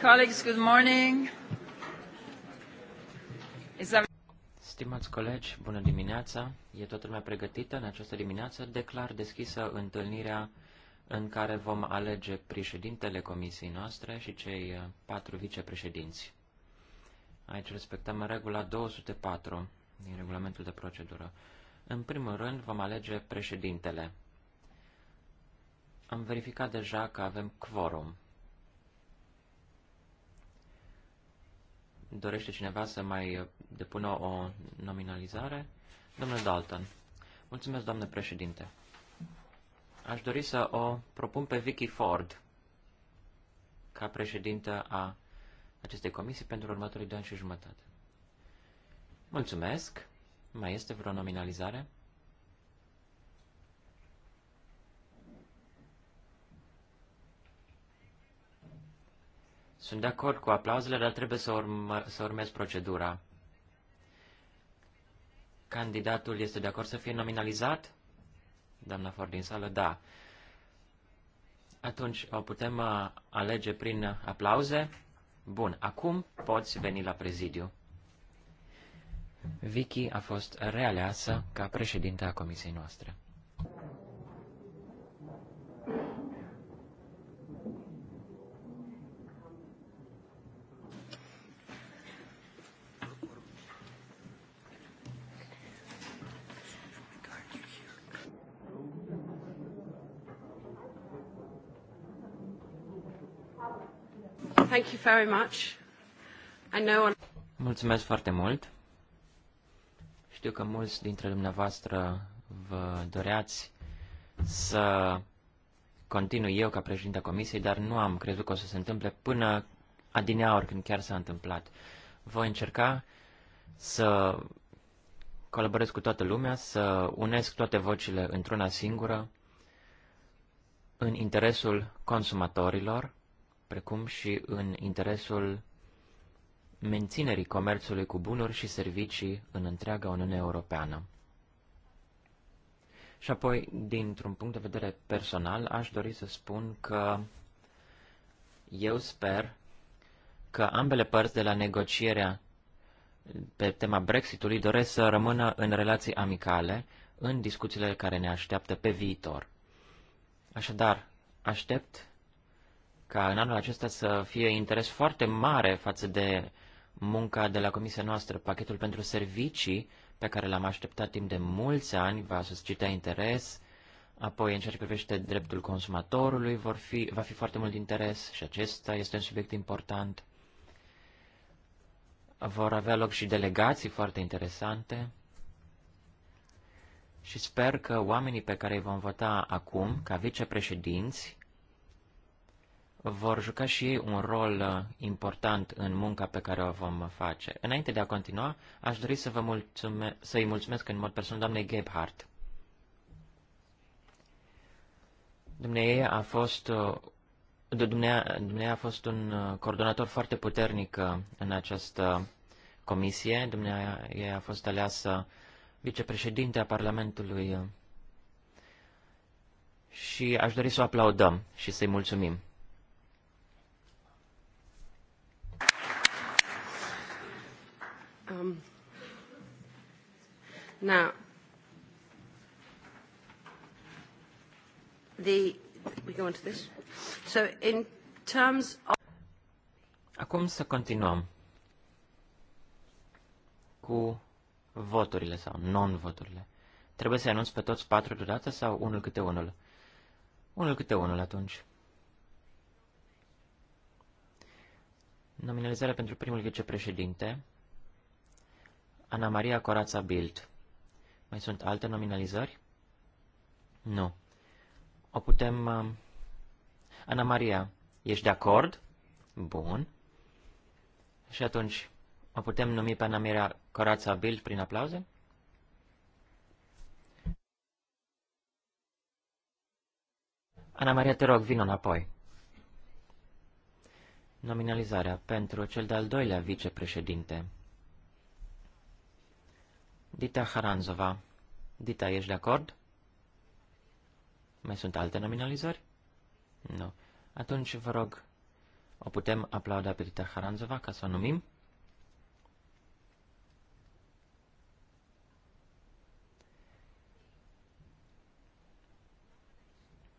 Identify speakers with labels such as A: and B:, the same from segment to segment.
A: Colleagues, good morning.
B: Stimați colegi, bună dimineața. E toată lumea pregătită în această dimineață. Declar deschisă întâlnirea în care vom alege președintele comisiei noastre și cei uh, patru vicepreședinți. Aici respectăm regula 204 din regulamentul de procedură. În primul rând vom alege președintele. Am verificat deja că avem quorum. Dorește cineva să mai uh, depună o nominalizare? Domnule Dalton. Mulțumesc, doamne președinte. Aș dori să o propun pe Vicky Ford ca președintă a acestei comisii pentru următorii doi ani și jumătate. Mulțumesc. Mai este vreo nominalizare? Sunt de acord cu aplauzele, dar trebuie să, urmă, să urmez procedura. Candidatul este de acord să fie nominalizat? Doamna Ford din sală, da. Atunci o putem uh, alege prin aplauze? Bun, acum poți veni la prezidiu. Vicky a fost realeasă ca președinte a comisiei noastre.
A: Thank you very much. I know
B: Mulțumesc foarte mult. Știu că mulți dintre dumneavoastră vă doreați să continui eu ca președinte comisiei, dar nu am crezut că o să se întâmple până adineaur când chiar s-a întâmplat. Voi încerca să colaborez cu toată lumea, să unesc toate vocile într-una singură, în interesul consumatorilor, precum și în interesul menținerii comerțului cu bunuri și servicii în întreaga Uniune Europeană. Și apoi, dintr-un punct de vedere personal, aș dori să spun că eu sper că ambele părți de la negocierea pe tema Brexitului doresc să rămână în relații amicale în discuțiile care ne așteaptă pe viitor. Așadar, aștept ca în anul acesta să fie interes foarte mare față de munca de la comisia noastră. Pachetul pentru servicii, pe care l-am așteptat timp de mulți ani, va suscita interes. Apoi, în ceea ce privește dreptul consumatorului, vor fi, va fi foarte mult interes și acesta este un subiect important. Vor avea loc și delegații foarte interesante și sper că oamenii pe care îi vom vota acum, ca vicepreședinți, vor juca și ei un rol uh, important în munca pe care o vom face. Înainte de a continua, aș dori să vă mulțume- să mulțumesc în mod personal doamnei Gebhardt. Dumnezeu a fost uh, a fost un uh, coordonator foarte puternic în această comisie. Dumnezeu a fost aleasă vicepreședinte a Parlamentului și aș dori să o aplaudăm și să-i mulțumim.
A: Um, now, the we go on to this. So in terms of
B: Acum să continuăm cu voturile sau non-voturile. Trebuie să anunț pe toți patru deodată sau unul câte unul? Unul câte unul atunci. Nominalizarea pentru primul vicepreședinte. Ana Maria Corața Bild. Mai sunt alte nominalizări? Nu. O putem... Uh, Ana Maria, ești de acord? Bun. Și atunci, o putem numi pe Ana Maria Corața Bild prin aplauze? Ana Maria, te rog, vină înapoi. Nominalizarea pentru cel de-al doilea vicepreședinte. Dita Haranzova. Dita, ești de acord? Mai sunt alte nominalizări? Nu. Atunci, vă rog, o putem aplauda pe Dita Haranzova ca să o numim?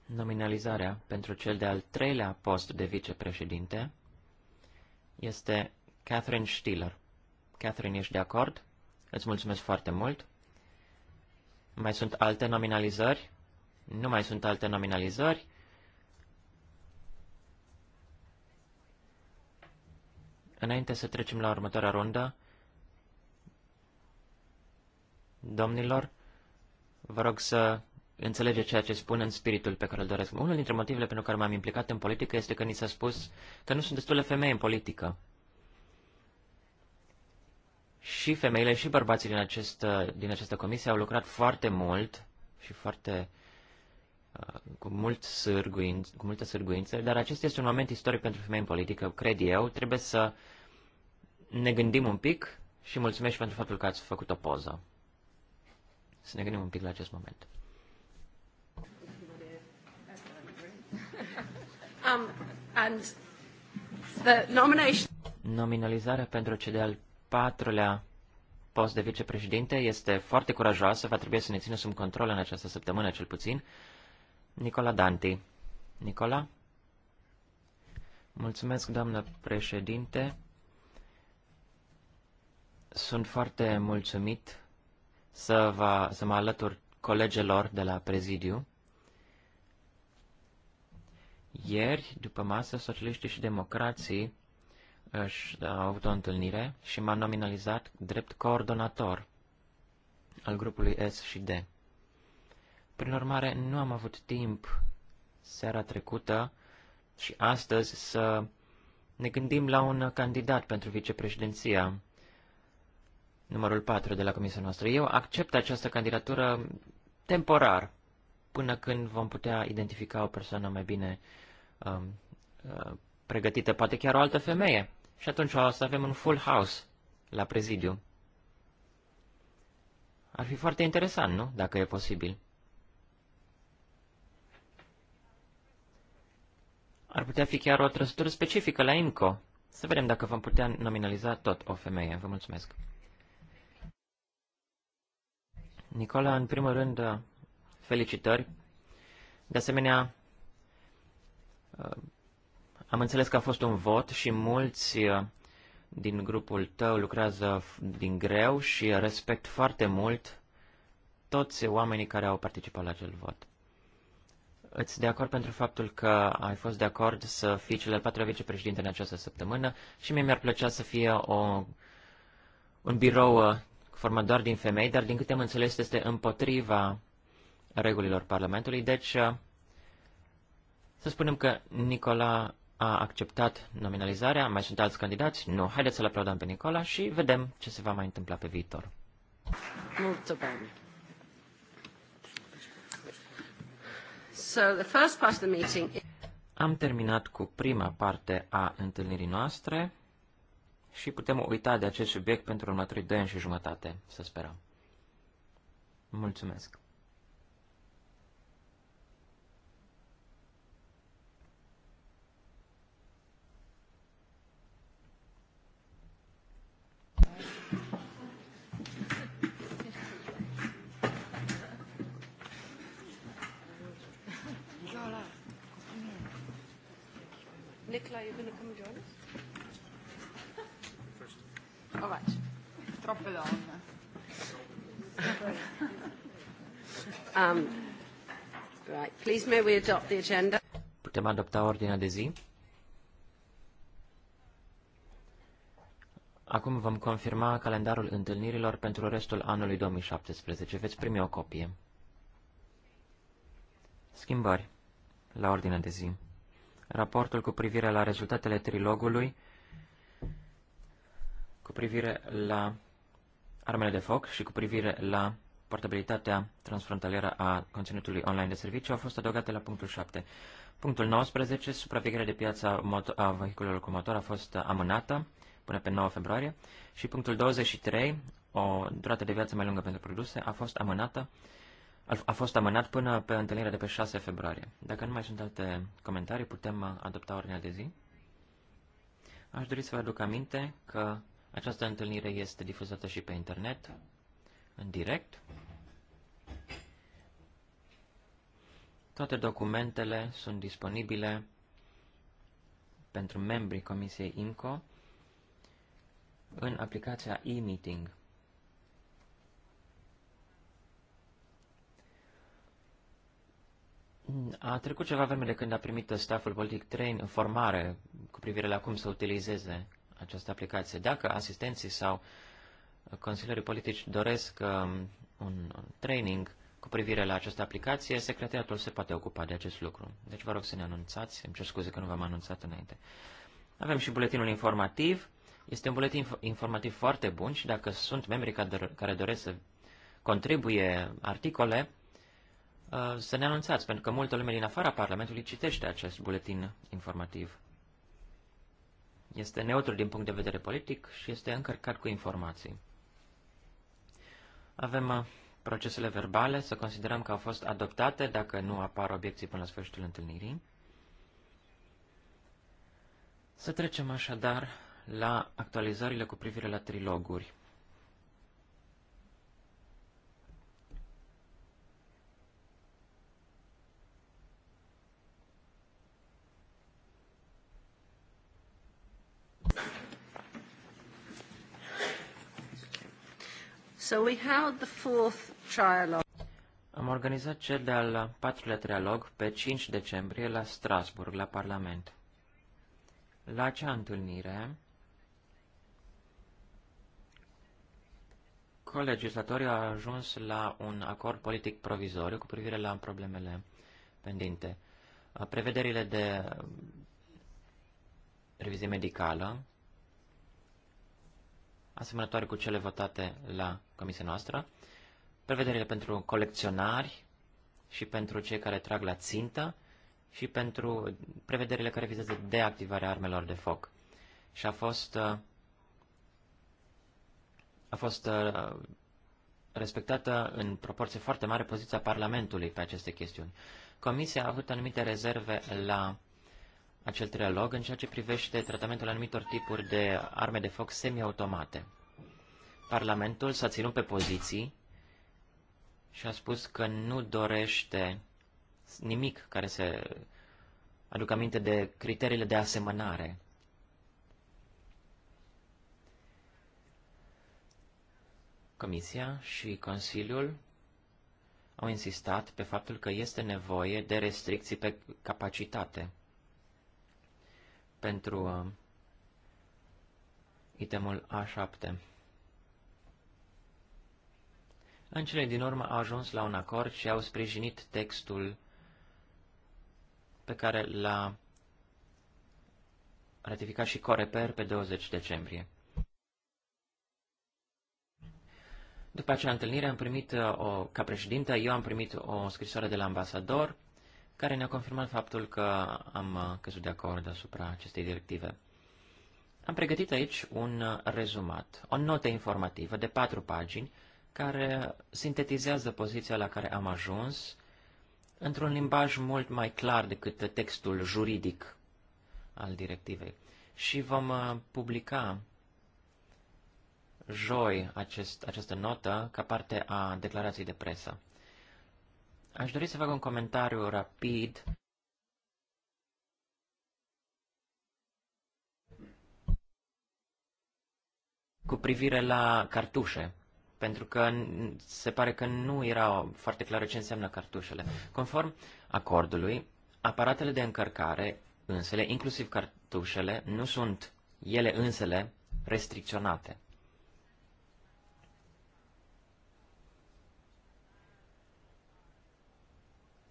B: Nominalizarea pentru cel de-al treilea post de vicepreședinte este Catherine Stiller. Catherine, ești de acord? Îți mulțumesc foarte mult. Mai sunt alte nominalizări? Nu mai sunt alte nominalizări. Înainte să trecem la următoarea rundă, domnilor, vă rog să înțelege ceea ce spun în spiritul pe care îl doresc. Unul dintre motivele pentru care m-am implicat în politică este că ni s-a spus că nu sunt destule femei în politică și femeile și bărbații din, acest, din această comisie au lucrat foarte mult și foarte uh, cu, mult sârguinț, cu multă sârguință, dar acesta este un moment istoric pentru femei în politică, cred eu. Trebuie să ne gândim un pic și mulțumesc și pentru faptul că ați făcut o poză. Să ne gândim un pic la acest moment.
A: Um, and the nomination...
B: Nominalizarea pentru cel de-al patrulea post de vicepreședinte este foarte curajoasă, va trebui să ne țină sub control în această săptămână cel puțin, Nicola Danti. Nicola? Mulțumesc, doamnă președinte. Sunt foarte mulțumit să, va, să mă alătur colegelor de la prezidiu. Ieri, după masă, socialiștii și democrații își da, a avut o întâlnire și m-a nominalizat drept coordonator al grupului S și D. Prin urmare, nu am avut timp seara trecută și astăzi să ne gândim la un candidat pentru vicepreședinția numărul 4 de la comisia noastră. Eu accept această candidatură temporar, până când vom putea identifica o persoană mai bine um, uh, pregătită, poate chiar o altă femeie. Și atunci o să avem un full house la prezidiu. Ar fi foarte interesant, nu? Dacă e posibil. Ar putea fi chiar o trăsătură specifică la IMCO. Să vedem dacă vom putea nominaliza tot o femeie. Vă mulțumesc. Nicola, în primul rând, felicitări. De asemenea, am înțeles că a fost un vot și mulți uh, din grupul tău lucrează din greu și respect foarte mult toți oamenii care au participat la acel vot. Îți de acord pentru faptul că ai fost de acord să fii cel al patrulea vicepreședinte în această săptămână și mie mi-ar plăcea să fie o, un birou uh, format doar din femei, dar din câte am înțeles este împotriva regulilor Parlamentului, deci uh, să spunem că Nicola a acceptat nominalizarea, mai sunt alți candidați? Nu. Haideți să-l aplaudăm pe Nicola și vedem ce se va mai întâmpla pe viitor.
A: Mulțumim. So the first part of the meeting...
B: Am terminat cu prima parte a întâlnirii noastre și putem uita de acest subiect pentru următorii doi ani și jumătate, să sperăm. Mulțumesc!
A: Are you going to come join us? All right. Troppe donne. um, right. Please may we adopt the agenda?
B: Putem adopta ordinea de zi? Acum vom confirma calendarul întâlnirilor pentru restul anului 2017. Veți primi o copie. Schimbări la ordinea de zi raportul cu privire la rezultatele trilogului, cu privire la armele de foc și cu privire la portabilitatea transfrontalieră a conținutului online de serviciu au fost adăugate la punctul 7. Punctul 19, supravegherea de piața a vehiculelor cu motor a fost amânată până pe 9 februarie și punctul 23, o durată de viață mai lungă pentru produse, a fost amânată a fost amânat până pe întâlnirea de pe 6 februarie. Dacă nu mai sunt alte comentarii, putem uh, adopta ordinea de zi. Aș dori să vă aduc aminte că această întâlnire este difuzată și pe internet, în direct. Toate documentele sunt disponibile pentru membrii Comisiei IMCO în aplicația e-meeting. A trecut ceva vreme de când a primit stafful politic train formare cu privire la cum să utilizeze această aplicație. Dacă asistenții sau consilierii politici doresc um, un training cu privire la această aplicație, secretariatul se poate ocupa de acest lucru. Deci vă rog să ne anunțați, îmi cer scuze că nu v-am anunțat înainte. Avem și buletinul informativ. Este un buletin informativ foarte bun și dacă sunt membri care doresc să contribuie articole, Uh, să ne anunțați, pentru că multă lume din afara Parlamentului citește acest buletin informativ. Este neutru din punct de vedere politic și este încărcat cu informații. Avem uh, procesele verbale, să considerăm că au fost adoptate dacă nu apar obiecții până la sfârșitul întâlnirii. Să trecem așadar la actualizările cu privire la triloguri.
A: So we held the fourth
B: trialogue. Am organizat cel de-al patrulea trialog pe 5 decembrie la Strasburg, la Parlament. La acea întâlnire, colegislatorii au ajuns la un acord politic provizoriu cu privire la problemele pendinte. Prevederile de revizie medicală asemănătoare cu cele votate la comisia noastră, prevederile pentru colecționari și pentru cei care trag la țintă și pentru prevederile care vizează deactivarea armelor de foc. Și a fost, a fost uh, respectată în proporție foarte mare poziția Parlamentului pe aceste chestiuni. Comisia a avut anumite rezerve la acel trialog în ceea ce privește tratamentul anumitor tipuri de arme de foc semiautomate. Parlamentul s-a ținut pe poziții și a spus că nu dorește nimic care să aducă aminte de criteriile de asemănare. Comisia și Consiliul au insistat pe faptul că este nevoie de restricții pe capacitate pentru uh, itemul A7. În cele din urmă au ajuns la un acord și au sprijinit textul pe care l-a ratificat și Coreper pe 20 decembrie. După acea întâlnire am primit, uh, o, ca președinte, eu am primit o scrisoare de la ambasador care ne-a confirmat faptul că am uh, căzut de acord asupra acestei directive. Am pregătit aici un uh, rezumat, o notă informativă de patru pagini, care sintetizează poziția la care am ajuns într-un limbaj mult mai clar decât textul juridic al directivei. Și vom uh, publica joi acest, această notă ca parte a declarației de presă. Aș dori să fac un comentariu rapid. cu privire la cartușe, pentru că se pare că nu era foarte clar ce înseamnă cartușele. Conform acordului, aparatele de încărcare însele, inclusiv cartușele, nu sunt ele însele restricționate.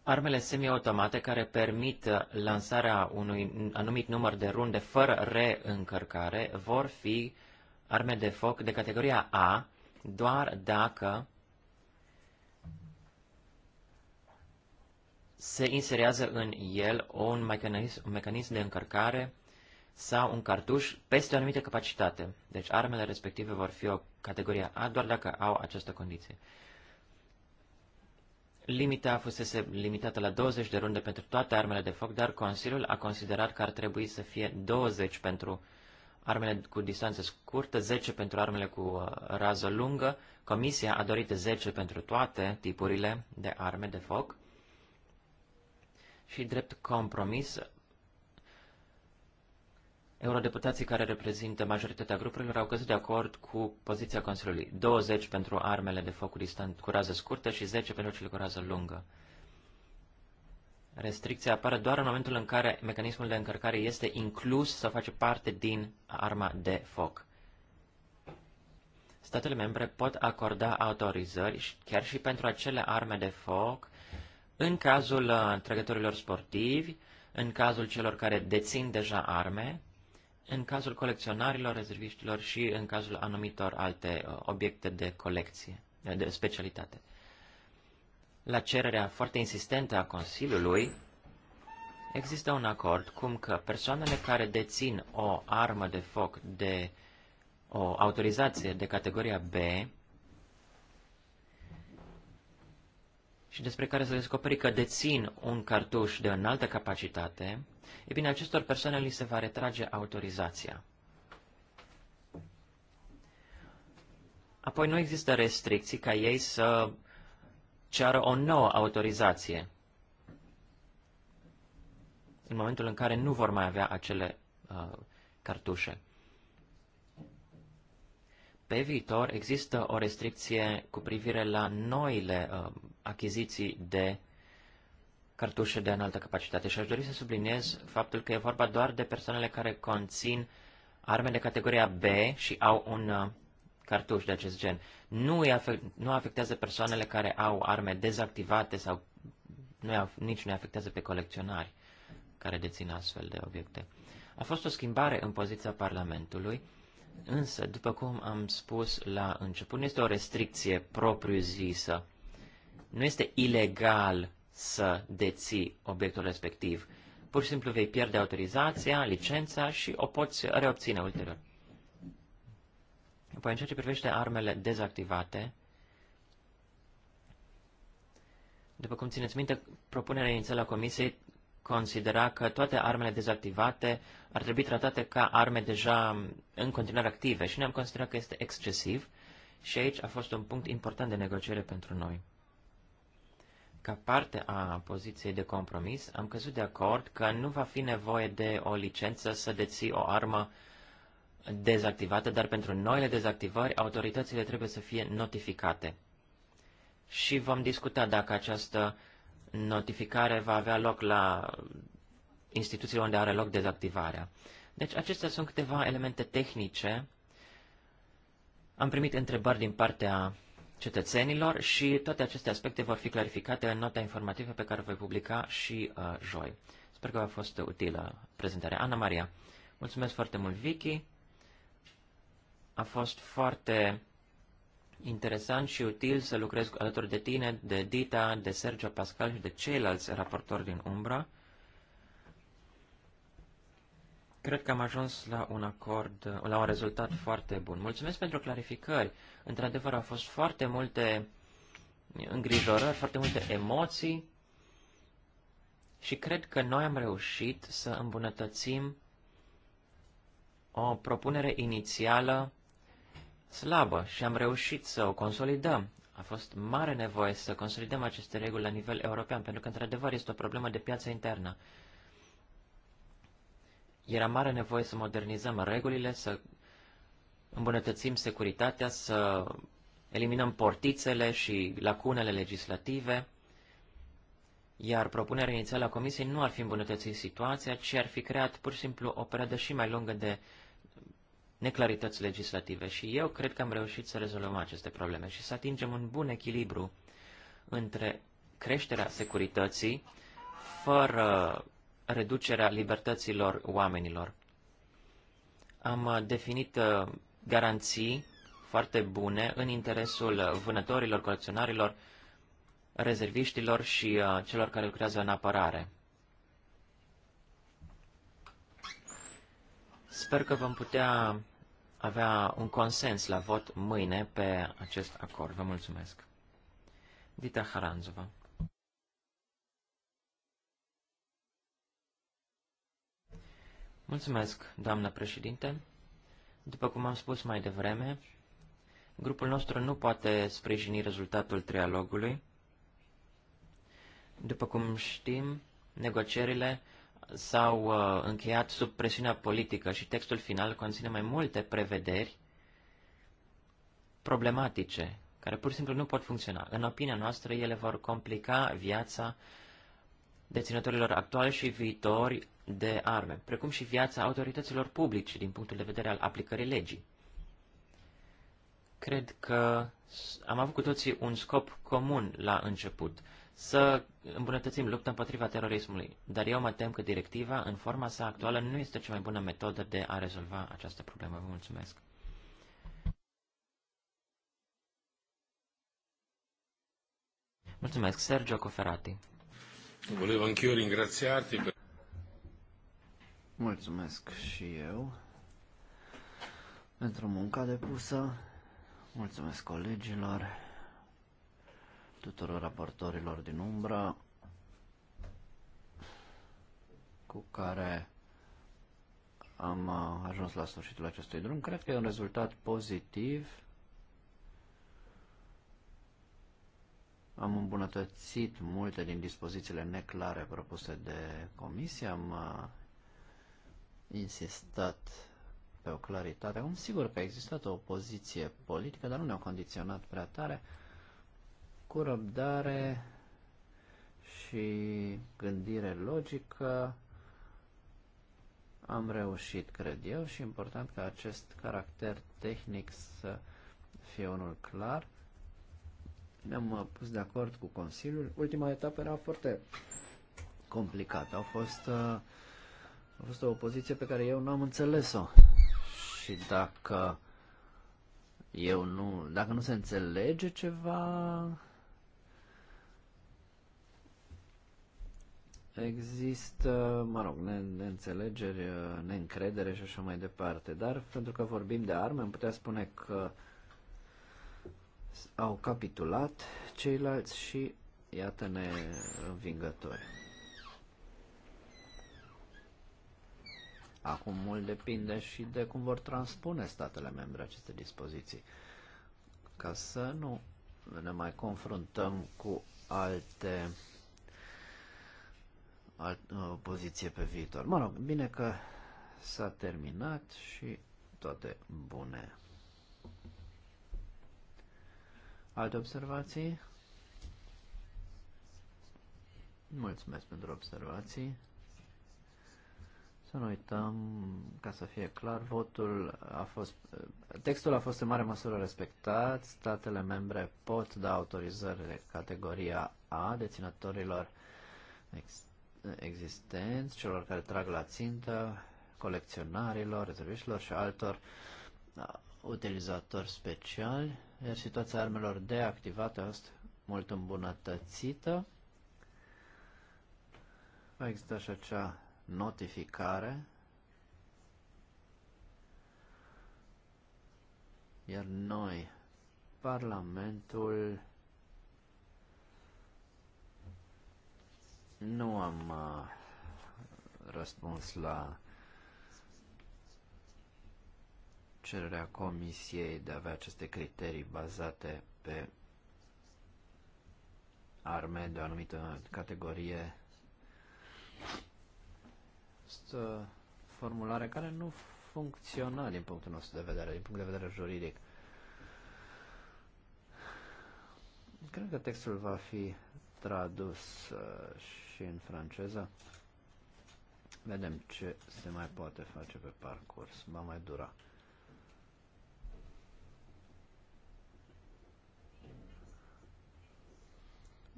B: armele semiautomate care permit uh, lansarea unui anumit număr de runde fără reîncărcare vor fi arme de foc de categoria A doar dacă se inserează în el un mecanism, un mecanism de încărcare sau un cartuș peste o anumită capacitate. Deci armele respective vor fi o categorie A doar dacă au această condiție. Limita fusese limitată la 20 de runde pentru toate armele de foc, dar Consiliul a considerat că ar trebui să fie 20 pentru armele cu distanță scurtă, 10 pentru armele cu uh, rază lungă. Comisia a dorit 10 pentru toate tipurile de arme de foc. Și drept compromis Eurodeputații care reprezintă majoritatea grupurilor au căzut de acord cu poziția Consiliului. 20 pentru armele de foc cu rază scurtă și 10 pentru cele cu rază lungă. Restricția apare doar în momentul în care mecanismul de încărcare este inclus sau face parte din arma de foc. Statele membre pot acorda autorizări chiar și pentru acele arme de foc în cazul uh, trăgătorilor sportivi, în cazul celor care dețin deja arme în cazul colecționarilor, rezerviștilor și în cazul anumitor alte uh, obiecte de colecție, de specialitate. La cererea foarte insistentă a Consiliului, există un acord cum că persoanele care dețin o armă de foc de o autorizație de categoria B și despre care s-a descoperit că dețin un cartuș de înaltă capacitate, e bine, acestor persoane li se va retrage autorizația. Apoi nu există restricții ca ei să ceară o nouă autorizație în momentul în care nu vor mai avea acele uh, cartușe. Pe viitor există o restricție cu privire la noile uh, achiziții de cartușe de înaltă capacitate. Și aș dori să subliniez faptul că e vorba doar de persoanele care conțin arme de categoria B și au un uh, cartuș de acest gen. Nu, îi afect, nu afectează persoanele care au arme dezactivate sau nu nici nu afectează pe colecționari care dețin astfel de obiecte. A fost o schimbare în poziția Parlamentului, însă, după cum am spus la început, nu este o restricție propriu-zisă nu este ilegal să deții obiectul respectiv. Pur și simplu vei pierde autorizația, licența și o poți reobține ulterior. Apoi, în ceea ce privește armele dezactivate, după cum țineți minte, propunerea inițială a Comisiei considera că toate armele dezactivate ar trebui tratate ca arme deja în continuare active și ne-am considerat că este excesiv și aici a fost un punct important de negociere pentru noi. Ca parte a poziției de compromis, am căzut de acord că nu va fi nevoie de o licență să deții o armă dezactivată, dar pentru noile dezactivări autoritățile trebuie să fie notificate. Și vom discuta dacă această notificare va avea loc la instituțiile unde are loc dezactivarea. Deci acestea sunt câteva elemente tehnice. Am primit întrebări din partea cetățenilor și toate aceste aspecte vor fi clarificate în nota informativă pe care o voi publica și uh, joi. Sper că a fost utilă prezentarea. Ana Maria, mulțumesc foarte mult, Vicky. A fost foarte interesant și util să lucrez alături de tine, de Dita, de Sergio Pascal și de ceilalți raportori din Umbra. Cred că am ajuns la un acord, la un rezultat foarte bun. Mulțumesc pentru clarificări. Într-adevăr, au fost foarte multe îngrijorări, foarte multe emoții și cred că noi am reușit să îmbunătățim o propunere inițială slabă și am reușit să o consolidăm. A fost mare nevoie să consolidăm aceste reguli la nivel european, pentru că, într-adevăr, este o problemă de piață internă. Era mare nevoie să modernizăm regulile, să îmbunătățim securitatea, să eliminăm portițele și lacunele legislative, iar propunerea inițială a Comisiei nu ar fi îmbunătățit situația, ci ar fi creat pur și simplu o perioadă și mai lungă de neclarități legislative. Și eu cred că am reușit să rezolvăm aceste probleme și să atingem un bun echilibru între creșterea securității, fără reducerea libertăților oamenilor. Am uh, definit uh, garanții foarte bune în interesul vânătorilor, colecționarilor, rezerviștilor și uh, celor care lucrează în apărare. Sper că vom putea avea un consens la vot mâine pe acest acord. Vă mulțumesc. Dita Haranzova. Mulțumesc, doamnă președinte. După cum am spus mai devreme, grupul nostru nu poate sprijini rezultatul trialogului. După cum știm, negocierile s-au uh, încheiat sub presiunea politică și textul final conține mai multe prevederi problematice, care pur și simplu nu pot funcționa. În opinia noastră, ele vor complica viața deținătorilor actuali și viitori de arme, precum și viața autorităților publice din punctul de vedere al aplicării legii. Cred că am avut cu toții un scop comun la început, să îmbunătățim lupta împotriva terorismului, dar eu mă tem că directiva, în forma sa actuală, nu este cea mai bună metodă de a rezolva această problemă. Vă mulțumesc! Mulțumesc, Sergio Coferati. Volevo anch'io ringraziarti per
C: Mulțumesc și eu pentru munca depusă. Mulțumesc colegilor, tuturor raportorilor din umbră cu care am ajuns la sfârșitul acestui drum. Cred că e un rezultat pozitiv. Am îmbunătățit multe din dispozițiile neclare propuse de comisie, am insistat pe o claritate. Acum, sigur că a existat o opoziție politică, dar nu ne-au condiționat prea tare. Cu răbdare și gândire logică am reușit, cred eu, și important ca acest caracter tehnic să fie unul clar. Ne-am pus de acord cu Consiliul. Ultima etapă era foarte complicată. Au fost uh, a fost o poziție pe care eu nu am înțeles-o. Și dacă eu nu, dacă nu se înțelege ceva, există, mă rog, neînțelegeri, neîncredere și așa mai departe. Dar pentru că vorbim de arme, am putea spune că au capitulat ceilalți și iată-ne învingători. Acum mult depinde și de cum vor transpune statele membre aceste dispoziții. Ca să nu ne mai confruntăm cu alte alt, uh, poziție pe viitor. Mă rog, bine că s-a terminat și toate bune. Alte observații? Mulțumesc pentru observații. Să nu uităm, ca să fie clar, votul a fost, textul a fost în mare măsură respectat, statele membre pot da autorizări de categoria A deținătorilor ex, existenți, celor care trag la țintă, colecționarilor, rezervișilor și altor uh, utilizatori speciali, iar situația armelor deactivate a fost mult îmbunătățită. Va exista și acea notificare, iar noi, Parlamentul, nu am uh, răspuns la cererea Comisiei de a avea aceste criterii bazate pe arme de o anumită categorie este formulare care nu funcționa din punctul nostru de vedere, din punct de vedere juridic. Cred că textul va fi tradus uh, și în franceză. Vedem ce se mai poate face pe parcurs. Va mai dura.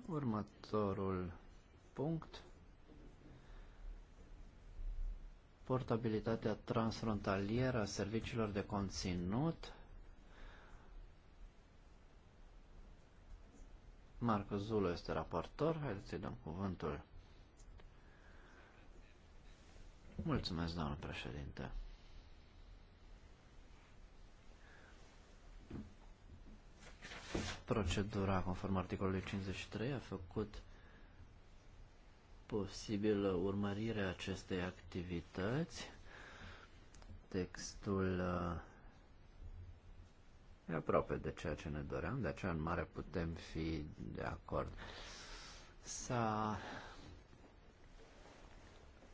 C: Următorul punct portabilitatea transfrontalieră a serviciilor de conținut. Marco Zulu este raportor. Haideți să-i dăm cuvântul. Mulțumesc, doamnă președinte. Procedura conform articolului 53 a făcut posibilă urmărire acestei activități. Textul uh, e aproape de ceea ce ne doream, de aceea în mare putem fi de acord. S-a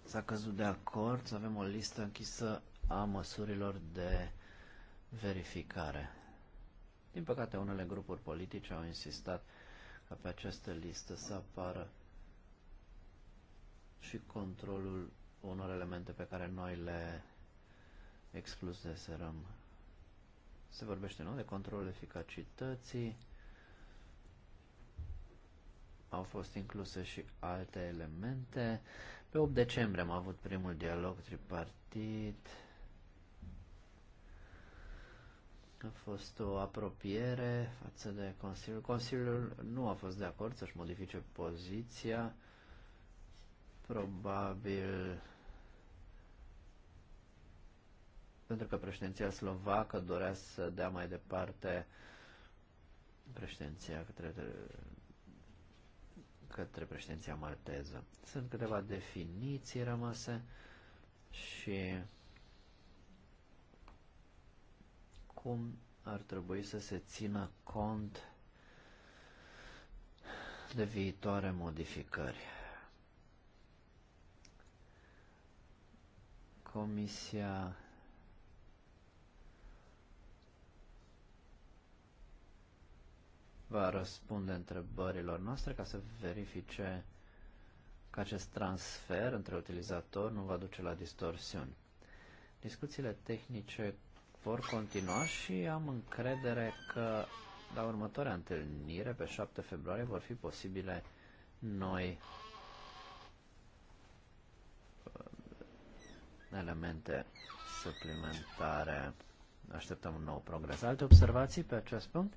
C: s-a căzut de acord să avem o listă închisă a măsurilor de verificare. Din păcate, unele grupuri politice au insistat ca pe această listă să apară și controlul unor elemente pe care noi le excluzeserăm. Se vorbește nu de controlul eficacității, au fost incluse și alte elemente. Pe 8 decembrie am avut primul dialog tripartit. A fost o apropiere față de Consiliul. Consiliul nu a fost de acord să-și modifice poziția Probabil pentru că președinția slovacă dorea să dea mai departe președinția către, către președinția malteză. Sunt câteva definiții rămase și cum ar trebui să se țină cont de viitoare modificări. Comisia va răspunde întrebărilor noastre ca să verifice că acest transfer între utilizator nu va duce la distorsiuni. Discuțiile tehnice vor continua și am încredere că la următoarea întâlnire, pe 7 februarie, vor fi posibile noi elemente suplimentare. Așteptăm un nou progres. Alte observații pe acest punct?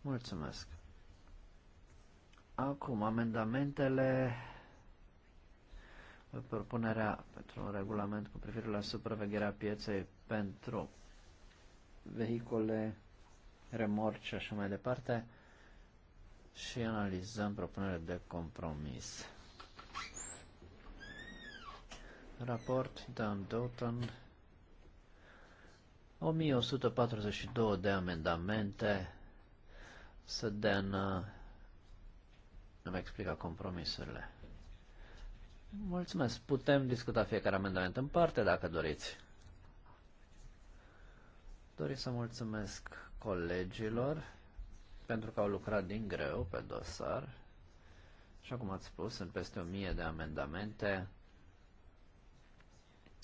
C: Mulțumesc. Acum, amendamentele propunerea pentru un regulament cu privire la supravegherea pieței pentru vehicule, remorci și așa mai departe și analizăm propunerea de compromis raport Dan Doughton 1142 de amendamente să dea în nu mi explica compromisurile. Mulțumesc. Putem discuta fiecare amendament în parte, dacă doriți. Doriți să mulțumesc colegilor pentru că au lucrat din greu pe dosar. Așa cum ați spus, sunt peste o mie de amendamente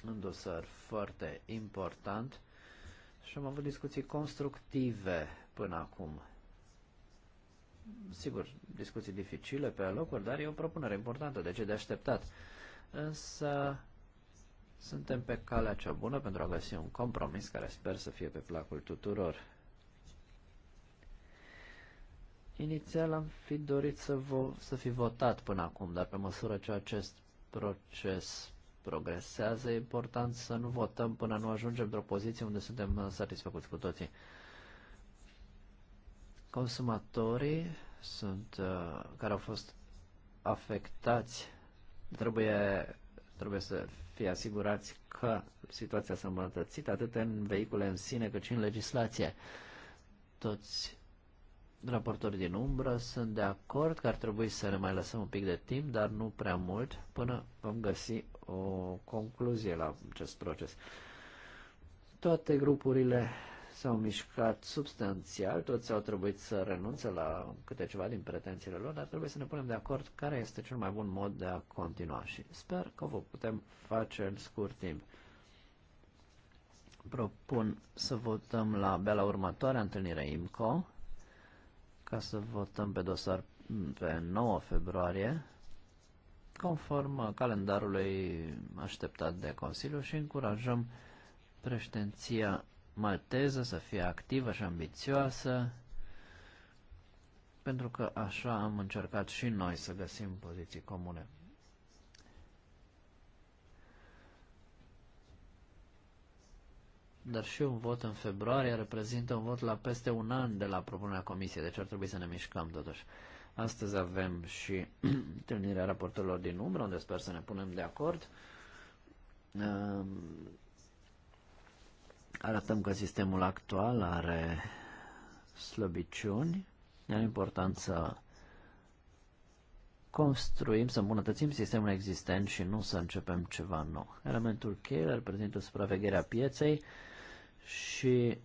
C: un dosar foarte important și am avut discuții constructive până acum. Sigur, discuții dificile pe alocuri, dar e o propunere importantă, deci ce de așteptat. Însă suntem pe calea cea bună pentru a găsi un compromis care sper să fie pe placul tuturor. Inițial am fi dorit să, vo- să fi votat până acum, dar pe măsură ce acest proces progresează, e important să nu votăm până nu ajungem într-o poziție unde suntem uh, satisfăcuți cu toții. Consumatorii sunt, uh, care au fost afectați trebuie, trebuie să fie asigurați că situația s-a îmbunătățit atât în vehicule în sine cât și în legislație. Toți raportori din umbră sunt de acord că ar trebui să ne mai lăsăm un pic de timp, dar nu prea mult, până vom găsi o concluzie la acest proces. Toate grupurile s-au mișcat substanțial, toți au trebuit să renunțe la câte ceva din pretențiile lor, dar trebuie să ne punem de acord care este cel mai bun mod de a continua și sper că vă putem face în scurt timp. Propun să votăm la bea la următoarea întâlnire IMCO, ca să votăm pe dosar pe 9 februarie, conform calendarului așteptat de Consiliu și încurajăm președinția malteză să fie activă și ambițioasă, pentru că așa am încercat și noi să găsim poziții comune. Dar și un vot în februarie reprezintă un vot la peste un an de la propunerea comisiei, deci ar trebui să ne mișcăm totuși. Astăzi avem și întâlnirea raportorilor din umbră, unde sper să ne punem de acord. Ehm, arătăm că sistemul actual are slăbiciuni. E important să construim, să îmbunătățim sistemul existent și nu să începem ceva nou. Elementul cheie reprezintă supravegherea pieței și,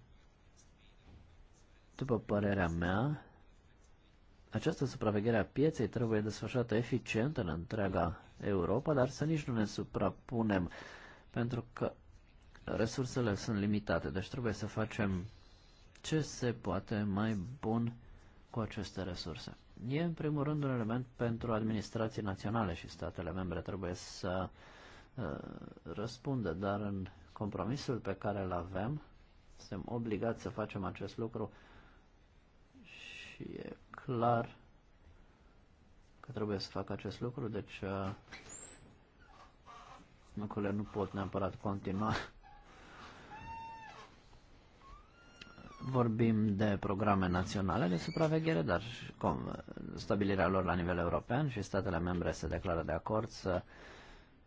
C: după părerea mea, această supraveghere a pieței trebuie desfășurată eficient în întreaga Europa, dar să nici nu ne suprapunem, pentru că resursele sunt limitate, deci trebuie să facem ce se poate mai bun cu aceste resurse. E, în primul rând, un element pentru administrații naționale și statele membre trebuie să uh, răspundă, dar în compromisul pe care îl avem, suntem obligați să facem acest lucru și e clar că trebuie să facă acest lucru, deci uh, lucrurile nu pot neapărat continua. Vorbim de programe naționale de supraveghere, dar cum, stabilirea lor la nivel european și statele membre se declară de acord să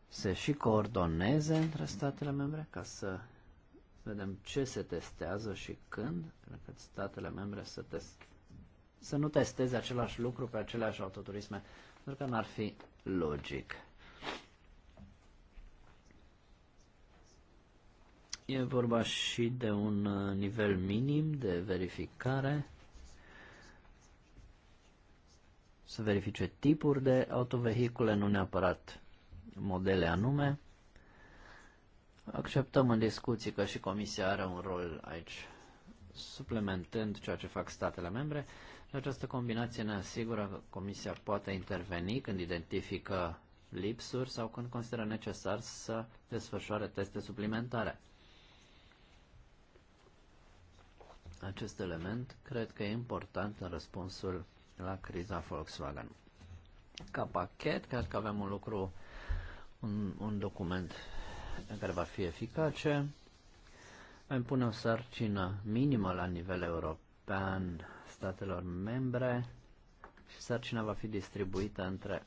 C: se și coordoneze între statele membre ca să vedem ce se testează și când, pentru că statele membre să testează să nu testeze același lucru pe aceleași autoturisme, pentru că n-ar fi logic. E vorba și de un uh, nivel minim de verificare. Să verifice tipuri de autovehicule, nu neapărat modele anume. Acceptăm în discuții că și Comisia are un rol aici, suplementând ceea ce fac statele membre. Această combinație ne asigură că Comisia poate interveni când identifică lipsuri sau când consideră necesar să desfășoare teste suplimentare. Acest element cred că e important în răspunsul la criza Volkswagen. Ca pachet, cred că avem un lucru, un, un document care va fi eficace. Îmi pune o sarcină minimă la nivel european statelor membre și sarcina va fi distribuită între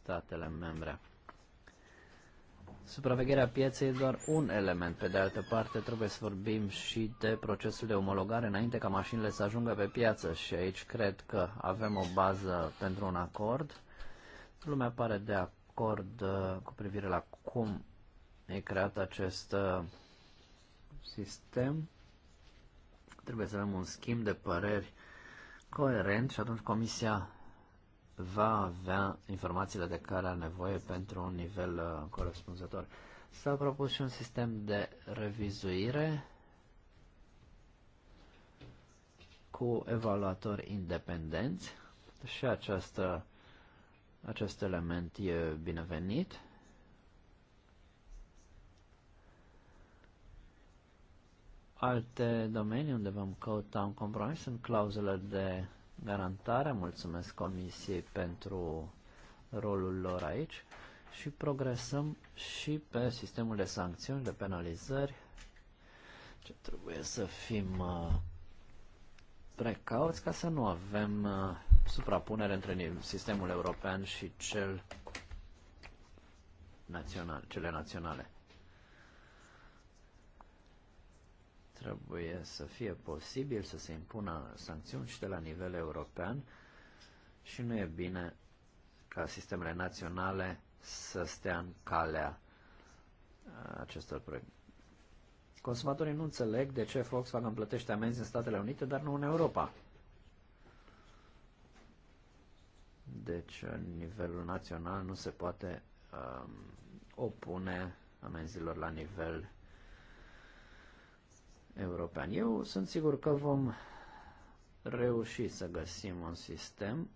C: statele membre. Supravegherea pieței e doar un element. Pe de altă parte, trebuie să vorbim și de procesul de omologare înainte ca mașinile să ajungă pe piață și aici cred că avem o bază pentru un acord. Lumea pare de acord uh, cu privire la cum e creat acest uh, sistem. Trebuie să avem un schimb de păreri coerent și atunci Comisia va avea informațiile de care are nevoie pentru un nivel uh, corespunzător. S-a propus și un sistem de revizuire cu evaluatori independenți și această, acest element e binevenit. Alte domenii unde vom căuta un compromis sunt clauzele de garantare. Mulțumesc Comisiei pentru rolul lor aici și progresăm și pe sistemul de sancțiuni, de penalizări. Ce trebuie să fim uh, precauți ca să nu avem uh, suprapunere între sistemul european și cel național, cele naționale. Trebuie să fie posibil să se impună sancțiuni și de la nivel european și nu e bine ca sistemele naționale să stea în calea uh, acestor proiecte. Consumatorii nu înțeleg de ce Volkswagen plătește amenzi în Statele Unite, dar nu în Europa. Deci, nivelul național nu se poate um, opune amenzilor la nivel european. Eu sunt sigur că vom reuși să găsim un sistem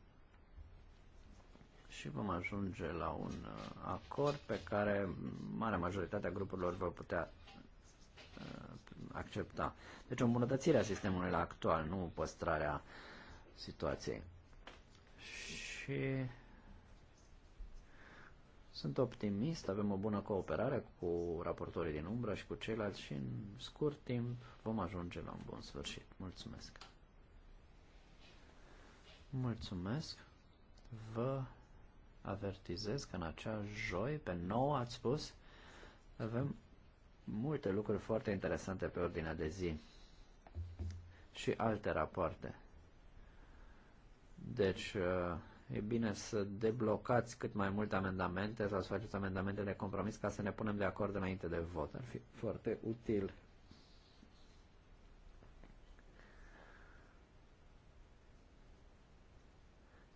C: și vom ajunge la un uh, acord pe care marea majoritatea grupurilor vor putea uh, accepta. Deci o îmbunătățire a sistemului la actual, nu păstrarea situației. Și sunt optimist, avem o bună cooperare cu raportorii din umbră și cu ceilalți și în scurt timp vom ajunge la un bun sfârșit. Mulțumesc! Mulțumesc! Vă avertizez că în acea joi, pe 9 ați spus, avem multe lucruri foarte interesante pe ordinea de zi și alte rapoarte. Deci, uh, e bine să deblocați cât mai multe amendamente sau să faceți amendamente de compromis ca să ne punem de acord înainte de vot. Ar fi foarte util.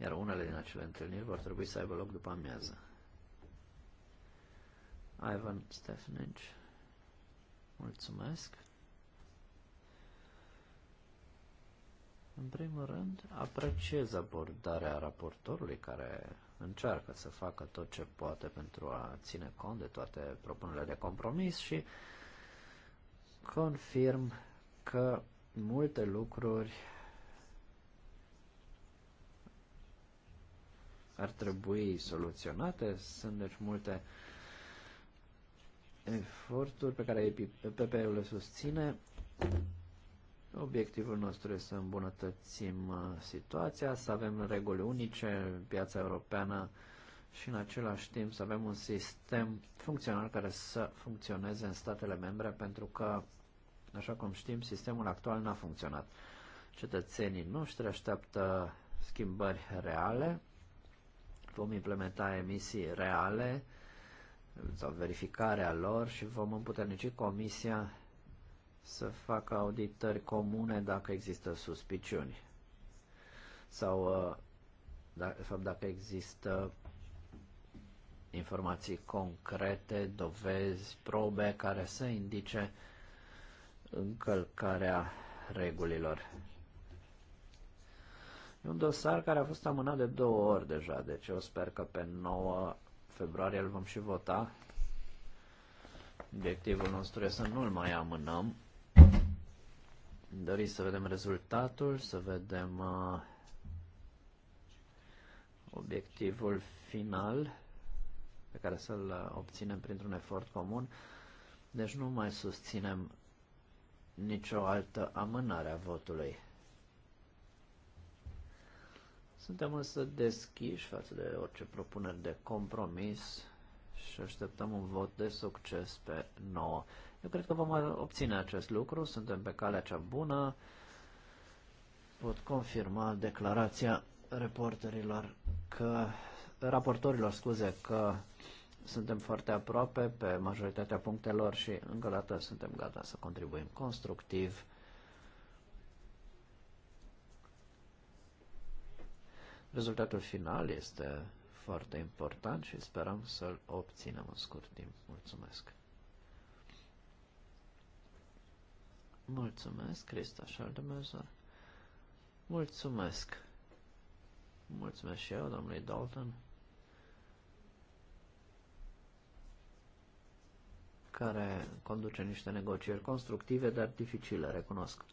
C: Iar unele din acele întâlniri vor trebui să aibă loc după amiază. Ivan Stefanic, mulțumesc. În primul rând, apreciez abordarea raportorului care încearcă să facă tot ce poate pentru a ține cont de toate propunerile de compromis și confirm că multe lucruri ar trebui soluționate. Sunt deci multe eforturi pe care PP-ul le susține Obiectivul nostru este să îmbunătățim uh, situația, să avem reguli unice în piața europeană și în același timp să avem un sistem funcțional care să funcționeze în statele membre pentru că, așa cum știm, sistemul actual n-a funcționat. Cetățenii noștri așteaptă schimbări reale, vom implementa emisii reale sau verificarea lor și vom împuternici Comisia să facă auditări comune dacă există suspiciuni sau, uh, da, de fapt, dacă există informații concrete, dovezi, probe care să indice încălcarea regulilor. E un dosar care a fost amânat de două ori deja, deci eu sper că pe 9 februarie îl vom și vota. Obiectivul nostru e să nu-l mai amânăm, dori să vedem rezultatul, să vedem uh, obiectivul final pe care să-l obținem printr-un efort comun. Deci nu mai susținem nicio altă amânare a votului. Suntem însă deschiși față de orice propuneri de compromis și așteptăm un vot de succes pe 9 eu cred că vom obține acest lucru, suntem pe calea cea bună. Pot confirma declarația reporterilor că, raportorilor, scuze, că suntem foarte aproape pe majoritatea punctelor și încă o dată suntem gata să contribuim constructiv. Rezultatul final este foarte important și sperăm să-l obținem în scurt timp. Mulțumesc! Mulțumesc, Crista Schaldemöser. Mulțumesc. Mulțumesc și eu, domnului Dalton. care conduce niște negocieri constructive, dar dificile, recunosc.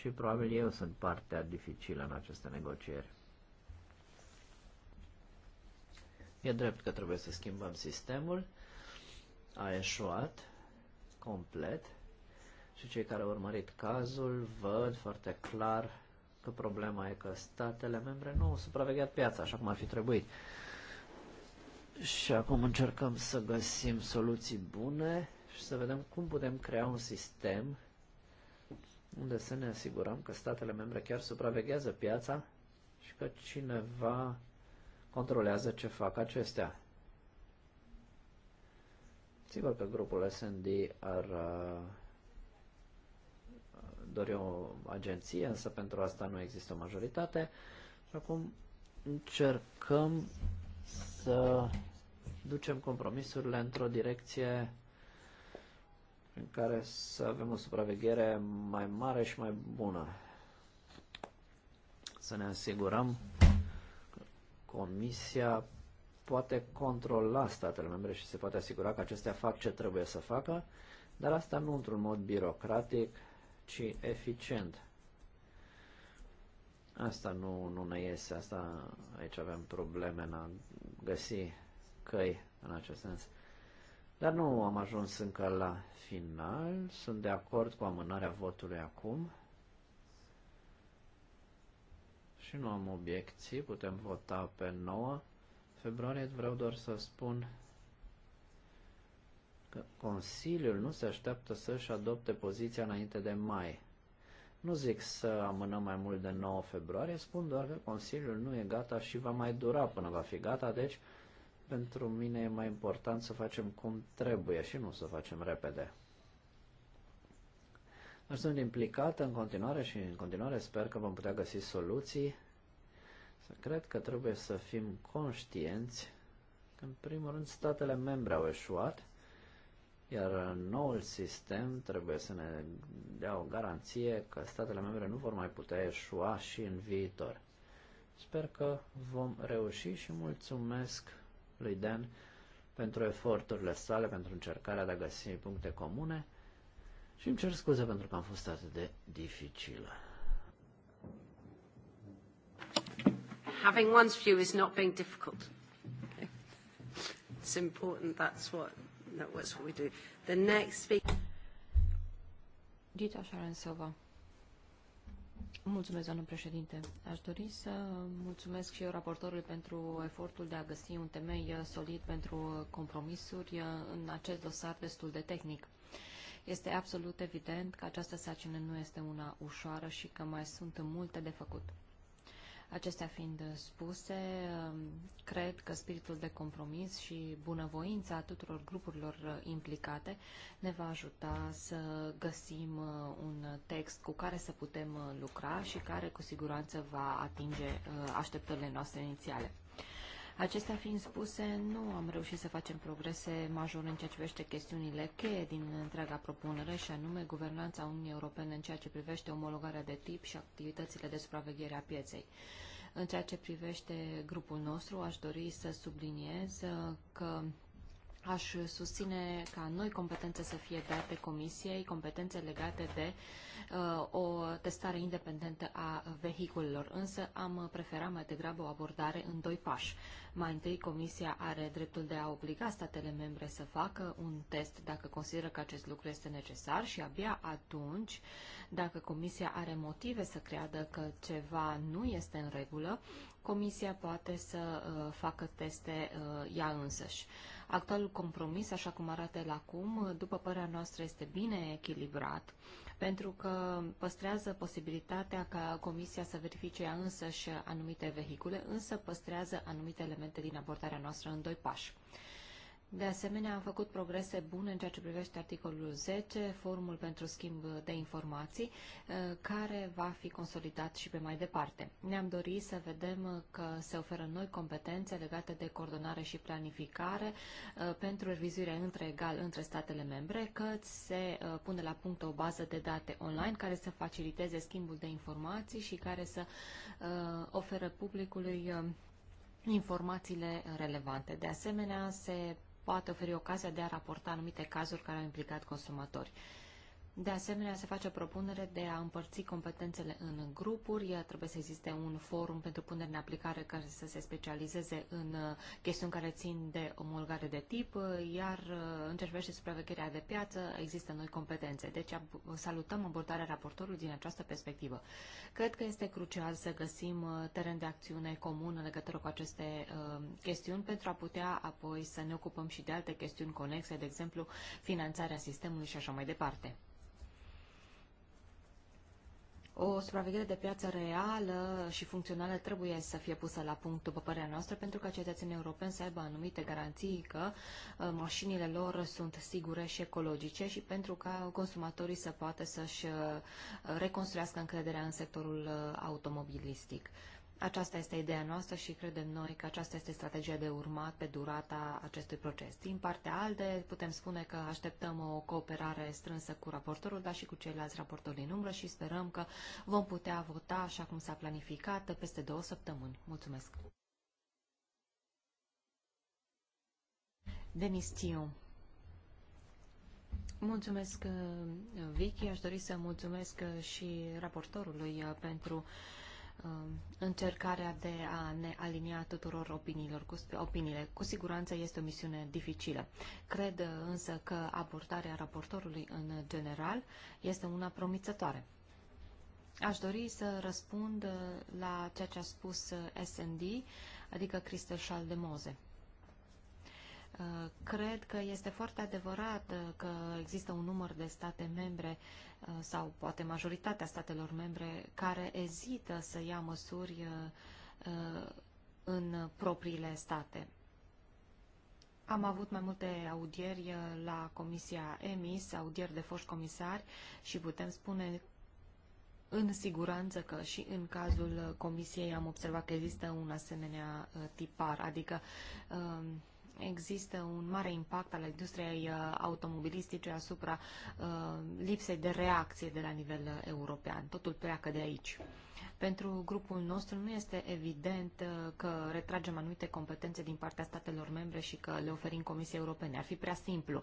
C: Și probabil eu sunt partea dificilă în aceste negocieri. E drept că trebuie să schimbăm sistemul. A eșuat complet și cei care au urmărit cazul văd foarte clar că problema e că statele membre nu au supravegheat piața așa cum ar fi trebuit. Și acum încercăm să găsim soluții bune și să vedem cum putem crea un sistem unde să ne asigurăm că statele membre chiar supraveghează piața și că cineva controlează ce fac acestea. Sigur că grupul S&D ar uh, dori o agenție, însă pentru asta nu există o majoritate. Și acum încercăm să ducem compromisurile într-o direcție în care să avem o supraveghere mai mare și mai bună. Să ne asigurăm că Comisia poate controla statele membre și se poate asigura că acestea fac ce trebuie să facă, dar asta nu într-un mod birocratic, ci eficient. Asta nu, nu ne iese, asta aici avem probleme în a găsi căi în acest sens. Dar nu am ajuns încă la final, sunt de acord cu amânarea votului acum și nu am obiecții, putem vota pe 9 februarie, vreau doar să spun că Consiliul nu se așteaptă să-și adopte poziția înainte de mai. Nu zic să amânăm mai mult de 9 februarie, spun doar că Consiliul nu e gata și va mai dura până va fi gata, deci pentru mine e mai important să facem cum trebuie și nu să facem repede. Dar sunt implicată în continuare și în continuare sper că vom putea găsi soluții. Să cred că trebuie să fim conștienți că, în primul rând, statele membre au eșuat iar noul sistem trebuie să ne dea o garanție că statele membre nu vor mai putea eșua și în viitor. Sper că vom reuși și mulțumesc lui Dan pentru eforturile sale, pentru încercarea de a găsi puncte comune și îmi cer scuze pentru că am fost atât de dificilă.
A: Having one's view is not being difficult. It's important, that's what that was what we do.
D: The next speaker... Dita Șarensova. Mulțumesc, doamnă președinte. Aș dori să mulțumesc și eu raportorului pentru efortul de a găsi un temei solid pentru compromisuri în acest dosar destul de tehnic. Este absolut evident că această sacină nu este una ușoară și că mai sunt multe de făcut. Acestea fiind spuse, um, cred că spiritul de compromis și bunăvoința tuturor grupurilor uh, implicate ne va ajuta să găsim uh, un text cu care să putem uh, lucra și care cu siguranță va atinge așteptările noastre inițiale. Acestea fiind spuse, nu am reușit să facem progrese majore în ceea ce privește chestiunile cheie din întreaga propunere, și anume guvernanța Uniunii Europene în ceea ce privește omologarea de tip și activitățile de supraveghere a pieței. În ceea ce privește grupul nostru, aș dori să subliniez că aș susține ca noi competențe să fie date comisiei, competențe legate de uh, o testare independentă a vehiculelor, însă am preferat mai degrabă o abordare în doi pași. Mai întâi, comisia are dreptul de a obliga statele membre să facă un test dacă consideră că acest lucru este necesar și abia atunci, dacă comisia are motive să creadă că ceva nu este în regulă, Comisia poate să uh, facă teste uh, ea însăși. Actualul compromis, așa cum arată el acum, după părerea noastră, este bine echilibrat, pentru că păstrează posibilitatea ca Comisia să verifice ea însăși anumite vehicule, însă păstrează anumite elemente din abordarea noastră în doi pași. De asemenea, am făcut progrese bune în ceea ce privește articolul 10, formul pentru schimb de informații, uh, care va fi consolidat și pe mai departe. Ne-am dorit să vedem că se oferă noi competențe legate de coordonare și planificare uh, pentru revizuire între egal între statele membre, că se uh, pune la punct o bază de date online care să faciliteze schimbul de informații și care să oferă publicului informațiile relevante. De asemenea, se poate oferi ocazia de a raporta anumite cazuri care au implicat consumatori. De asemenea, se face o propunere de a împărți competențele în grupuri. Trebuie să existe un forum pentru punere în aplicare care să se specializeze în uh, chestiuni care țin de omologare de tip, uh, iar uh, în ce privește supravegherea de piață, există noi competențe. Deci salutăm abordarea raportorului din această perspectivă. Cred că este crucial să găsim teren de acțiune comun în legătură cu aceste chestiuni pentru a putea apoi să ne ocupăm și de alte chestiuni conexe, de exemplu finanțarea sistemului și așa mai departe. O supraveghere de piață reală și funcțională trebuie să fie pusă la punct, după părerea noastră, pentru ca cetățenii europeni să aibă anumite garanții că uh, mașinile lor sunt sigure și ecologice și pentru ca consumatorii să poată să-și uh, reconstruiască încrederea în sectorul uh, automobilistic. Aceasta este ideea noastră și credem noi că aceasta este strategia de urmat pe durata acestui proces. Din partea ALDE putem spune că așteptăm o cooperare strânsă cu raportorul, dar și cu ceilalți raportori din umbră și sperăm că vom putea vota așa cum s-a planificat peste două săptămâni. Mulțumesc! Denis Tiu. Mulțumesc, uh, Vicky. Aș dori să mulțumesc uh, și raportorului uh, pentru uh, Um, încercarea de a ne alinia tuturor opiniilor, cu, opiniile. Cu siguranță este o misiune dificilă. Cred uh, însă că abordarea raportorului în general este una promițătoare. Aș dori să răspund uh, la ceea ce a spus uh, SND, adică Cristel Schaldemose. Cred că este foarte adevărat că există un număr de state membre Uh, sau poate majoritatea statelor membre care ezită să ia măsuri uh, uh, în propriile state. Am avut mai multe audieri la Comisia EMIS, audieri de foști comisari și putem spune în siguranță că și în cazul Comisiei am observat că există un asemenea tipar, adică există un mare impact al industriei uh, automobilistice asupra uh, lipsei de reacție de la nivel uh, european. Totul pleacă de aici. Pentru grupul nostru nu este evident uh, că retragem anumite competențe din partea statelor membre și că le oferim Comisiei Europene. Ar fi prea simplu.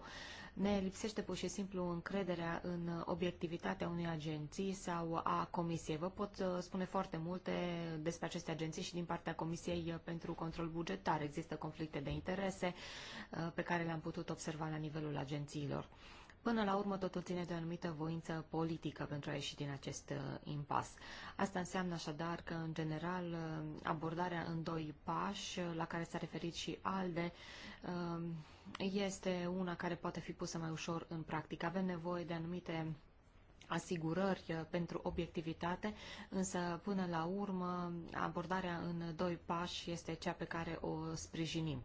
D: Ne lipsește pur și simplu încrederea în obiectivitatea unei agenții sau a Comisiei. Vă pot uh, spune foarte multe despre aceste agenții și din partea Comisiei uh, pentru control bugetar. Există conflicte de interese pe care le-am putut observa la nivelul agențiilor. Până la urmă, totul ține de o anumită voință politică pentru a ieși din acest uh, impas. Asta înseamnă așadar că, în general, uh, abordarea în doi pași, uh, la care s-a referit și ALDE, este una care poate fi pusă mai ușor în practică. Avem nevoie de anumite asigurări pentru obiectivitate, însă până la urmă abordarea în doi pași este cea pe care o sprijinim.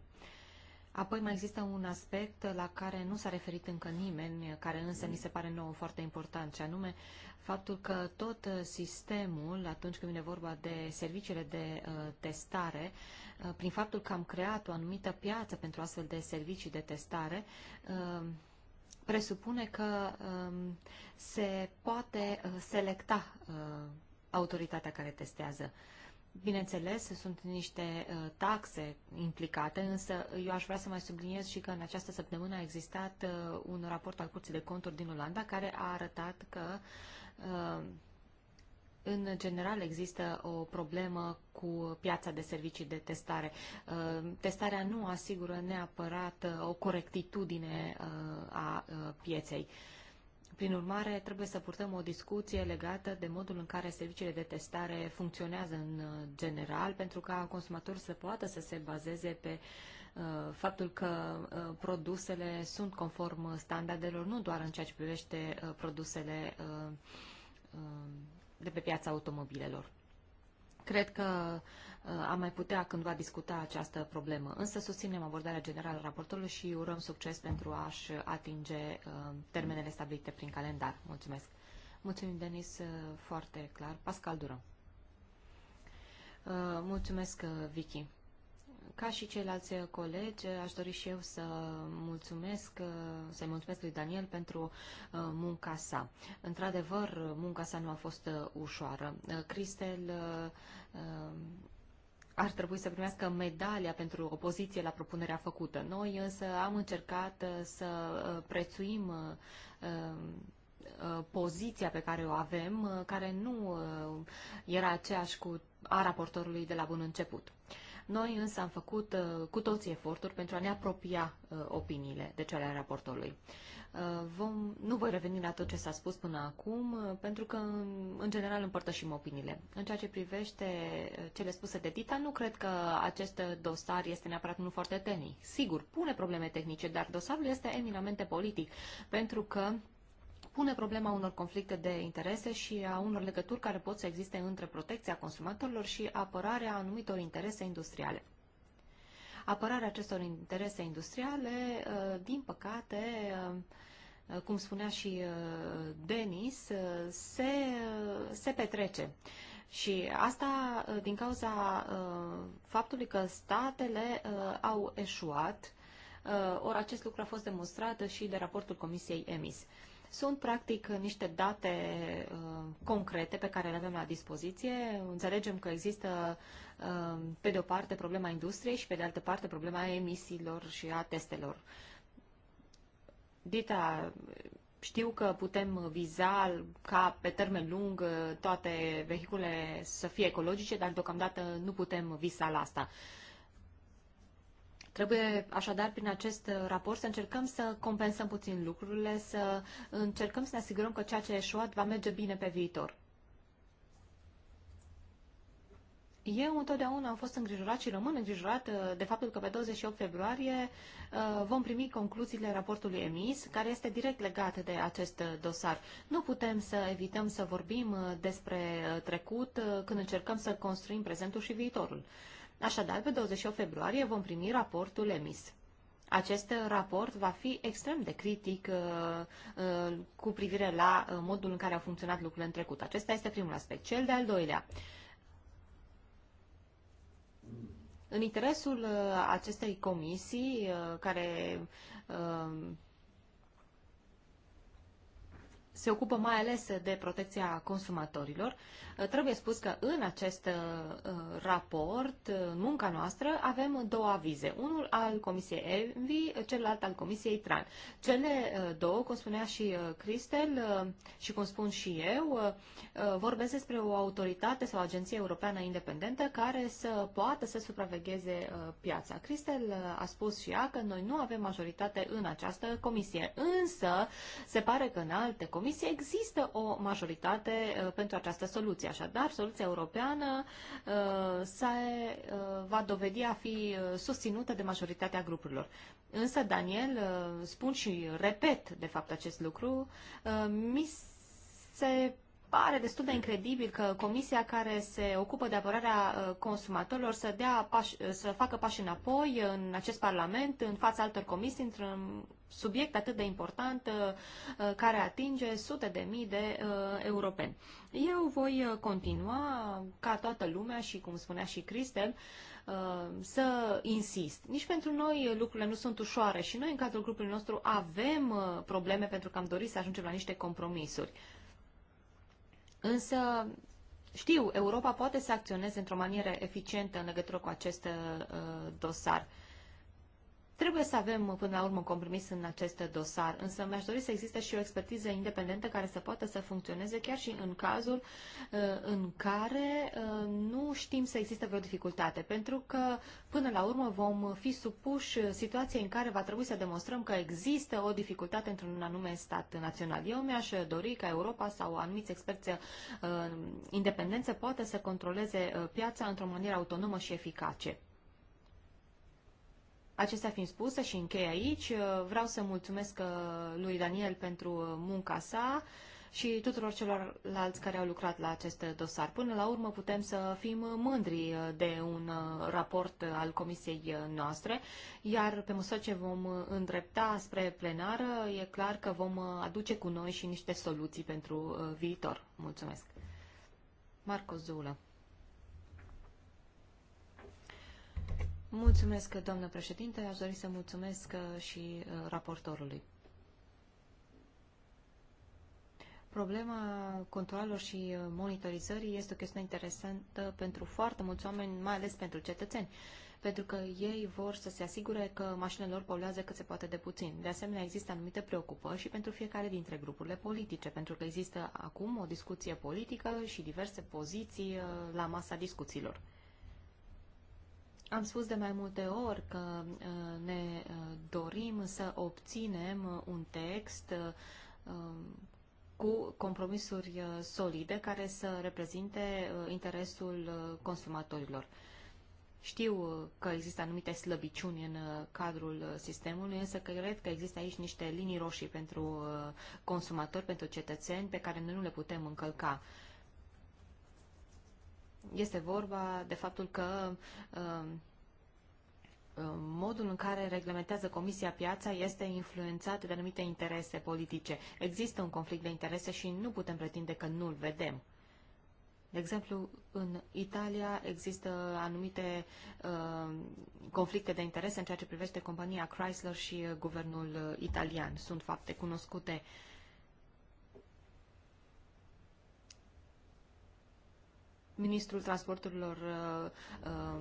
D: Apoi mai există un aspect la care nu s-a referit încă nimeni, care însă mi se pare nou foarte important, și anume faptul că tot sistemul, atunci când vine vorba de serviciile de uh, testare, uh, prin faptul că am creat o anumită piață pentru astfel de servicii de testare, uh, presupune că um, se poate uh, selecta uh, autoritatea care testează. Uh, Bineînțeles, sunt niște uh, taxe implicate, însă eu aș vrea să mai subliniez și că în această săptămână a existat uh, un raport al Curții de Conturi din Olanda care a arătat că uh, în general există o problemă cu piața de servicii de testare. Testarea nu asigură neapărat o corectitudine a pieței. Prin urmare, trebuie să purtăm o discuție legată de modul în care serviciile de testare funcționează în uh, general, pentru ca consumatorul să poată să se bazeze pe uh, faptul că uh, produsele sunt conform standardelor, nu doar în ceea ce privește produsele de pe piața automobilelor. Cred că uh, am mai putea cândva discuta această problemă, însă susținem abordarea generală a raportului și urăm succes pentru a-și atinge uh, termenele stabilite prin calendar. Mulțumesc! Mulțumim, Denis, uh, foarte clar. Pascal Dură. Mulțumesc, Vicky. Ca și ceilalți colegi, aș dori și eu să mulțumesc, să mulțumesc lui Daniel pentru uh, munca sa. Într-adevăr, munca sa nu a fost uh, ușoară. Uh, Cristel ar trebui să primească medalia pentru opoziție la propunerea făcută. Noi însă am încercat să prețuim poziția pe care o avem, care nu era aceeași cu a raportorului de la bun început. Noi însă am făcut uh, cu toții eforturi pentru a ne apropia uh, opiniile de cele ale raportului. Uh, vom, nu voi reveni la tot ce s-a spus până acum, pentru că, în general, împărtășim opiniile. În ceea ce privește cele spuse de Dita, nu cred că acest dosar este neapărat unul foarte tehnic. Sigur, pune probleme tehnice, dar dosarul este eminamente politic, pentru că pune problema unor conflicte de interese și a unor legături care pot să existe între protecția consumatorilor și apărarea anumitor interese industriale. Apărarea acestor interese industriale, uh, din păcate, uh, uh, cum spunea și Denis, se, se petrece. Și asta din cauza faptului că statele au eșuat, ori acest lucru a fost demonstrat și de raportul Comisiei EMIS. Sunt, practic, niște date uh, concrete pe care le avem la dispoziție. Înțelegem că există, uh, pe de o parte, problema industriei și, pe de altă parte, problema emisiilor și a testelor. Dita, știu că putem viza ca pe termen lung uh, toate vehiculele să fie ecologice, dar deocamdată nu putem visa la asta. Uh, Trebuie așadar prin acest raport să încercăm să compensăm puțin lucrurile, să încercăm să ne asigurăm că ceea ce a eșuat va merge bine pe viitor. Eu întotdeauna am fost îngrijorat și rămân îngrijorat uh, de faptul că pe 28 februarie uh, vom primi concluziile raportului emis, care este direct legat de acest uh, dosar. Nu putem să evităm să vorbim despre trecut când încercăm să construim prezentul și viitorul. Așadar, pe 28 februarie vom primi raportul emis. Acest raport va fi extrem de critic uh, uh, cu privire la uh, modul în care au funcționat lucrurile în trecut. Acesta este primul aspect. Cel de-al doilea. În interesul uh, acestei comisii uh, care uh, se ocupă mai ales de protecția consumatorilor, Trebuie spus că în acest uh, uh, raport, uh, în munca noastră, avem două avize. Unul al Comisiei Envi, celălalt al Comisiei Tran. Cele două, cum spunea și Cristel și cum spun și eu, vorbesc despre o autoritate sau agenție europeană independentă care să poată să supravegheze piața. Cristel a spus și ea că noi nu avem majoritate în această comisie, însă se pare că în alte comisii există o majoritate pentru această soluție soluție. Așadar, soluția europeană uh, se uh, va dovedi a fi uh, susținută de majoritatea grupurilor. Însă, Daniel, spun și repet, de fapt, acest lucru, mi se pare destul de incredibil că comisia care se ocupă de apărarea uh, consumatorilor să, dea paș, uh, să facă pași înapoi în acest parlament, în fața altor comisii, într-un subiect atât de important uh, care atinge sute de mii de europeni. Eu voi continua, ca toată lumea și cum spunea și Cristel, să insist. Nici pentru noi lucrurile nu sunt ușoare și noi în cadrul grupului nostru avem probleme pentru că am dorit să ajungem la niște compromisuri. Însă, știu, Europa poate să acționeze într-o manieră eficientă în legătură cu acest uh, dosar. Trebuie să avem până la urmă un compromis în acest dosar, însă mi-aș dori să existe și o expertiză independentă care să poată să funcționeze chiar și în cazul uh, în care uh, nu știm să există vreo dificultate, pentru că până la urmă vom fi supuși situației în care va trebui să demonstrăm că există o dificultate într-un anume stat național. Eu mi-aș dori ca Europa sau anumiți experți uh, independenți să poată să controleze piața într-o manieră autonomă și eficace. Acestea fiind spuse și închei aici, uh, vreau să mulțumesc uh, lui Daniel pentru uh, munca sa și tuturor celorlalți care au lucrat la acest dosar. Până la urmă putem să fim mândri de un raport al comisiei noastre, iar pe măsură ce vom îndrepta spre plenară, e clar că vom aduce cu noi și niște soluții pentru viitor. Mulțumesc! Marco Zulă Mulțumesc, doamnă președinte. Aș dori să mulțumesc uh, și uh, raportorului. Problema controlelor și uh, monitorizării este o chestiune interesantă pentru foarte mulți oameni, mai ales pentru cetățeni, pentru că ei vor să se asigure că mașinile lor poluează cât se poate de puțin. De asemenea, există anumite preocupări și pentru fiecare dintre grupurile politice, pentru că există acum o discuție politică și diverse poziții la masa discuțiilor. Am spus de mai multe ori că uh, ne uh, dorim să obținem uh, un text um, cu compromisuri solide care să reprezinte interesul consumatorilor. Știu că există anumite slăbiciuni în cadrul sistemului, însă cred că există aici niște linii roșii pentru consumatori, pentru cetățeni, pe care noi nu le putem încălca este vorba de faptul că um, um, modul în care reglementează Comisia piața este influențat de anumite interese politice. Există un conflict de interese și nu putem pretinde că nu-l vedem. De exemplu, în Italia există anumite uh, conflicte de interese în ceea ce privește compania Chrysler și uh, guvernul uh, italian. Sunt fapte cunoscute uh, ministrul transporturilor uh, um,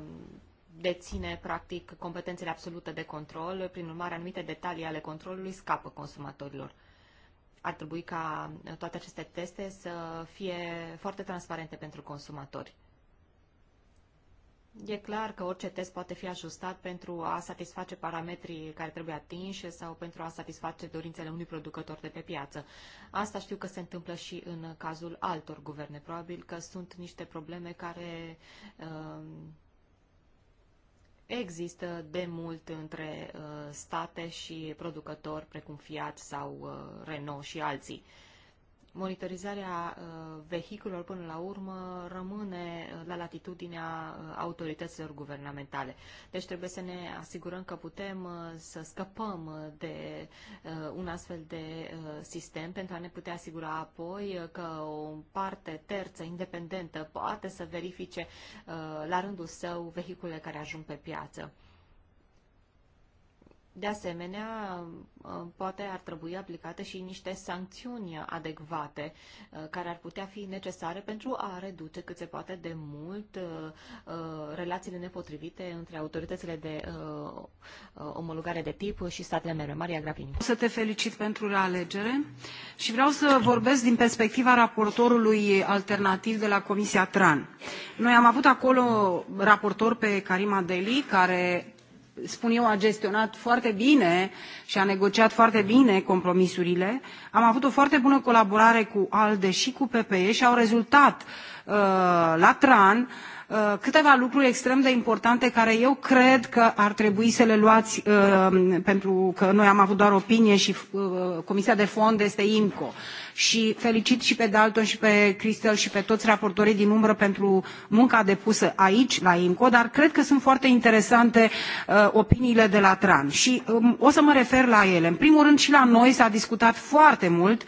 D: deține, practic, competențele absolute de control, prin urmare, anumite detalii ale controlului scapă consumatorilor. Ar trebui ca toate aceste teste să fie foarte transparente pentru consumatori. E clar că orice test poate fi ajustat pentru a satisface parametrii care trebuie atinși sau pentru a satisface dorințele unui producător de pe piață. Asta știu că se întâmplă și în cazul altor guverne. Probabil că sunt niște probleme care uh, există de mult între uh, state și producători precum Fiat sau uh, Renault și alții. Uh, monitorizarea uh, vehiculelor până la urmă rămâne uh, la latitudinea uh, autorităților guvernamentale. Deci trebuie să ne asigurăm că putem să scăpăm de un astfel de sistem pentru a ne putea asigura apoi că o parte terță, independentă, poate să verifice la rândul său vehiculele care ajung pe piață. De asemenea, uh, poate ar trebui aplicate și niște sancțiuni adecvate uh, care ar putea fi necesare pentru a reduce cât se poate de mult uh, relațiile nepotrivite între autoritățile de omologare de tip și statele membre. Maria Grapini. Să te felicit pentru realegere
A: și vreau să vorbesc din perspectiva raportorului alternativ de la Comisia TRAN. Noi am avut acolo raportor pe Karima Deli, care spun eu, a gestionat foarte bine și a negociat foarte bine compromisurile. Am avut o foarte bună colaborare cu ALDE și cu PPE și au rezultat uh, la TRAN uh, Uh, câteva lucruri extrem de importante care eu cred că ar trebui să le luați uh, pentru că noi am avut doar opinie și uh, comisia de fond este imco și felicit și pe dalton și pe cristel și pe toți raportorii din umbră pentru munca depusă aici la imco dar cred că sunt foarte interesante opiniile de la tran și um, o să mă refer la ele. în primul rând și la noi s a discutat foarte mult și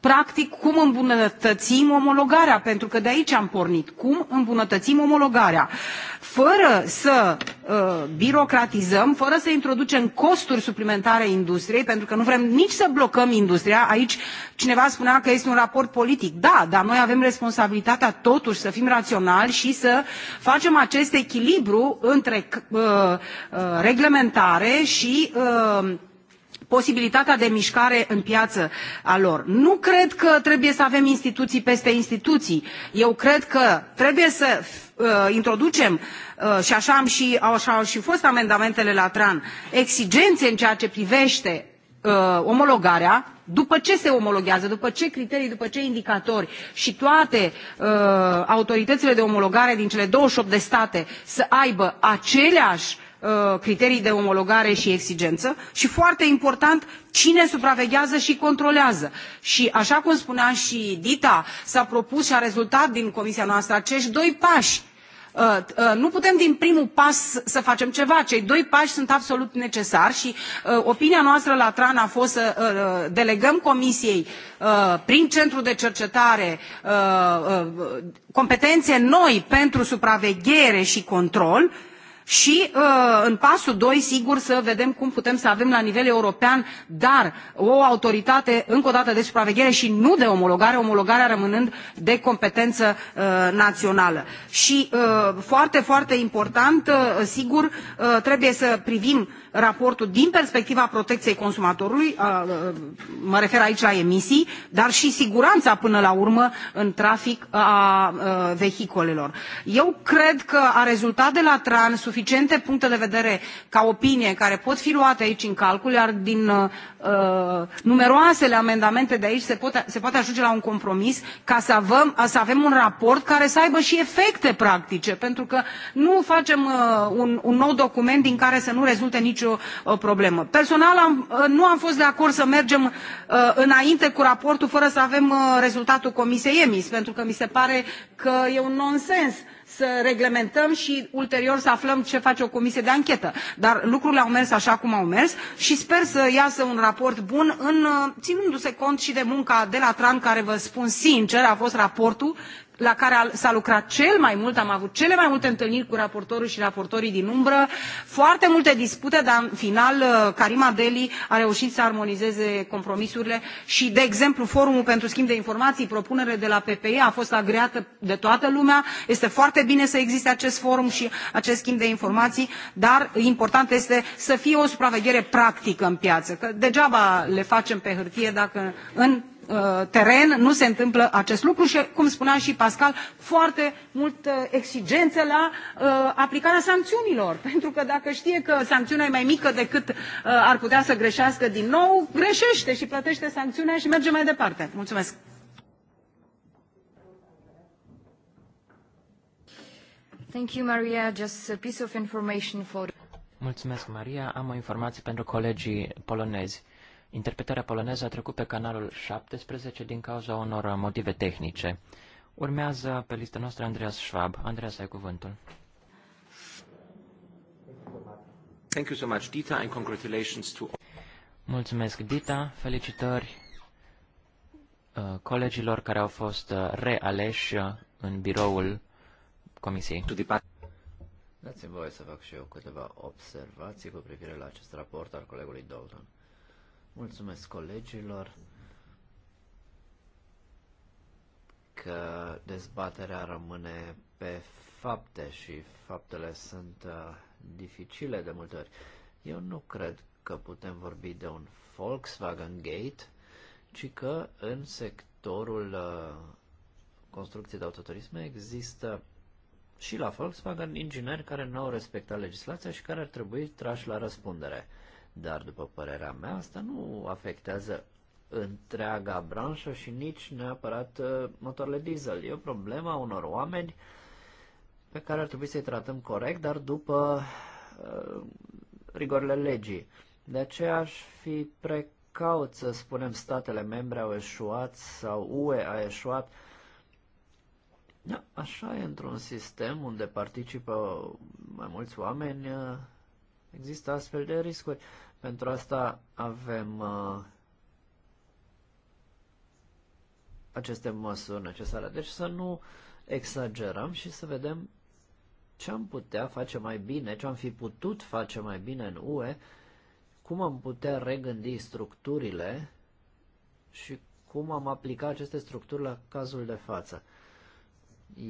A: practic cum îmbunătățim omologarea pentru că de aici am pornit cum îmbunătățim omologarea fără să uh, birocratizăm fără să introducem costuri suplimentare industriei pentru că nu vrem nici să blocăm industria aici cineva spunea că este un raport politic da dar noi avem responsabilitatea totuși să fim raționali și să facem acest echilibru între uh, uh, reglementare și posibilitatea de mișcare în piață a lor. Nu cred că trebuie să avem instituții peste instituții. Eu cred că trebuie să uh, introducem uh, și așa, am și, așa au și fost amendamentele la TRAN, exigențe în ceea ce privește uh, omologarea, după ce se omologează, după ce criterii, după ce indicatori și toate uh, autoritățile de omologare din cele 28 de state să aibă aceleași Uh, criterii de omologare și exigență și foarte important cine supraveghează și controlează și așa cum spunea și dita s a propus și a rezultat din comisia noastră acești doi pași uh, uh, nu putem din primul pas să facem ceva cei doi pași sunt absolut necesari și opinia noastră la tran a fost să delegăm comisiei prin centrul de cercetare competențe noi pentru supraveghere și control și și uh, în pasul doi sigur să vedem cum putem să avem la nivel european dar o autoritate încă o dată de supraveghere și nu de omologare omologarea rămânând de competență uh, națională. și uh, foarte foarte important sigur trebuie să privim raportul din perspectiva protecției consumatorului mă refer aici la emisii dar și siguranța până la urmă în trafic a vehiculelor. eu cred că a rezultat de la tran suficiente puncte de vedere ca opinie care pot fi luate aici în calcul iar din numeroasele amendamente de aici se poate, se poate ajunge la un compromis ca să avem, să avem un raport care să aibă și efecte practice pentru că nu facem un, un nou document din care să nu rezulte nici nicio uh, problemă. personal uh, nu am fost de acord să mergem uh, înainte cu raportul fără să avem rezultatul comisiei emis pentru că mi se pare că e un nonsens să reglementăm și ulterior să aflăm ce face o comisie de anchetă dar lucrurile au mers așa cum au mers și sper să iasă un raport bun ținându se cont și de munca de la tran care vă spun sincer a fost raportul la care s a lucrat cel mai mult am avut cele mai multe întâlniri cu raportorul și raportorii din umbră foarte multe dispute dar în final uh, karima delli a reușit să armonizeze compromisurile și de exemplu forumul pentru schimb de informații propunere de la ppe a fost agreată de toată lumea este foarte bine să existe acest forum și acest schimb de informații dar important este să fie o supraveghere practică în piață că degeaba le facem pe hârtie dacă în Uh, teren nu se întâmplă acest lucru și cum spunea și pascal foarte multă uh, exigență la uh, aplicarea sancțiunilor pentru că dacă știe că sancțiunea e mai mică decât ar putea să greșească din nou greșește și plătește sancțiunea și merge mai departe. mulțumesc.
D: Thank you, Maria. Just a piece of information for...
B: Mulțumesc, Maria. Am o informație pentru colegii polonezi. Interpretarea poloneză a trecut pe canalul 17 din cauza unor motive tehnice. Urmează pe lista noastră Andreas Schwab. Andreas, ai cuvântul. Thank you so much, Dita, and congratulations to... Mulțumesc, Dita. Felicitări uh, colegilor care au fost uh, realeși uh, în biroul Comisiei.
C: Dați-mi voie să fac și eu câteva observații cu privire la acest raport al colegului Dalton. Mulțumesc colegilor că dezbaterea rămâne pe fapte și faptele sunt uh, dificile de multe ori. Eu nu cred că putem vorbi de un Volkswagen Gate, ci că în sectorul uh, construcției de autoturisme există și la Volkswagen ingineri care nu au respectat legislația și care ar trebui trași la răspundere. Dar, după părerea mea, asta nu afectează întreaga branșă și nici neapărat uh, motorile diesel. E o problemă a unor oameni pe care ar trebui să-i tratăm corect, dar după uh, rigorile legii. De aceea aș fi precaut să spunem statele membre au eșuat sau UE a eșuat. Da, așa e într-un sistem unde participă mai mulți oameni, uh, există astfel de riscuri. Pentru asta avem uh, aceste măsuri necesare. Deci să nu exagerăm și să vedem ce am putea face mai bine, ce am fi putut face mai bine în UE, cum am putea regândi structurile și cum am aplicat aceste structuri la cazul de față.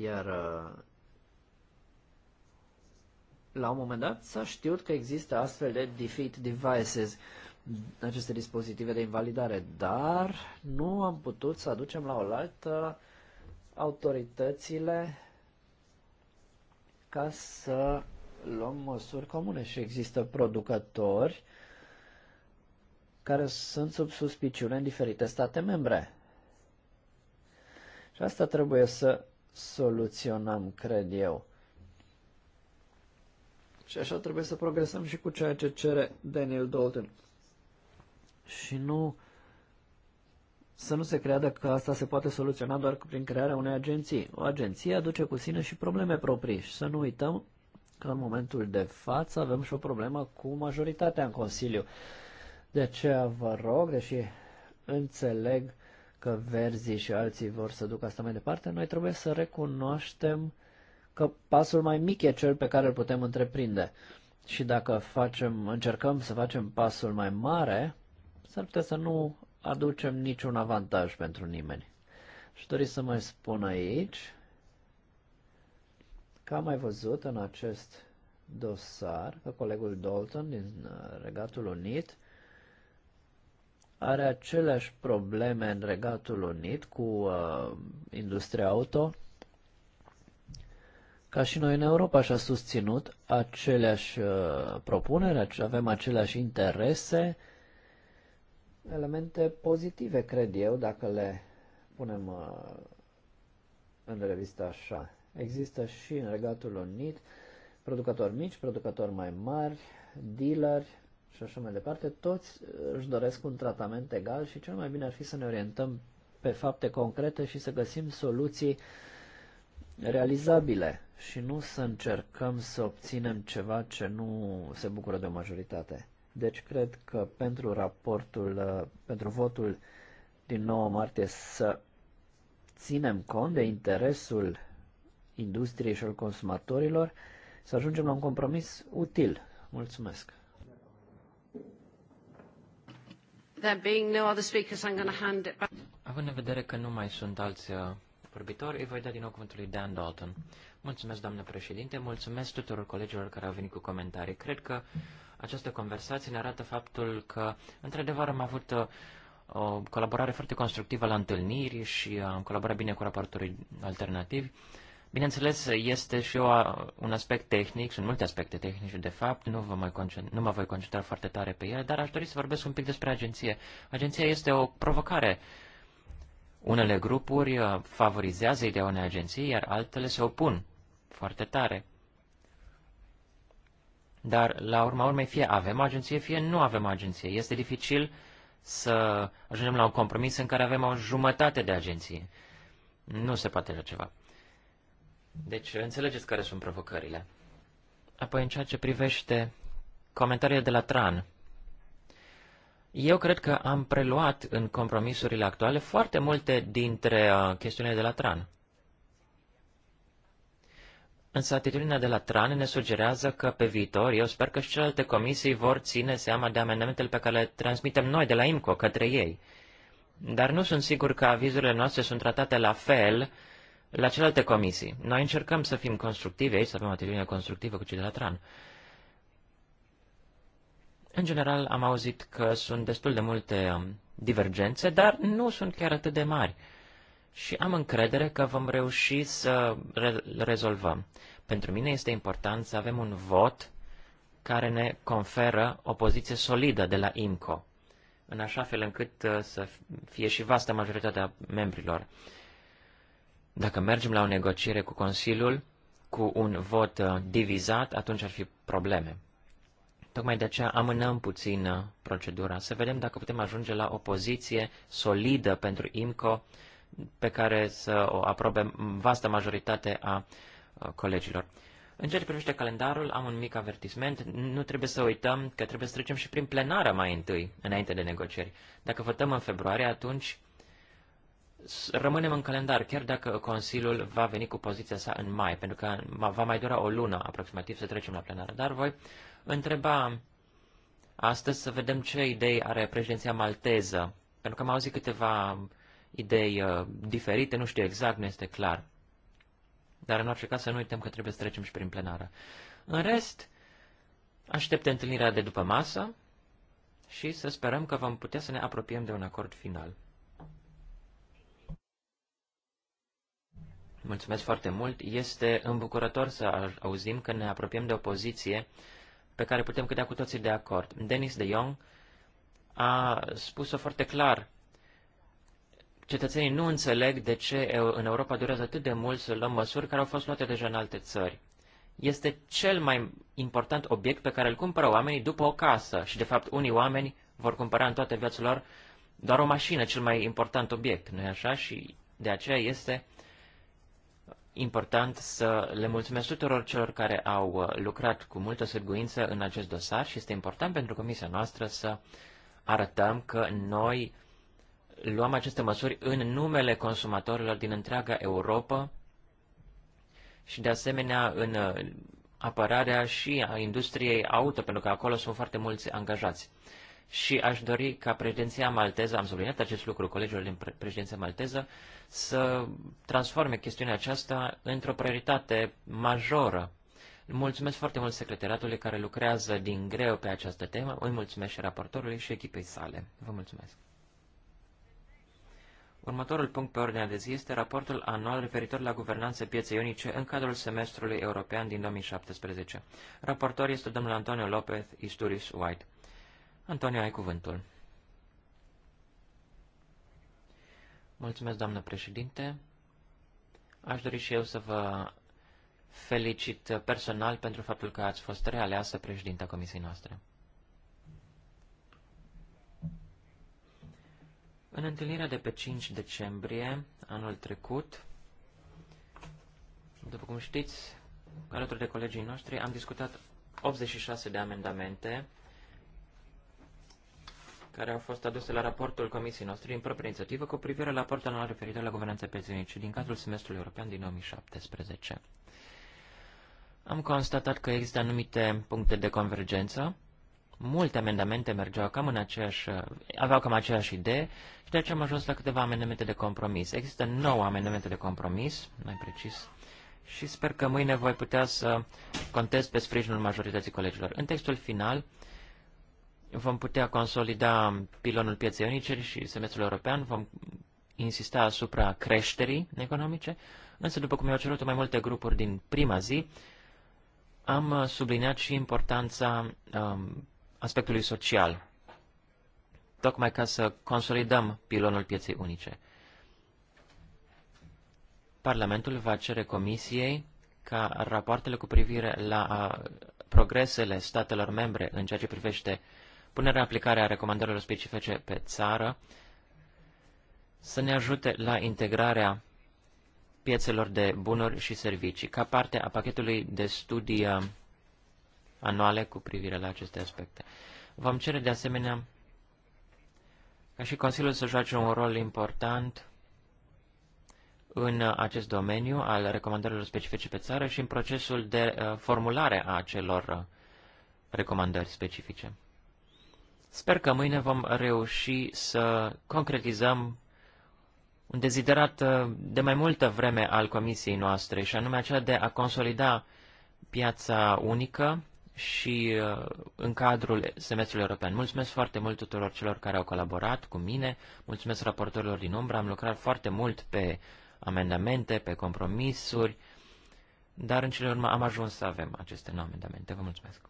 C: Iar uh, la un moment dat s-a știut că există astfel de defeat devices, aceste dispozitive de invalidare, dar nu am putut să aducem la oaltă autoritățile ca să luăm măsuri comune și există producători care sunt sub suspiciune în diferite state membre. Și asta trebuie să soluționăm, cred eu. Și așa trebuie să progresăm și cu ceea ce cere Daniel Dalton. Și nu să nu se creadă că asta se poate soluționa doar prin crearea unei agenții. O agenție aduce cu sine și probleme proprii și să nu uităm că în momentul de față avem și o problemă cu majoritatea în Consiliu. De aceea vă rog, deși înțeleg că verzii și alții vor să ducă asta mai departe, noi trebuie să recunoaștem că pasul mai mic e cel pe care îl putem întreprinde. Și dacă facem, încercăm să facem pasul mai mare, s-ar putea să nu aducem niciun avantaj pentru nimeni. Și dori să mai spun aici că am mai văzut în acest dosar că colegul Dalton din uh, Regatul Unit are aceleași probleme în Regatul Unit cu uh, industria auto, ca și noi în Europa și-a susținut aceleași uh, propuneri, avem aceleași interese, elemente pozitive, cred eu, dacă le punem uh, în revistă așa. Există și în Regatul Unit producători mici, producători mai mari, dealeri și așa mai departe. Toți își doresc un tratament egal și cel mai bine ar fi să ne orientăm pe fapte concrete și să găsim soluții uh, realizabile și nu să încercăm să obținem ceva ce nu se bucură de o majoritate. Deci cred că pentru raportul, uh, pentru votul din 9 martie să ținem cont de interesul industriei și al consumatorilor, să ajungem la un compromis util. Mulțumesc.
A: There being no other speakers, I'm going to hand it back.
B: Având în vedere că nu mai sunt alți uh, vorbitor, îi voi da din nou cuvântul lui Dan Dalton. Mulțumesc, doamnă președinte, mulțumesc tuturor colegilor care au venit cu comentarii. Cred că această conversație ne arată faptul că, într-adevăr, am avut uh, o colaborare foarte constructivă la întâlniri și am colaborat bine cu raportorii alternativi. Bineînțeles, este și o, un aspect tehnic, sunt multe aspecte tehnice, de fapt, nu, vă mai concentra, nu mă voi concentra foarte tare pe ele, dar aș dori să vorbesc un pic despre agenție. Agenția este o provocare unele grupuri uh, favorizează ideea unei agenții, iar altele se opun foarte tare. Dar, la urma urmei, fie avem agenție, fie nu avem agenție. Este dificil să ajungem la un compromis în care avem o jumătate de agenție. Nu se poate așa ceva. Deci, înțelegeți care sunt provocările. Apoi, în ceea ce privește comentariile de la Tran, eu cred că am preluat în compromisurile actuale foarte multe dintre uh, chestiunile de la TRAN. Însă atitudinea de la TRAN ne sugerează că pe viitor, eu sper că și celelalte comisii vor ține seama de amendamentele pe care le transmitem noi de la IMCO către ei. Dar nu sunt sigur că avizurile noastre sunt tratate la fel la celelalte comisii. Noi încercăm să fim constructivi aici, să avem atitudine constructivă cu cei de la TRAN. În general, am auzit că sunt destul de multe um, divergențe, dar nu sunt chiar atât de mari. Și am încredere că vom reuși să re- rezolvăm. Pentru mine este important să avem un vot care ne conferă o poziție solidă de la IMCO, în așa fel încât uh, să fie și vasta majoritatea membrilor. Dacă mergem la o negociere cu Consiliul, cu un vot uh, divizat, atunci ar fi probleme. Tocmai de aceea amânăm puțin uh, procedura, să vedem dacă putem ajunge la o poziție solidă pentru IMCO pe care să o aprobe vastă majoritate a uh, colegilor. În ceea ce privește calendarul, am un mic avertisment. Nu trebuie să uităm că trebuie să trecem și prin plenară mai întâi, înainte de negocieri. Dacă votăm în februarie, atunci rămânem în calendar, chiar dacă Consiliul va veni cu poziția sa în mai, pentru că va mai dura o lună aproximativ să trecem la plenară. Dar voi întreba astăzi să vedem ce idei are președinția malteză, pentru că am auzit câteva idei uh, diferite, nu știu exact, nu este clar. Dar în orice caz să nu uităm că trebuie să trecem și prin plenară. În rest, aștept întâlnirea de după masă și să sperăm că vom putea să ne apropiem de un acord final. Mulțumesc foarte mult. Este îmbucurător să auzim că ne apropiem de o poziție uh, pe care putem cădea cu toții de acord. Denis de Jong a spus-o foarte clar. Cetățenii nu înțeleg de ce în Europa durează atât de mult să luăm măsuri care au fost luate deja în alte țări. Este cel mai important obiect pe care îl cumpără oamenii după o casă și, de fapt, unii oameni vor cumpăra în toată viața lor doar o mașină, cel mai important obiect, nu-i așa? Și de aceea este important să le mulțumesc tuturor celor care au uh, lucrat cu multă sârguință în acest dosar și este important pentru comisia noastră să arătăm că noi luăm aceste măsuri în numele consumatorilor din întreaga Europa și de asemenea în uh, apărarea și a industriei auto, pentru că acolo sunt foarte mulți angajați și aș dori ca președinția malteză, am subliniat acest lucru colegilor din președinția malteză, să transforme chestiunea aceasta într-o prioritate majoră. Mulțumesc foarte mult secretariatului care lucrează din greu pe această temă, îi mulțumesc și raportorului și echipei sale. Vă mulțumesc! Următorul punct pe ordinea de zi este raportul anual referitor la guvernanță pieței unice în cadrul semestrului european din 2017. Raportor este domnul Antonio López Isturis White. Antonio, ai cuvântul. Mulțumesc, doamnă președinte. Aș dori și eu să vă felicit personal pentru faptul că ați fost realeasă președinta comisiei noastre. În întâlnirea de pe 5 decembrie anul trecut, după cum știți, alături de colegii noștri, am discutat 86 de amendamente care au fost aduse la raportul comisiei noastre din proprie inițiativă cu privire la raportul anual referitor la guvernanța pieței și din cadrul semestrului european din 2017. Am constatat că există anumite puncte de convergență, multe amendamente mergeau cam în aceeași, aveau cam aceeași idee și de aceea am ajuns la câteva amendamente de compromis. Există 9 amendamente de compromis, mai precis, și sper că mâine voi putea să contez pe sprijinul majorității colegilor. În textul final, vom putea consolida pilonul pieței unice și semestrul european, vom insista asupra creșterii economice, însă, după cum i au cerut mai multe grupuri din prima zi, am subliniat și importanța um, aspectului social, tocmai ca să consolidăm pilonul pieței unice. Parlamentul va cere Comisiei ca rapoartele cu privire la uh, progresele statelor membre în ceea ce privește uh, punerea aplicare a recomandărilor specifice pe țară să ne ajute la integrarea piețelor de bunuri și servicii, ca parte a pachetului de studii uh, anuale cu privire la aceste aspecte. Vom cere de asemenea ca și Consiliul să joace un rol important în uh, acest domeniu al recomandărilor specifice pe țară și în procesul de uh, formulare a acelor recomandări specifice. Sper că mâine vom reuși să concretizăm un deziderat uh, de mai multă vreme al comisiei noastre, și anume acela de a consolida piața unică și uh, în cadrul semestrului european. Mulțumesc foarte mult tuturor celor care au colaborat cu mine, mulțumesc raportorilor din umbră, am lucrat foarte mult pe amendamente, pe compromisuri, dar în cele urmă am ajuns să avem aceste nouă amendamente. Vă mulțumesc!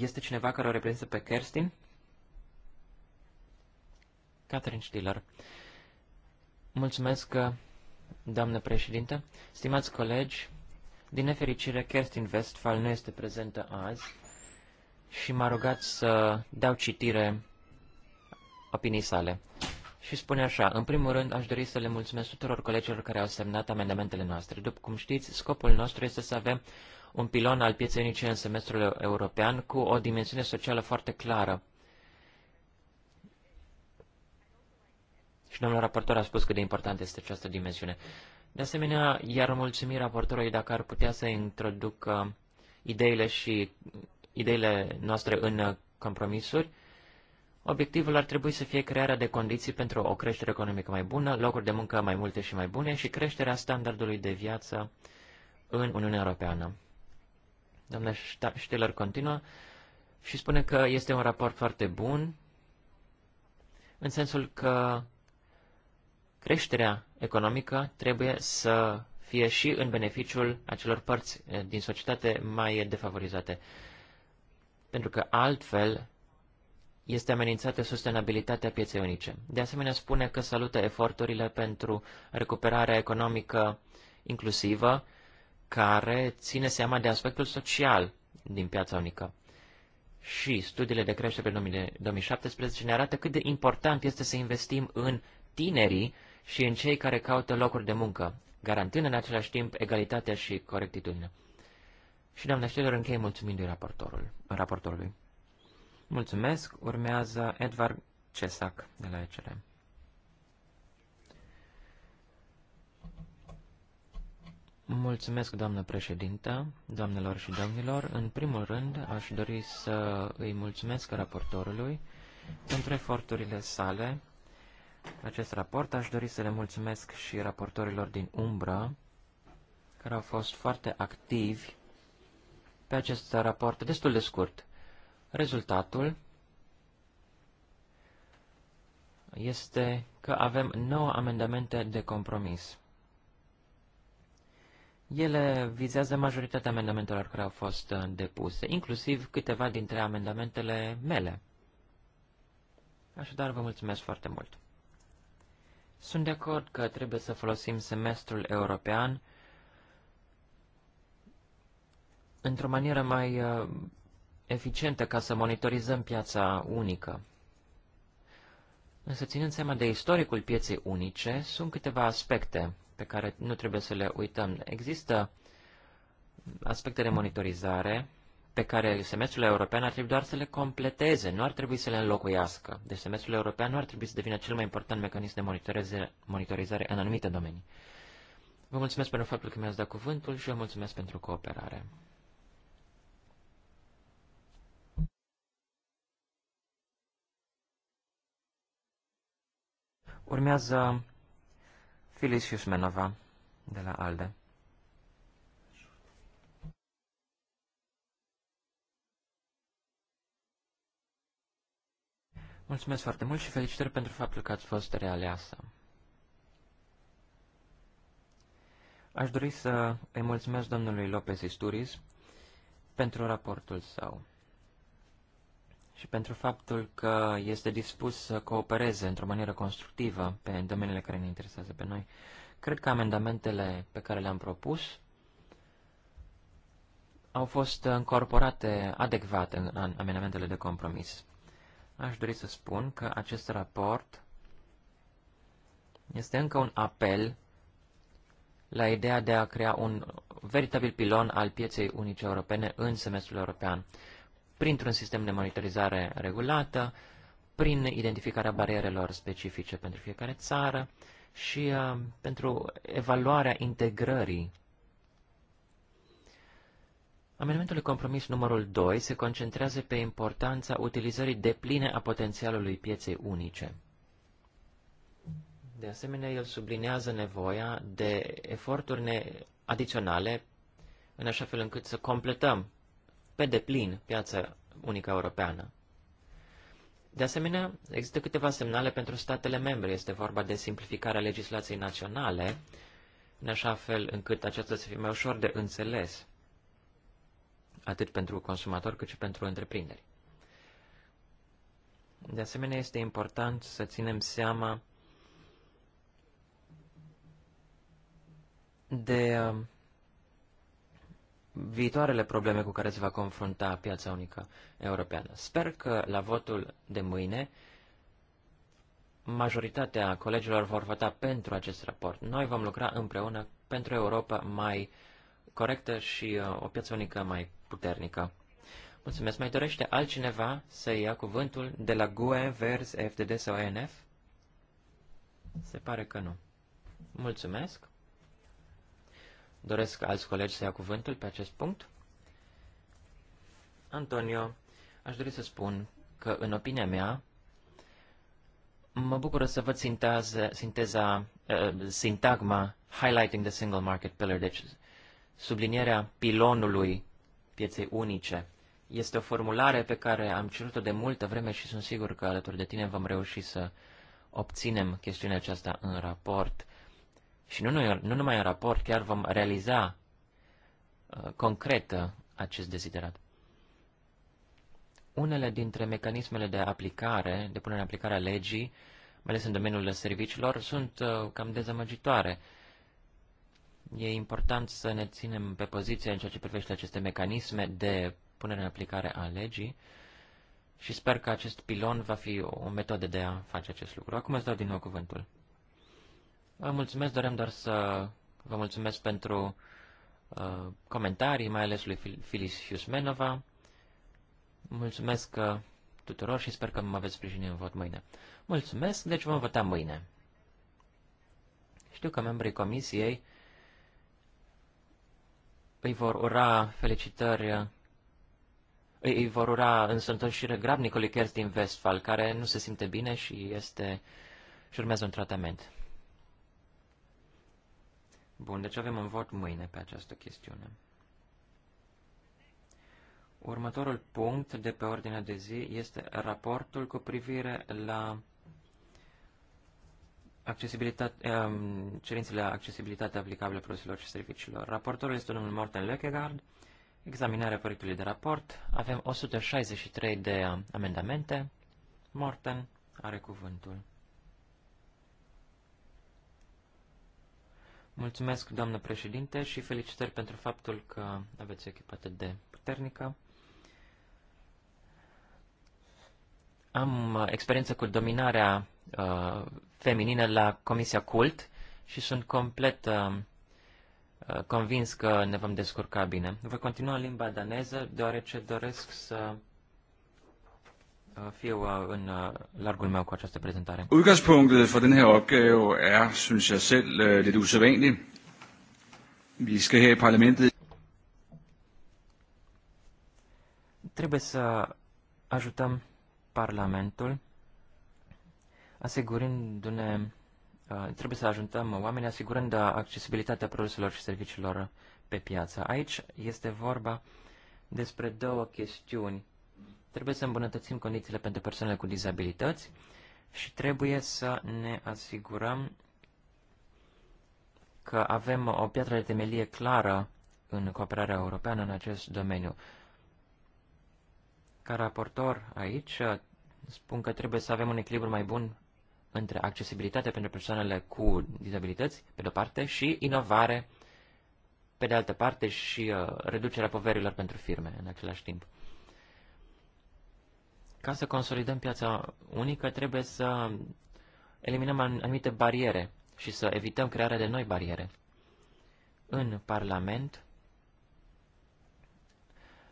B: Este cineva care o reprezintă pe Kerstin? Catherine Stiller. Mulțumesc, doamnă președinte. Stimați colegi, din nefericire, Kerstin Westphal nu este prezentă azi și m-a rugat să dau citire opinii sale. Și spune așa, în primul rând aș dori să le mulțumesc tuturor colegilor care au semnat amendamentele noastre. După cum știți, scopul nostru este să avem un pilon al pieței unice în semestrul european cu o dimensiune socială foarte clară. Și domnul raportor a spus cât de importantă este această dimensiune. De asemenea, iar mulțumim raportorului dacă ar putea să introducă ideile și ideile noastre în compromisuri. Obiectivul ar trebui să fie crearea de condiții pentru o creștere economică mai bună, locuri de muncă mai multe și mai bune și creșterea standardului de viață în Uniunea Europeană. Doamna Stiller continuă și spune că este un raport foarte bun, în sensul că creșterea economică trebuie să fie și în beneficiul acelor părți eh, din societate mai defavorizate. Pentru că altfel este amenințată sustenabilitatea pieței unice. De asemenea, spune că salută eforturile pentru recuperarea economică inclusivă care ține seama de aspectul social din piața unică. Și studiile de creștere pe 2017 ne arată cât de important este să investim în tinerii și în cei care caută locuri de muncă, garantând în același timp egalitatea și corectitudinea. Și, doamna Ștelor, închei mulțumindu-i raportorul, raportorului. Mulțumesc, urmează Edvard Cesac de la ECRM. Mulțumesc, doamnă președintă, doamnelor și domnilor. În primul rând, aș dori să îi mulțumesc raportorului pentru eforturile sale. Acest raport aș dori să le mulțumesc și raportorilor din umbră, care au fost foarte activi pe acest raport destul de scurt. Rezultatul este că avem 9 amendamente de compromis. Ele vizează majoritatea amendamentelor care au fost uh, depuse, inclusiv câteva dintre amendamentele mele. Așadar, vă mulțumesc foarte mult. Sunt de acord că trebuie să folosim semestrul european într-o manieră mai uh, eficientă ca să monitorizăm piața unică. Însă, ținând seama de istoricul pieței unice, sunt câteva aspecte pe care nu trebuie să le uităm. Există aspecte de monitorizare pe care semestrul european ar trebui doar să le completeze, nu ar trebui să le înlocuiască. Deci semestrul european nu ar trebui să devină cel mai important mecanism de monitorizare, monitorizare în anumite domenii. Vă mulțumesc pentru faptul că mi-ați dat cuvântul și vă mulțumesc pentru cooperare. Urmează Filis Iusmenova de la ALDE. Mulțumesc foarte mult și felicitări pentru faptul că ați fost realeasă. Aș dori să îi mulțumesc domnului Lopez Isturiz pentru raportul său și pentru faptul că este dispus să coopereze într-o manieră constructivă pe domeniile care ne interesează pe noi. Cred că amendamentele pe care le-am propus au fost încorporate adecvat în amendamentele de compromis. Aș dori să spun că acest raport este încă un apel la ideea de a crea un veritabil pilon al pieței unice europene în semestrul european printr-un sistem de monitorizare regulată, prin identificarea barierelor specifice pentru fiecare țară și uh, pentru evaluarea integrării. Amendamentul compromis numărul 2 se concentrează pe importanța utilizării depline a potențialului pieței unice. De asemenea, el sublinează nevoia de eforturi adiționale în așa fel încât să completăm pe deplin piața unică europeană. De asemenea, există câteva semnale pentru statele membre. Este vorba de simplificarea legislației naționale, în așa fel încât aceasta să fie mai ușor de înțeles, atât pentru consumator cât și pentru întreprinderi. De asemenea, este important să ținem seama de uh, viitoarele probleme cu care se va confrunta piața unică europeană. Sper că la votul de mâine majoritatea colegilor vor vota pentru acest raport. Noi vom lucra împreună pentru Europa mai corectă și uh, o piață unică mai puternică. Mulțumesc. Mai dorește altcineva să ia cuvântul de la GUE, VERS, FDD sau ENF? Se pare că nu. Mulțumesc. Doresc alți colegi să ia cuvântul pe acest punct? Antonio, aș dori să spun că, în opinia mea, mă bucură să văd sinteza, sinteza, uh, sintagma highlighting the single market pillar, deci sublinierea pilonului pieței unice. Este o formulare pe care am cerut-o de multă vreme și sunt sigur că alături de tine vom reuși să obținem chestiunea aceasta în raport. Și nu, nu, nu numai în raport, chiar vom realiza uh, concret uh, acest deziderat. Unele dintre mecanismele de aplicare, de punere în aplicare a legii, mai ales în domeniul serviciilor, sunt uh, cam dezamăgitoare. E important să ne ținem pe poziție în ceea ce privește aceste mecanisme de punere în aplicare a legii și sper că acest pilon va fi o metodă de a face acest lucru. Acum îți dau din nou cuvântul. Vă mulțumesc, Dorem doar să vă mulțumesc pentru uh, comentarii, mai ales lui Filis Hiusmenova. Mulțumesc uh, tuturor și sper că mă veți sprijini în vot mâine. Mulțumesc, deci vom vota mâine. Știu că membrii comisiei îi vor ura felicitări, îi, îi vor ura însăntoșire grabnicului Kerstin Westphal, care nu se simte bine și este și urmează un tratament. Bun, deci avem un vot mâine pe această chestiune. Următorul punct de pe ordinea de zi este raportul cu privire la accesibilitate, ehm, cerințele accesibilitate aplicabile produselor și serviciilor. Raportorul este domnul Morten Lekegaard. Examinarea proiectului de raport. Avem 163 de amendamente. Morten are cuvântul. Mulțumesc, doamnă președinte, și felicitări pentru faptul că aveți echipă atât de puternică. Am uh, experiență cu dominarea uh, feminină la Comisia Cult și sunt complet uh, uh convins că ne vom descurca bine. Voi continua limba daneză, deoarece doresc să Uh, fiu uh, în uh, largul meu cu această prezentare. Udgangspunktet øh, for den her opgave er, synes jeg selv, øh,
C: lidt usædvanligt. Vi skal her i parlamentet
B: trebuie să ajutăm Parlamentul, asigurându-ne, Uh, trebuie să ajutăm oamenii asigurând accesibilitatea produselor și serviciilor pe piață. Aici este vorba despre două chestiuni Trebuie să îmbunătățim condițiile pentru persoanele cu dizabilități și trebuie să ne asigurăm că avem o piatră de temelie clară în cooperarea europeană în acest domeniu. Ca raportor aici, spun că trebuie să avem un echilibru mai bun între accesibilitate pentru persoanele cu dizabilități, pe de-o parte, și inovare, pe de altă parte, și uh, reducerea poverilor pentru firme în același timp. Ca să consolidăm piața unică, trebuie să eliminăm anumite bariere și să evităm crearea de noi bariere. În Parlament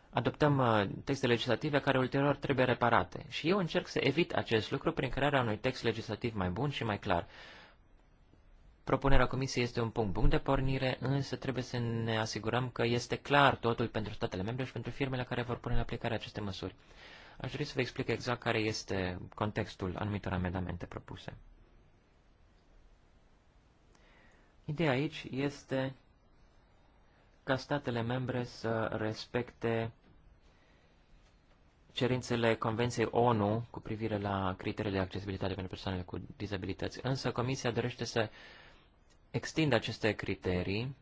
B: adoptăm uh, texte legislative care ulterior trebuie reparate și eu încerc să evit acest lucru prin crearea unui text legislativ mai bun și mai clar. Propunerea Comisiei este un punct bun de pornire, însă trebuie să ne asigurăm că este clar totul pentru statele membre și pentru firmele care vor pune în aplicare aceste măsuri. Aș dori să vă explic exact care este contextul anumitor amendamente propuse. Ideea aici este ca statele membre să respecte cerințele Convenției ONU cu privire la criteriile de accesibilitate pentru persoanele cu dizabilități. Însă Comisia dorește să extindă aceste criterii.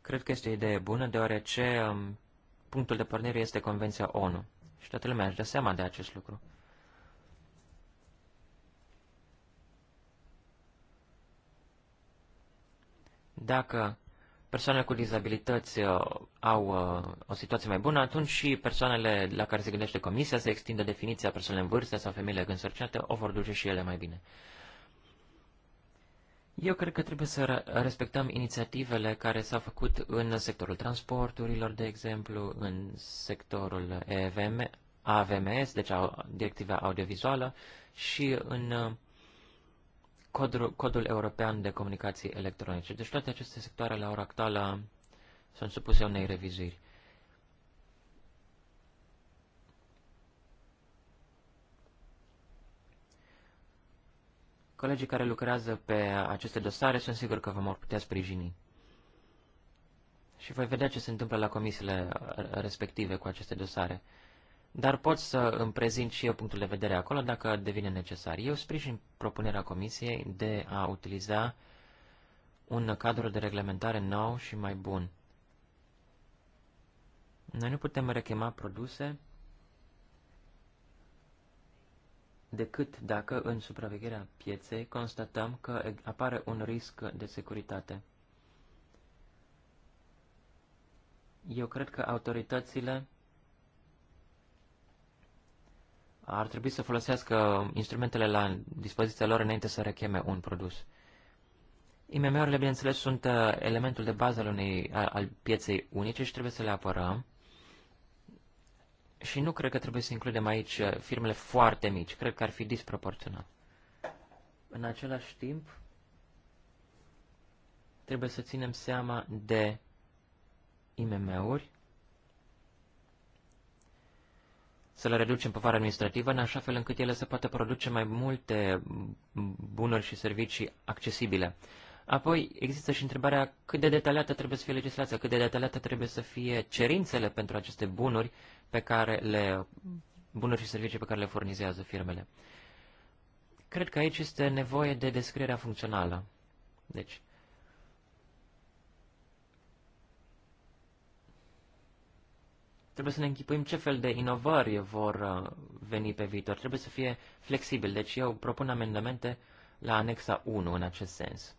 B: Cred că este o idee bună, deoarece um, punctul de pornire este Convenția ONU și toată lumea își dă seama de acest lucru. Dacă persoanele cu dizabilități uh, au uh, o situație mai bună, atunci și persoanele la care se gândește comisia să extindă definiția persoanelor în vârstă sau femeile însărcinate o vor duce și ele mai bine. Eu cred că trebuie să respectăm inițiativele care s-au făcut în sectorul transporturilor, de exemplu, în sectorul EVM, AVMS, deci directiva audiovizuală, și în uh, codul, codul european de comunicații electronice. Deci toate aceste sectoare la ora actuală sunt supuse unei revizuiri. Colegii care lucrează pe aceste dosare sunt sigur că vă vor putea sprijini. Și voi vedea ce se întâmplă la comisiile uh, respective cu aceste dosare. Dar pot să îmi prezint și eu punctul de vedere acolo dacă devine necesar. Eu sprijin propunerea comisiei de a utiliza un cadru de reglementare nou și mai bun. Noi nu putem rechema produse decât dacă în supravegherea pieței constatăm că apare un risc de securitate. Eu cred că autoritățile ar trebui să folosească instrumentele la dispoziția lor înainte să recheme un produs. IMM-urile, bineînțeles, sunt uh, elementul de bază al, unei, al pieței unice și trebuie să le apărăm. Și nu cred că trebuie să includem aici uh, firmele foarte mici. Cred că ar fi disproporționat. În același timp, trebuie să ținem seama de IMM-uri, să le reducem povara administrativă în așa fel încât ele să poată produce mai multe bunuri și servicii accesibile. Apoi există și întrebarea cât de detaliată trebuie să fie legislația, cât de detaliată trebuie să fie cerințele pentru aceste bunuri pe care le, bunuri și servicii pe care le furnizează firmele. Cred că aici este nevoie de descrierea funcțională. Deci, trebuie să ne închipuim ce fel de inovări vor uh, veni pe viitor. Trebuie să fie flexibil. Deci eu propun amendamente la anexa 1 în acest sens.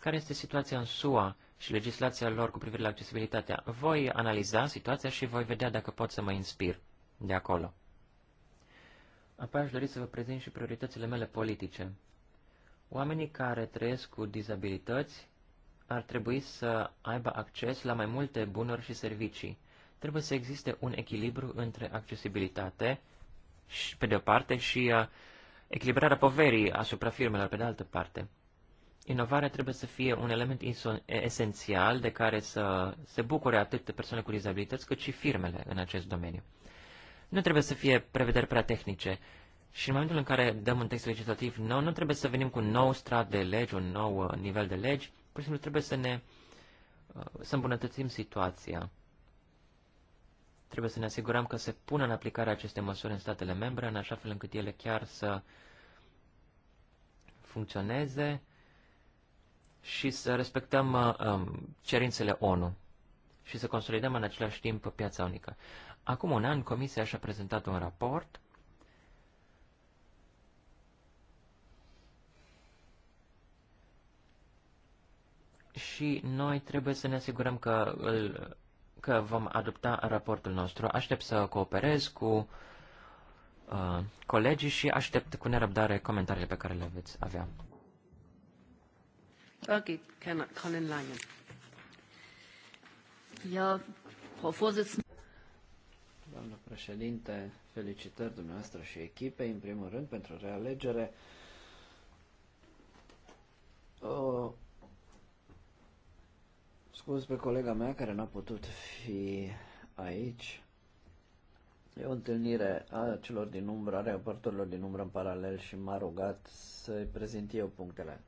B: Care este situația în SUA și legislația lor cu privire la accesibilitatea. Voi analiza situația și voi vedea dacă pot să mă inspir de acolo. Apoi aș dori să vă prezint și prioritățile mele politice. Oamenii care trăiesc cu dizabilități ar trebui să aibă acces la mai multe bunuri și servicii. Trebuie să existe un echilibru între accesibilitate, și, pe de o parte, și uh, echilibrarea poverii asupra firmelor, pe de altă parte. Inovarea trebuie să fie un element esențial de care să se bucure atât persoane cu dizabilități cât și firmele în acest domeniu. Nu trebuie să fie prevederi prea tehnice și în momentul în care dăm un text legislativ nou, nu trebuie să venim cu un nou strat de legi, un nou uh, nivel de legi, pur și simplu trebuie să ne uh, să îmbunătățim situația. Trebuie să ne asigurăm că se pună în aplicare aceste măsuri în statele membre, în așa fel încât ele chiar să funcționeze și să respectăm uh, um, cerințele ONU și să consolidăm în același timp piața unică. Acum un an, Comisia și-a prezentat un raport și noi trebuie să ne asigurăm că, îl, că vom adopta raportul nostru. Aștept să cooperez cu uh, colegii și aștept cu nerăbdare comentariile pe care le veți avea.
A: Doamnă
C: președinte, felicitări dumneavoastră și echipei, în primul rând, pentru realegere. O, scuz pe colega mea care n-a putut fi aici. E o întâlnire a celor din umbră, a raportorilor din umbră în paralel și m-a rugat să-i prezint eu punctele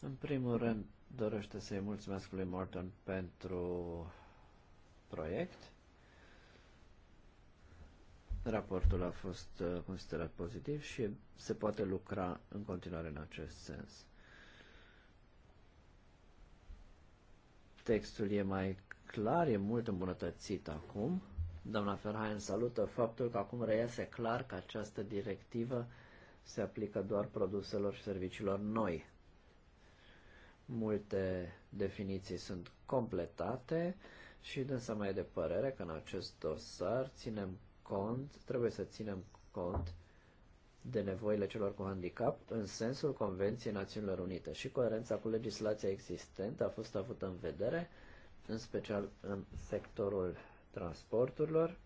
C: în primul rând, dorește să-i mulțumesc lui Morton pentru proiect. Raportul a fost uh, considerat pozitiv și se poate lucra în continuare în acest sens. Textul e mai clar, e mult îmbunătățit acum. Doamna Ferhain salută faptul că acum reiese clar că această directivă se aplică doar produselor și serviciilor noi. Multe definiții sunt completate și dânsa mai e de părere că în acest dosar ținem cont, trebuie să ținem cont de nevoile celor cu handicap în sensul Convenției Națiunilor Unite și coerența cu legislația existentă a fost avută în vedere, în special în sectorul transporturilor.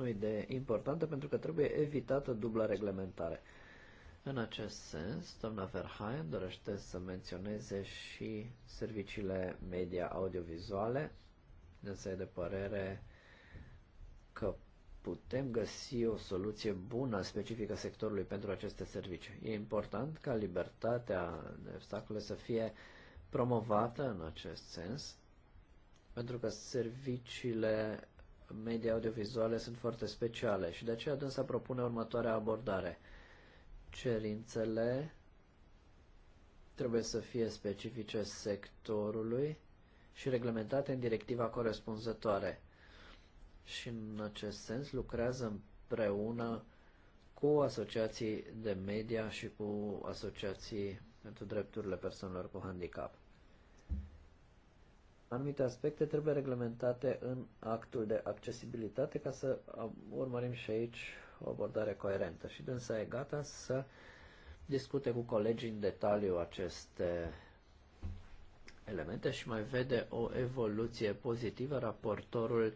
C: O idee importantă pentru că trebuie evitată dubla reglementare. În acest sens, doamna Verheyen dorește să menționeze și serviciile media audiovizuale, însă e de părere că putem găsi o soluție bună specifică sectorului pentru aceste servicii. E important ca libertatea de obstacole să fie promovată în acest sens, pentru că serviciile media audiovizuale sunt foarte speciale și de aceea dânsa propune următoarea abordare – Cerințele trebuie să fie specifice sectorului și reglementate în directiva corespunzătoare. Și în acest sens lucrează împreună cu asociații de media și cu asociații pentru drepturile persoanelor cu handicap. Anumite aspecte trebuie reglementate în actul de accesibilitate ca să urmărim și aici o abordare coerentă și dânsa e gata să discute cu colegii în detaliu aceste elemente și mai vede o evoluție pozitivă. Raportorul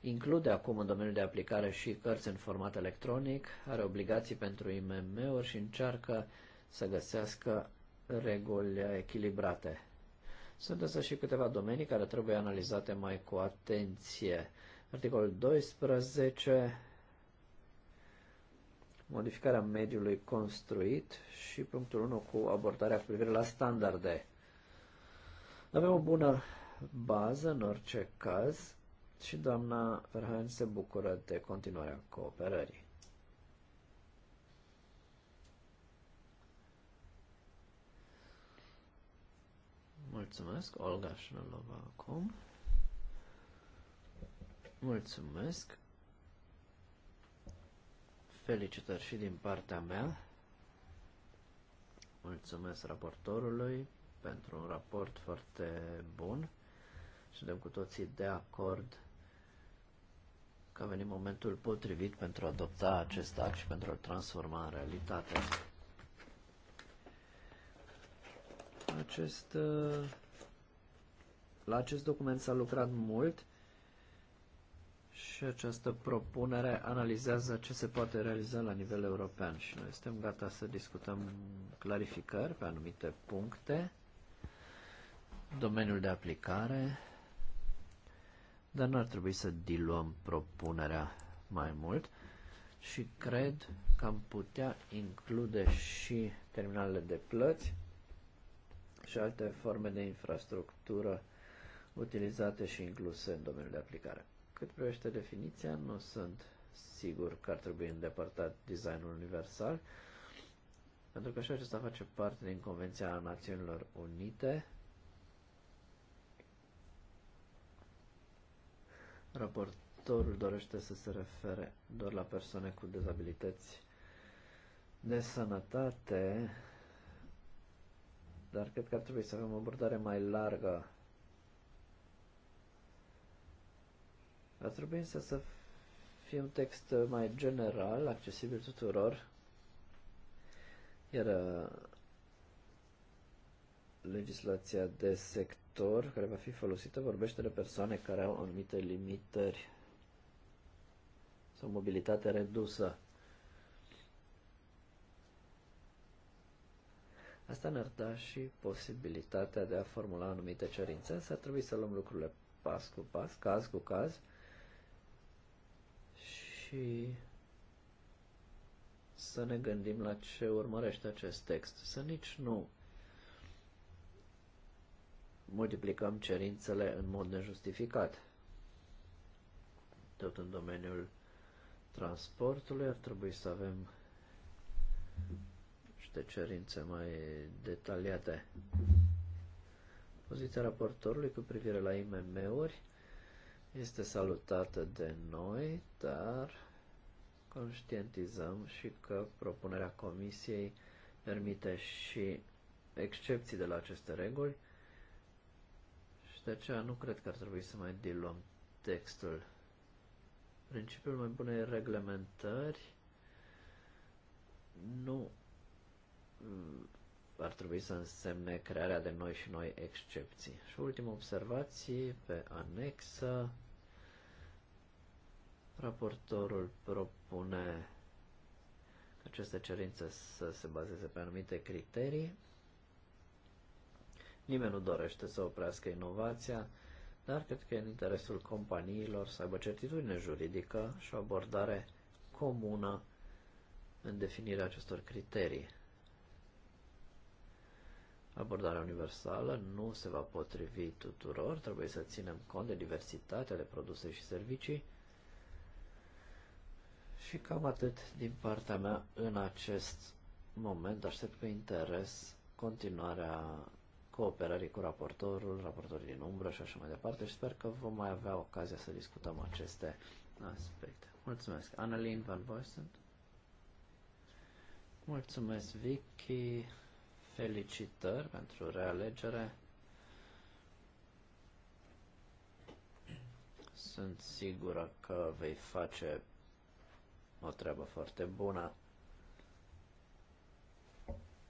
C: include acum în domeniul de aplicare și cărți în format electronic, are obligații pentru IMM-uri și încearcă să găsească reguli echilibrate. Sunt însă și câteva domenii care trebuie analizate mai cu atenție. Articolul 12 modificarea mediului construit și punctul 1 cu abordarea cu privire la standarde. Avem o bună bază în orice caz și doamna Verhaen se bucură de continuarea cooperării. Mulțumesc, Olga Șnelova acum. Mulțumesc. Felicitări și din partea mea. Mulțumesc raportorului pentru un raport foarte bun. Suntem cu toții de acord că a venit momentul potrivit pentru a adopta acest act și pentru a-l transforma în realitate. Acest, uh, la acest document s-a lucrat mult și această propunere analizează ce se poate realiza la nivel european și noi suntem gata să discutăm clarificări pe anumite puncte, domeniul de aplicare, dar nu ar trebui să diluăm propunerea mai mult și cred că am putea include și terminalele de plăți și alte forme de infrastructură utilizate și incluse în domeniul de aplicare. Cât privește definiția, nu sunt sigur că ar trebui îndepărtat designul universal, pentru că și acesta face parte din Convenția Națiunilor Unite. Raportorul dorește să se refere doar la persoane cu dezabilități de sănătate, dar cred că ar trebui să avem o abordare mai largă Ar trebui însă să fie un text uh, mai general, accesibil tuturor, iar uh, legislația de sector care va fi folosită vorbește de persoane care au anumite limitări sau mobilitate redusă. Asta ne-ar da și posibilitatea de a formula anumite cerințe, însă ar trebui să luăm lucrurile pas cu pas, caz cu caz, și să ne gândim la ce urmărește acest text. Să nici nu multiplicăm cerințele în mod nejustificat. Tot în domeniul transportului ar trebui să avem niște cerințe mai detaliate. Poziția raportorului cu privire la IMM-uri este salutată de noi, dar conștientizăm și că propunerea comisiei permite și excepții de la aceste reguli și de aceea nu cred că ar trebui să mai diluăm textul. Principiul mai bun e reglementări. Nu mm, ar trebui să însemne crearea de noi și noi excepții. Și ultima observație pe anexă. Raportorul propune că aceste cerințe să se bazeze pe anumite criterii. Nimeni nu dorește să oprească inovația, dar cred că e în interesul companiilor să aibă certitudine juridică și o abordare comună în definirea acestor criterii. Abordarea universală nu se va potrivi tuturor, trebuie să ținem cont de diversitatea de produse și servicii și cam atât din partea mea în acest moment. Aștept cu interes continuarea cooperării cu raportorul, raportorii din umbră și așa mai departe și sper că vom mai avea ocazia să discutăm aceste aspecte. Mulțumesc. Annalyn Van Boysen. Mulțumesc, Vicky. Felicitări pentru realegere. Sunt sigură că vei face o treabă foarte bună.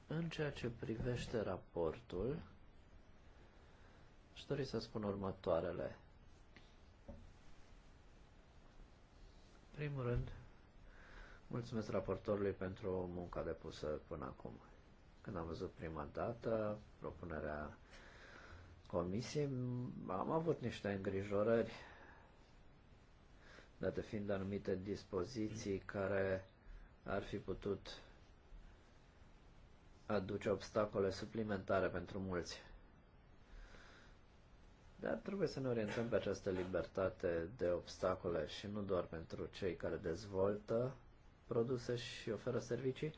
C: În ceea ce privește raportul, aș dori să spun următoarele. primul rând, mulțumesc raportorului pentru munca depusă până acum. Când am văzut prima dată propunerea comisiei, am avut niște îngrijorări date fiind anumite dispoziții care ar fi putut aduce obstacole suplimentare pentru mulți. Dar trebuie să ne orientăm pe această libertate de obstacole și nu doar pentru cei care dezvoltă produse și oferă servicii,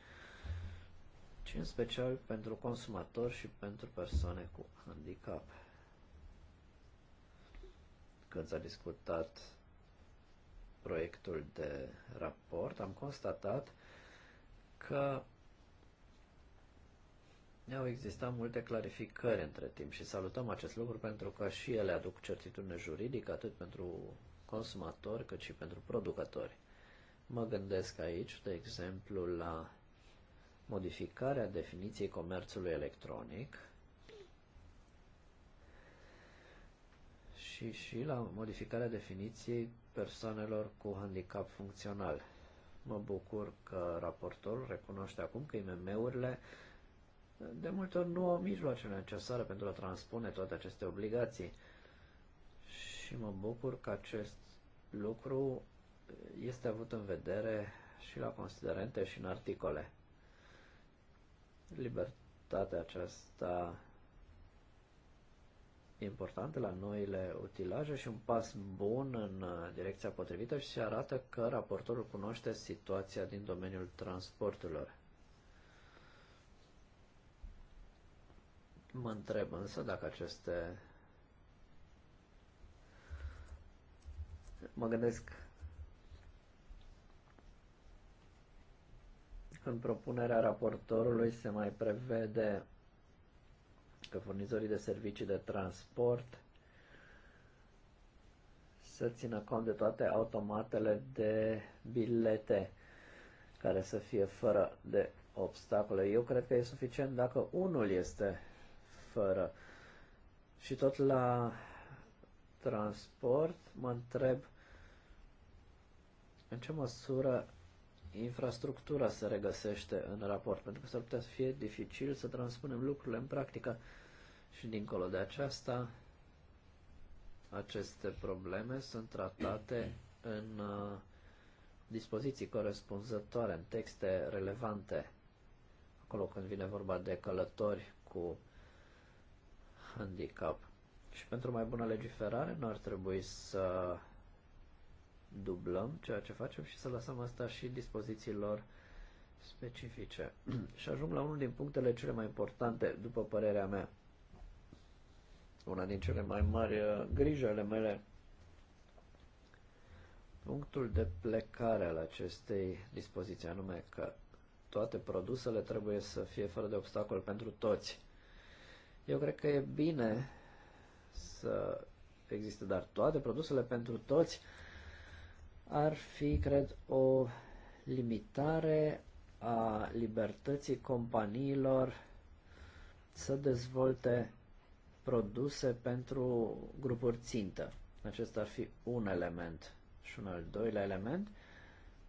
C: ci în special pentru consumatori și pentru persoane cu handicap. Când s-a discutat proiectul de raport, am constatat că au existat multe clarificări între timp și salutăm acest lucru pentru că și ele aduc certitudine juridică atât pentru consumatori cât și pentru producători. Mă gândesc aici, de exemplu, la modificarea definiției comerțului electronic și, și la modificarea definiției persoanelor cu handicap funcțional. Mă bucur că raportorul recunoaște acum că IMM-urile de multe ori nu au mijloacele necesare pentru a transpune toate aceste obligații. Și mă bucur că acest lucru este avut în vedere și la considerente și în articole. Libertatea aceasta importante la noile utilaje și un pas bun în uh, direcția potrivită și se arată că raportorul cunoaște situația din domeniul transporturilor. Mă întreb însă dacă aceste... Mă gândesc în propunerea raportorului se mai prevede că furnizorii de servicii de transport să țină cont de toate automatele de bilete care să fie fără de obstacole. Eu cred că e suficient dacă unul este fără. Și tot la transport mă întreb în ce măsură infrastructura se regăsește în raport, pentru că s-ar putea să fie dificil să transpunem lucrurile în practică și dincolo de aceasta aceste probleme sunt tratate în uh, dispoziții corespunzătoare, în texte relevante, acolo când vine vorba de călători cu handicap. Și pentru mai bună legiferare, nu ar trebui să dublăm ceea ce facem și să lăsăm asta și dispozițiilor specifice. și ajung la unul din punctele cele mai importante, după părerea mea. Una din cele mai mari uh, grijele mele. Punctul de plecare al acestei dispoziții, anume că toate produsele trebuie să fie fără de obstacol pentru toți. Eu cred că e bine să există, dar toate produsele pentru toți ar fi, cred, o limitare a libertății companiilor să dezvolte produse pentru grupuri țintă. Acesta ar fi un element. Și un al doilea element,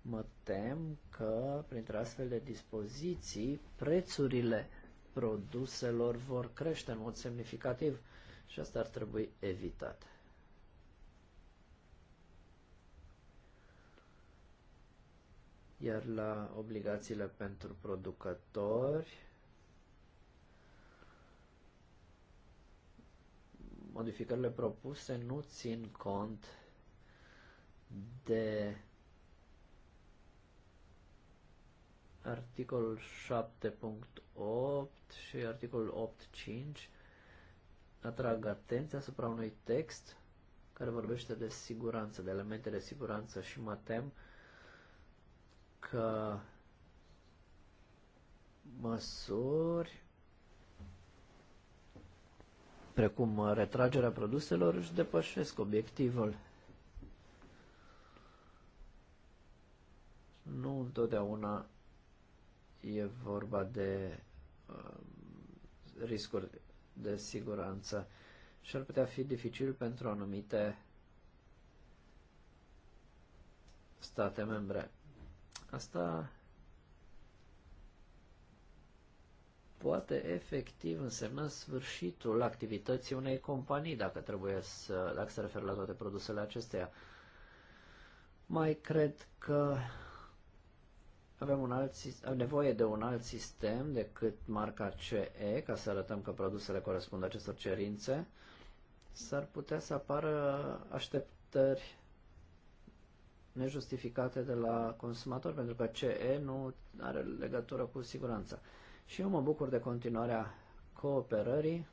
C: mă tem că printre astfel de dispoziții, prețurile produselor vor crește în mod semnificativ și asta ar trebui evitat. Iar la obligațiile pentru producători, modificările propuse nu țin cont de articolul 7.8 și articolul 8.5 atrag atenția asupra unui text care vorbește de siguranță, de elemente de siguranță și mă tem că măsuri precum retragerea produselor își depășesc obiectivul. Nu întotdeauna e vorba de uh, riscuri de siguranță și ar putea fi dificil pentru anumite state membre. Asta poate efectiv însemna sfârșitul activității unei companii, dacă trebuie să, dacă se referă la toate produsele acesteia. Mai cred că avem un alt, avem nevoie de un alt sistem decât marca CE, ca să arătăm că produsele corespund acestor cerințe, s-ar putea să apară așteptări nejustificate de la consumator, pentru că CE nu are legătură cu siguranța. Și eu mă bucur de continuarea cooperării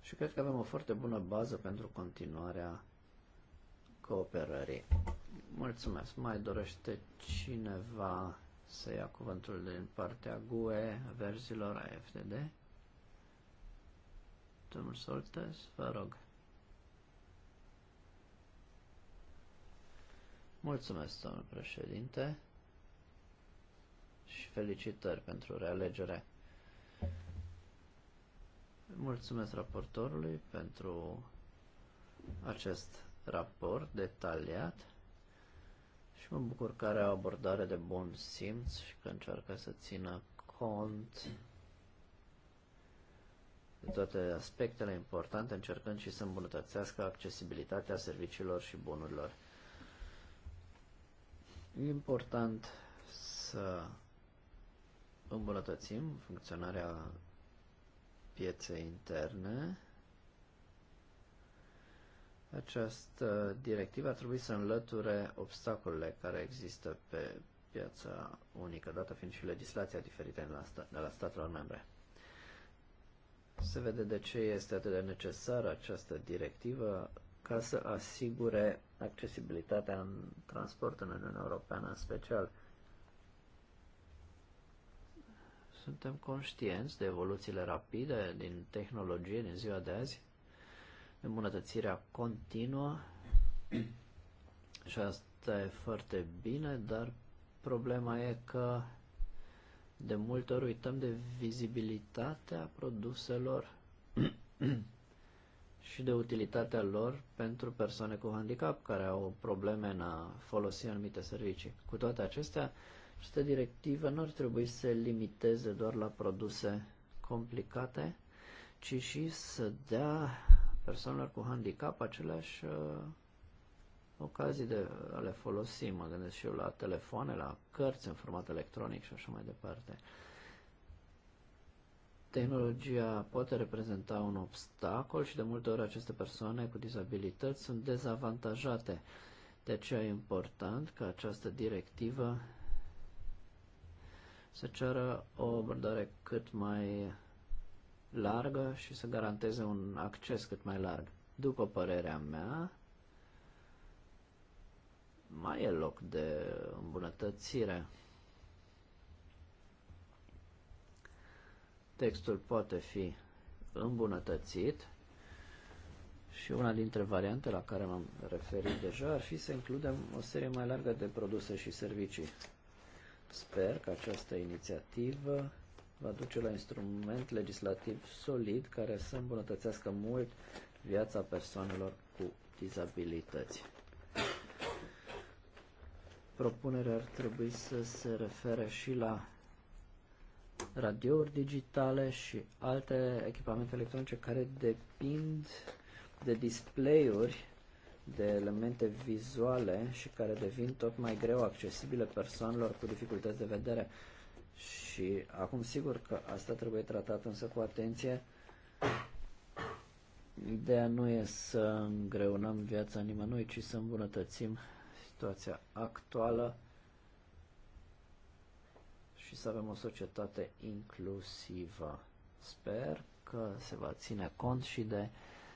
C: și cred că avem o foarte bună bază pentru continuarea cooperării. Mulțumesc. Mai dorește cineva să ia cuvântul din partea GUE, verzilor AFDD? Domnul Soltes, vă rog. Mulțumesc, domnul președinte, și felicitări pentru realegere. Mulțumesc raportorului pentru acest raport detaliat și mă bucur că are o abordare de bun simț și că încearcă să țină cont de toate aspectele importante, încercând și să îmbunătățească accesibilitatea serviciilor și bunurilor. E important să îmbunătățim funcționarea pieței interne. Această directivă ar trebui să înlăture obstacolele care există pe piața unică, dată fiind și legislația diferită de la, de la statelor membre. Se vede de ce este atât de necesară această directivă ca să asigure accesibilitatea în transport în Uniunea Europeană în special. Suntem conștienți de evoluțiile rapide din tehnologie din ziua de azi, îmbunătățirea continuă și asta e foarte bine, dar problema e că de multe ori uităm de vizibilitatea produselor și de utilitatea lor pentru persoane cu handicap care au probleme în a folosi anumite servicii. Cu toate acestea, această directivă nu ar trebui să se limiteze doar la produse complicate, ci și să dea persoanelor cu handicap aceleași uh, ocazii de a le folosi. Mă gândesc și eu la telefoane, la cărți în format electronic și așa mai departe. Uh, tehnologia poate reprezenta un obstacol și de multe ori aceste persoane cu dizabilități sunt dezavantajate. De aceea e important ca această directivă să ceară o abordare cât mai largă și să garanteze un acces cât mai larg. După părerea mea, mai e loc de îmbunătățire. Textul poate fi îmbunătățit și una dintre variante la care m-am referit deja ar fi să includem o serie mai largă de produse și servicii. Sper că această inițiativă va duce la instrument legislativ solid care să îmbunătățească mult viața persoanelor cu dizabilități. Propunerea ar trebui să se refere și la radiouri digitale și alte echipamente electronice care depind de display-uri, de elemente vizuale și care devin tot mai greu accesibile persoanelor cu dificultăți de vedere. Și acum sigur că asta trebuie tratat însă cu atenție. Ideea nu e să îngreunăm viața nimănui, ci să îmbunătățim situația actuală și să avem o societate inclusivă. Sper că se va ține cont și de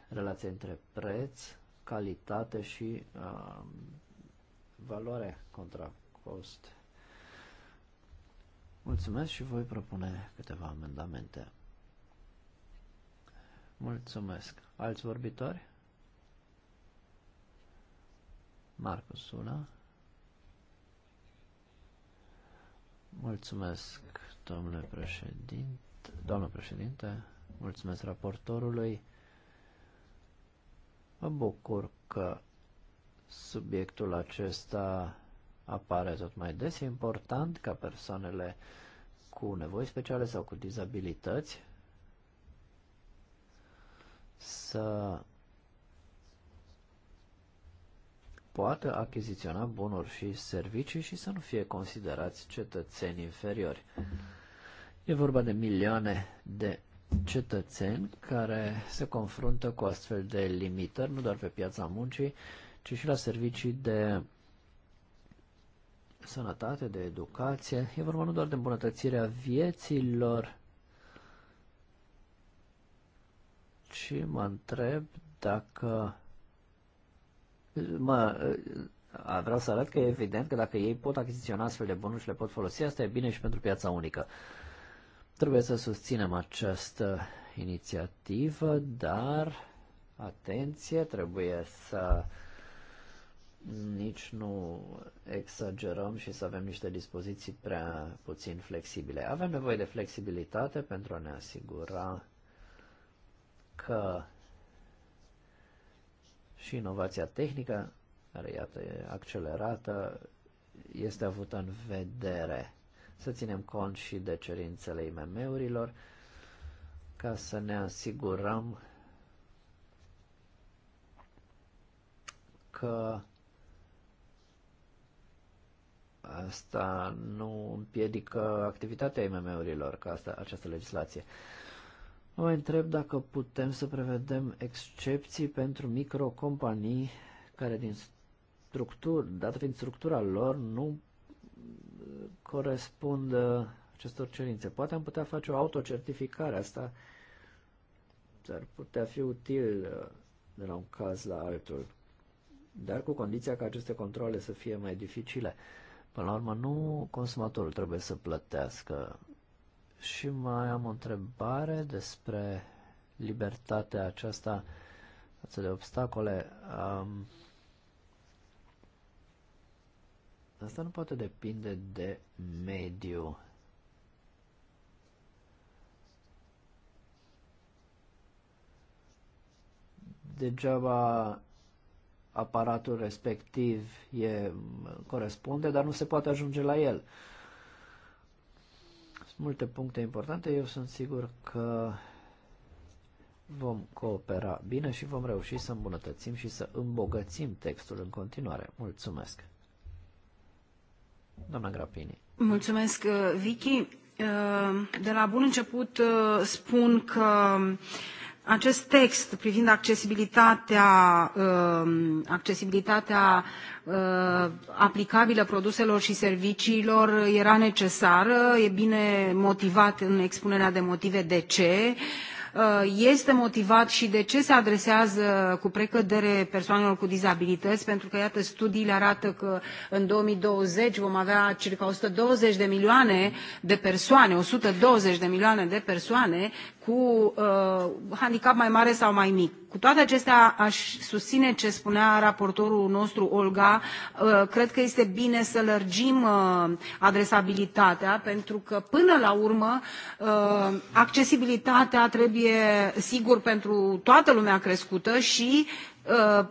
C: relația între preț, calitate și uh, valoare contra cost. Mulțumesc și voi propune câteva amendamente. Mulțumesc. Alți vorbitori? Marcus Sula. Mulțumesc, domnule președinte, doamnă președinte, mulțumesc raportorului. Mă bucur că subiectul acesta apare tot mai des. E important ca persoanele cu nevoi speciale sau cu dizabilități să poată achiziționa bunuri și servicii și să nu fie considerați cetățeni inferiori. E vorba de milioane de cetățeni care se confruntă cu astfel de limitări, nu doar pe piața muncii, ci și la servicii de sănătate, de educație. E vorba nu doar de îmbunătățirea vieților, ci mă întreb dacă Mă, vreau să arăt că e evident că dacă ei pot achiziționa astfel de bunuri și le pot folosi, asta e bine și pentru piața unică. Trebuie să susținem această inițiativă, dar atenție, trebuie să nici nu exagerăm și să avem niște dispoziții prea puțin flexibile. Avem nevoie de flexibilitate pentru a ne asigura că și inovația tehnică, care iată e accelerată, este avută în vedere. Să ținem cont și de cerințele IMM-urilor ca să ne asigurăm că asta nu împiedică activitatea IMM-urilor, ca asta, această legislație. Uh, Mă mai întreb dacă putem să prevedem excepții pentru microcompanii care din structură, dată fiind structura lor, nu uh, corespund uh, acestor cerințe. Poate am putea face o autocertificare, asta ar putea fi util uh, de la un caz la altul, dar cu condiția ca aceste controle să fie mai dificile. Până la urmă, nu consumatorul trebuie să plătească și mai am o întrebare despre libertatea aceasta față de obstacole. Um, asta nu poate depinde de mediu. Degeaba aparatul respectiv e, corespunde, dar nu se poate ajunge la el. Uh, multe puncte importante. Eu sunt sigur că vom coopera bine și vom reuși să îmbunătățim și să îmbogățim textul în continuare. Mulțumesc! Doamna Grapini.
A: Mulțumesc, uh, Vicky. Uh, de la bun început uh, spun că acest text privind accesibilitatea, um, accesibilitatea uh, aplicabilă produselor și serviciilor era necesară, e bine motivat în expunerea de motive de ce uh, este motivat și de ce se adresează cu precădere persoanelor cu dizabilități pentru că iată studiile arată că în 2020 vom avea circa 120 de milioane de persoane, 120 de milioane de persoane cu uh, handicap mai mare sau mai mic. Cu toate acestea, aș susține ce spunea raportorul nostru, Olga. Uh, cred că este bine să lărgim uh, adresabilitatea, pentru că, până la urmă, uh, accesibilitatea trebuie, sigur, pentru toată lumea crescută și uh,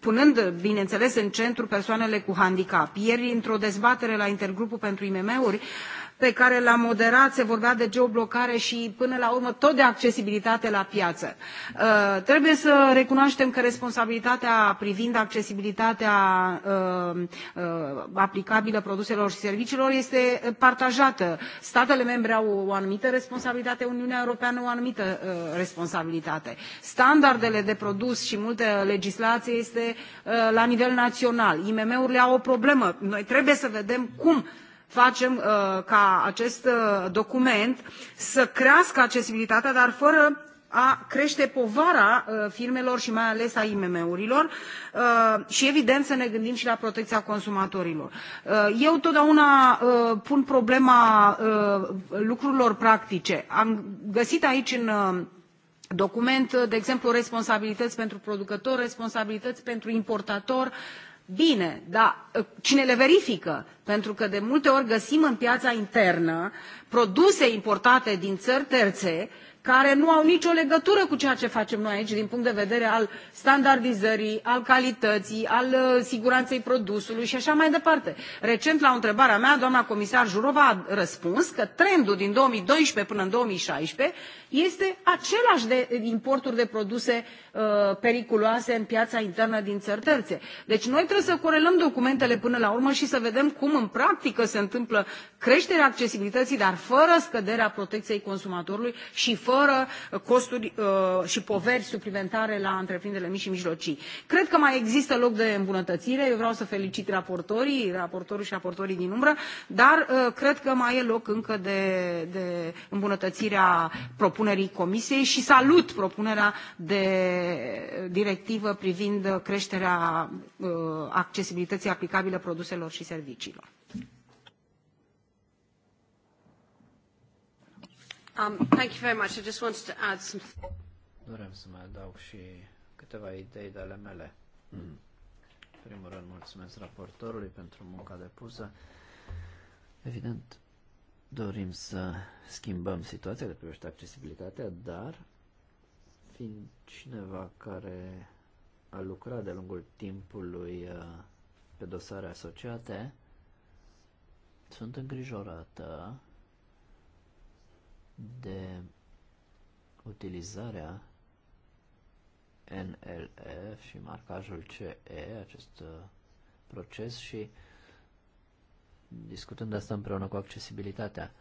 A: punând, bineînțeles, în centru persoanele cu handicap. Ieri, într-o dezbatere la intergrupul pentru IMM-uri, uh, pe care l am moderat se vorbea de geoblocare și până la urmă tot de accesibilitate la piață. Uh, trebuie să recunoaștem că responsabilitatea privind accesibilitatea uh, uh, aplicabilă produselor și serviciilor este partajată. Statele membre au o anumită responsabilitate, Uniunea Europeană o anumită responsabilitate. Standardele de produs și multă legislație este la nivel național. IMM-urile au o problemă. Noi trebuie să vedem cum facem uh, ca acest uh, document să crească accesibilitatea, dar fără a crește povara uh, firmelor și mai ales a imm urilor și evident să ne gândim și la protecția consumatorilor. eu totdeauna pun problema lucrurilor practice. am găsit aici în document de exemplu responsabilități pentru producător, responsabilități pentru importator. Bine, dar ă, cine le verifică? Pentru că de multe ori găsim în piața internă produse importate din țări terțe uh, care nu au nicio legătură cu ceea ce facem noi aici din punct de vedere al standardizării al calității al uh, siguranței produsului și așa mai departe. recent la o întrebare a mea doamna comisar jourov a răspuns că trendul din două mii doisprezece până în două mii șaisprezece este același de importuri de produse uh, periculoase în piața internă din țări terțe. deci noi trebuie să corelăm documentele până la urmă și să vedem cum în practică se întâmplă creșterea accesibilității dar fără scăderea protecției consumatorului și fără fără costuri uh, și poveri suplimentare la întreprinderile mici și mijlocii. Cred că mai există loc de îmbunătățire. Eu vreau să felicit raportorii, raportorul și raportorii din umbră, dar uh, cred că mai e loc încă de, de îmbunătățirea propunerii Comisiei și salut propunerea de directivă privind creșterea uh, accesibilității aplicabile produselor și serviciilor. Um, thank you very much. I just wanted to add some...
C: să mai adaug și câteva idei de ale mele. Mhm. În primul rând, mulțumesc raportorului pentru munca depusă. Evident, dorim să schimbăm situația de privește accesibilitatea, dar fiind cineva care a lucrat de-a lungul timpului uh, pe dosare asociate, sunt îngrijorată de utilizarea NLF și marcajul CE, acest uh, proces și discutând asta împreună cu accesibilitatea.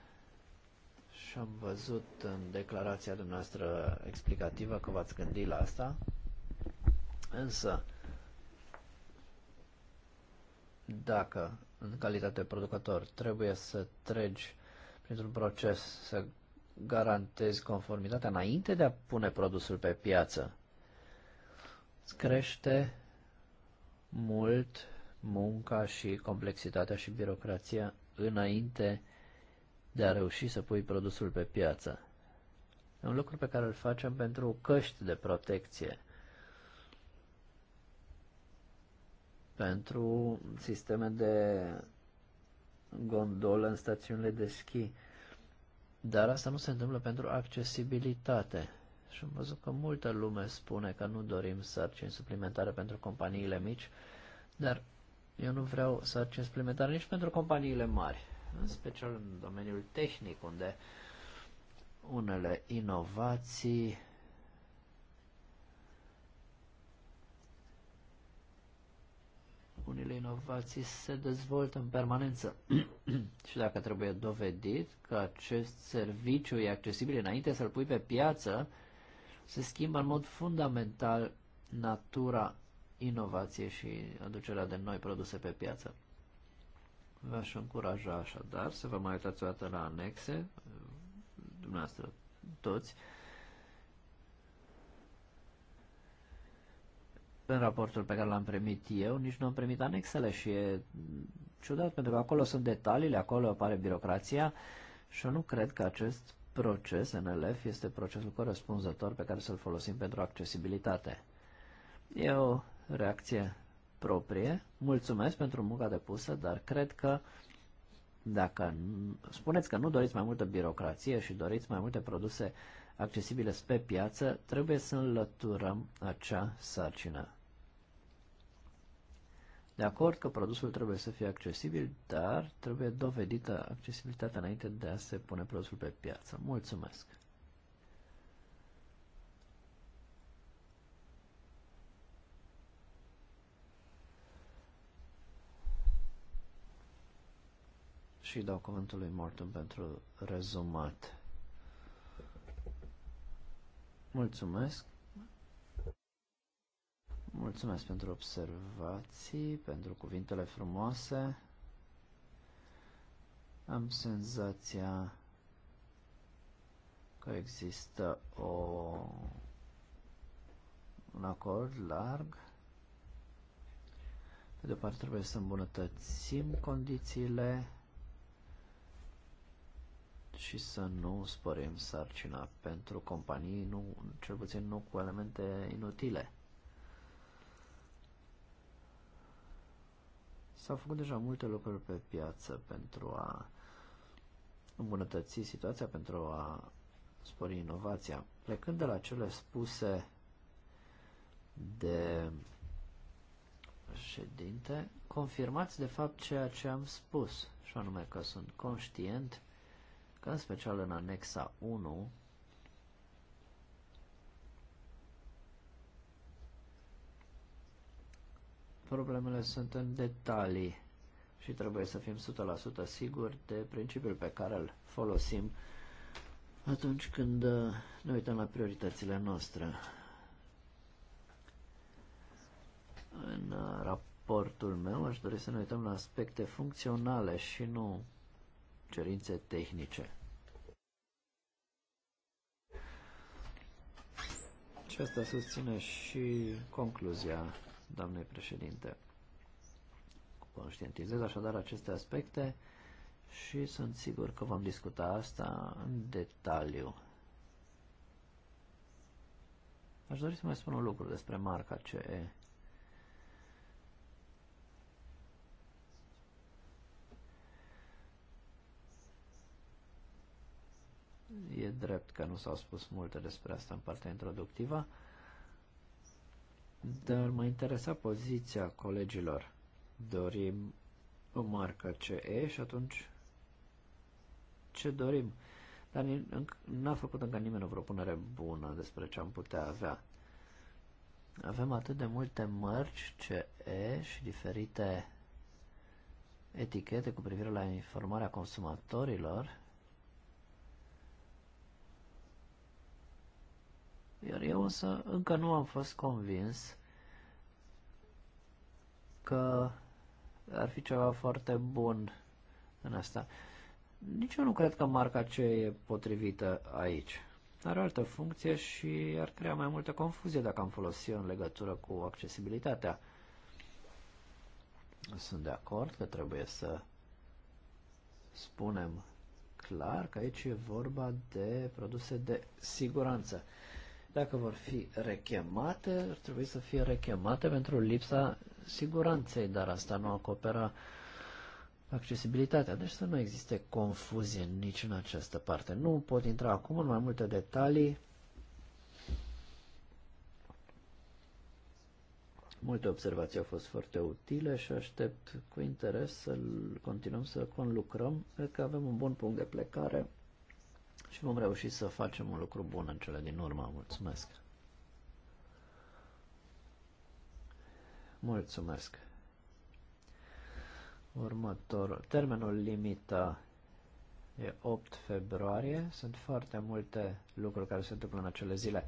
C: Și am văzut în declarația dumneavoastră explicativă că v-ați gândit la asta, însă dacă în calitate de producător trebuie să tregi printr-un proces, să garantezi conformitatea înainte de a pune produsul pe piață. Îți crește mult munca și complexitatea și birocrația înainte de a reuși să pui produsul pe piață. E un lucru pe care îl facem pentru căști de protecție, pentru sisteme de gondolă în stațiunile de schi. Dar asta nu se întâmplă pentru accesibilitate. Și am văzut că multă lume spune că nu dorim sarcini suplimentare pentru companiile mici, dar eu nu vreau sarcini suplimentare nici pentru companiile mari, în special în domeniul tehnic, unde unele inovații unele inovații se dezvoltă în permanență. și dacă trebuie dovedit că acest serviciu e accesibil înainte să-l pui pe piață, se schimbă în mod fundamental natura inovației și aducerea de noi produse pe piață. V-aș încuraja așadar să vă mai uitați o dată la anexe, dumneavoastră toți, în raportul pe care l-am primit eu, nici nu am primit anexele și e ciudat, pentru că acolo sunt detaliile, acolo apare birocrația și eu nu cred că acest proces NLF este procesul corespunzător pe care să-l folosim pentru accesibilitate. E o reacție proprie. Mulțumesc pentru munca depusă, dar cred că dacă spuneți că nu doriți mai multă birocrație și doriți mai multe produse accesibile pe piață, trebuie să înlăturăm acea sarcină de acord că produsul trebuie să fie accesibil, dar trebuie dovedită accesibilitatea înainte de a se pune produsul pe piață. Mulțumesc! și dau cuvântul lui Morton pentru rezumat. Mulțumesc! Mulțumesc pentru observații, pentru cuvintele frumoase. Am senzația că există o, un acord larg. Pe de parte trebuie să îmbunătățim condițiile și să nu sporim sarcina pentru companii, nu, cel puțin nu cu elemente inutile. S-au făcut deja multe lucruri pe piață pentru a îmbunătăți situația, pentru a spori inovația. Plecând de la cele spuse de ședinte, confirmați de fapt ceea ce am spus, și anume că sunt conștient că în special în anexa 1 Problemele sunt în detalii și trebuie să fim 100% siguri de principiul pe care îl folosim atunci când uh, ne uităm la prioritățile noastre. În uh, raportul meu aș dori să ne uităm la aspecte funcționale și nu cerințe tehnice. Și asta susține și concluzia doamnei președinte. Conștientizez așadar aceste aspecte și sunt sigur că vom discuta asta în detaliu. Aș dori să mai spun un lucru despre marca CE. E drept că nu s-au spus multe despre asta în partea introductivă dar mă interesa poziția colegilor. Dorim o marcă CE și atunci ce dorim? Dar n-a făcut încă nimeni o propunere bună despre ce am putea avea. Avem atât de multe mărci CE și diferite etichete cu privire la informarea consumatorilor Iar eu însă încă nu am fost convins că ar fi ceva foarte bun în asta. Nici eu nu cred că marca ce e potrivită aici. Are o altă funcție și ar crea mai multă confuzie dacă am folosit în legătură cu accesibilitatea. Sunt de acord că trebuie să spunem clar că aici e vorba de produse de siguranță dacă vor fi rechemate, ar trebui să fie rechemate pentru lipsa siguranței, dar asta nu acopera accesibilitatea. Deci să nu existe confuzie nici în această parte. Nu pot intra acum în mai multe detalii. Multe observații au fost foarte utile și aștept cu interes să continuăm să conlucrăm. Cred că avem un bun punct de plecare și vom reuși să facem un lucru bun în cele din urmă. Mulțumesc! Mulțumesc! Următorul. Termenul limită e 8 februarie. Sunt foarte multe lucruri care se întâmplă în acele zile.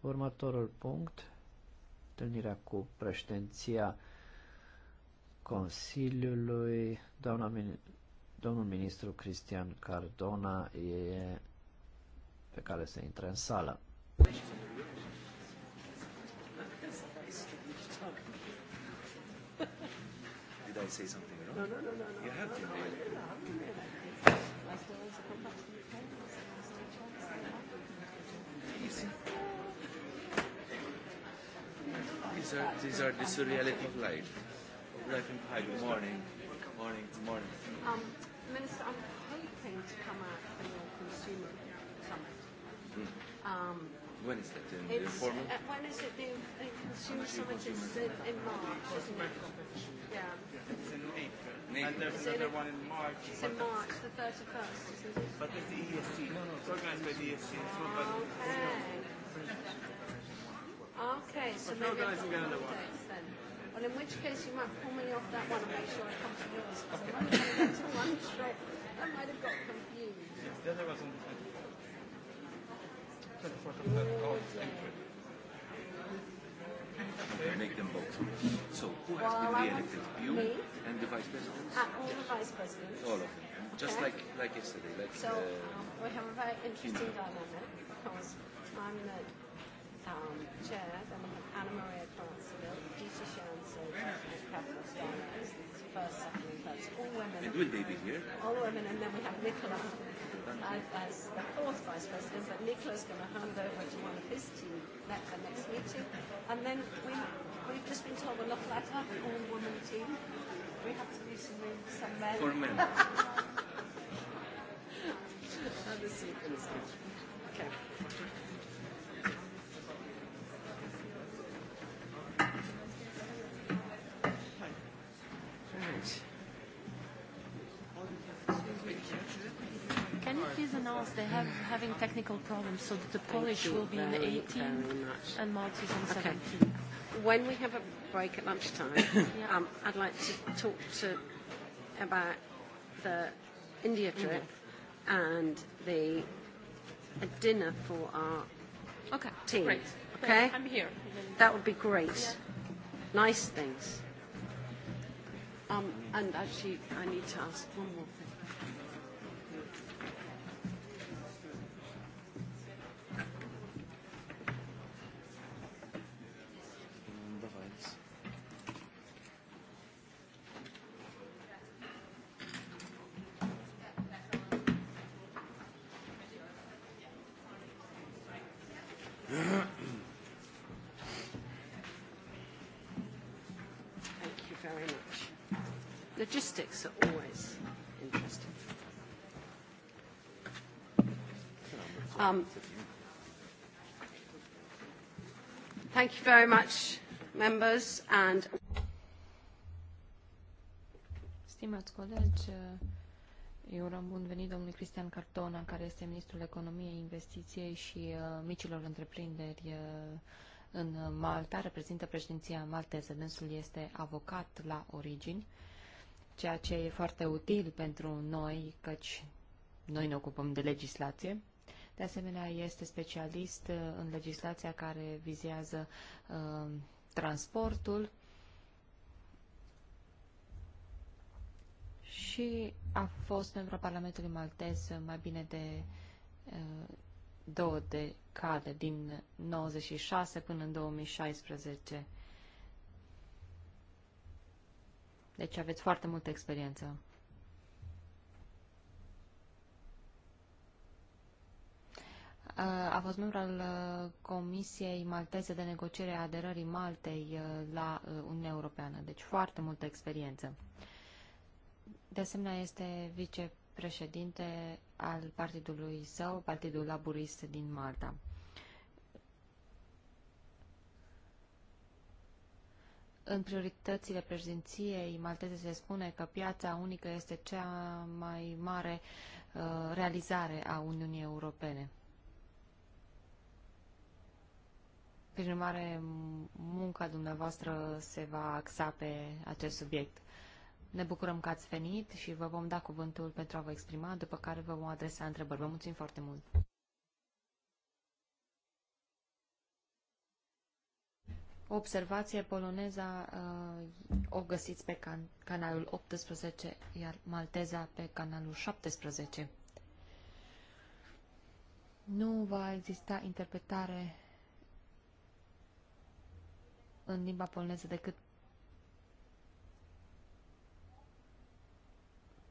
C: Următorul punct, întâlnirea cu președinția Consiliului, doamna Domnul ministru Cristian Cardona e pe care se intre în sală. Did
D: I say something wrong? No, no, no, no. You have These are, these are the surreality of
C: life. Life in Good morning. Good morning. Good morning. Um, Minister,
A: I'm hoping to come out for your consumer summit. Mm. Um,
B: when is that? In the informal? Uh,
A: when is it? The, the consumer summit consumer is in, in March, isn't it? Yeah.
B: It's in April. April. And there's is another it, one in March. It's in March,
A: the 31st, isn't
B: it? But it's the ESC. No, no, it's organized by the ESC. It's not by okay.
A: the Okay, so maybe it's on the dates then. Well, in which case you might pull me off that one and make sure I come to yours. Okay. I'm only going to one straight. I might have got confused. Yes, the other was on the 24th of
D: February. We make them both. So
C: who has well, been re-elected? You me? and the vice president? Uh, all the vice presidents. All of them. Just okay. like like yesterday. Like so uh, we have a very interesting in dilemma because I'm
A: the um, chair, then Anna Maria Clark And will
D: they be here? All
A: women, and then we have Nicola as the fourth vice president, but Nicola's going to hand over to one of his team at the next meeting. And then we, we've just been told we're not allowed to have an all-woman team. We have to leave some room for some men. For men. a seat, please. Okay.
D: technical problems, so that the
C: Polish will
B: be in the 18th and Maltese on 17th.
A: When we have a break at lunchtime, yeah. um, I'd like to talk to about the India trip mm-hmm. and the a dinner for our
D: okay. team. Great. Okay, I'm here. That would be great.
A: Yeah. Nice things. Um, and actually, I need to ask one more thing. logistics are always interesting. Um, thank you very much, members and.
D: Stimați colegi, eu urăm bun venit domnului Cristian Cartona, care este ministrul economiei, investiției și uh, micilor întreprinderi uh, în Malta, reprezintă președinția malteză. Dânsul este avocat la origini ceea ce e foarte util pentru noi, căci noi ne ocupăm de legislație. De asemenea, este specialist uh, în legislația care vizează uh, transportul și a fost membru Parlamentului Maltez mai bine de uh, două decade, din 96 până în 2016. Deci aveți foarte multă experiență. A fost membru al uh, Comisiei Malteze de negociere a aderării Maltei uh, la uh, Uniunea Europeană, deci foarte multă experiență. De asemenea, este vicepreședinte al partidului său, Partidul Laburist din Malta. În prioritățile președinției malteze se spune că piața unică este cea mai mare uh, realizare a Uniunii Europene. Prin urmare, munca dumneavoastră se va axa pe acest subiect. Ne bucurăm că ați venit și vă vom da cuvântul pentru a vă exprima, după care vă vom adresa întrebări. Vă mulțumim foarte mult! observație poloneza uh, o găsiți pe can canalul 18, iar malteza pe canalul 17. Nu va exista interpretare în limba poloneză decât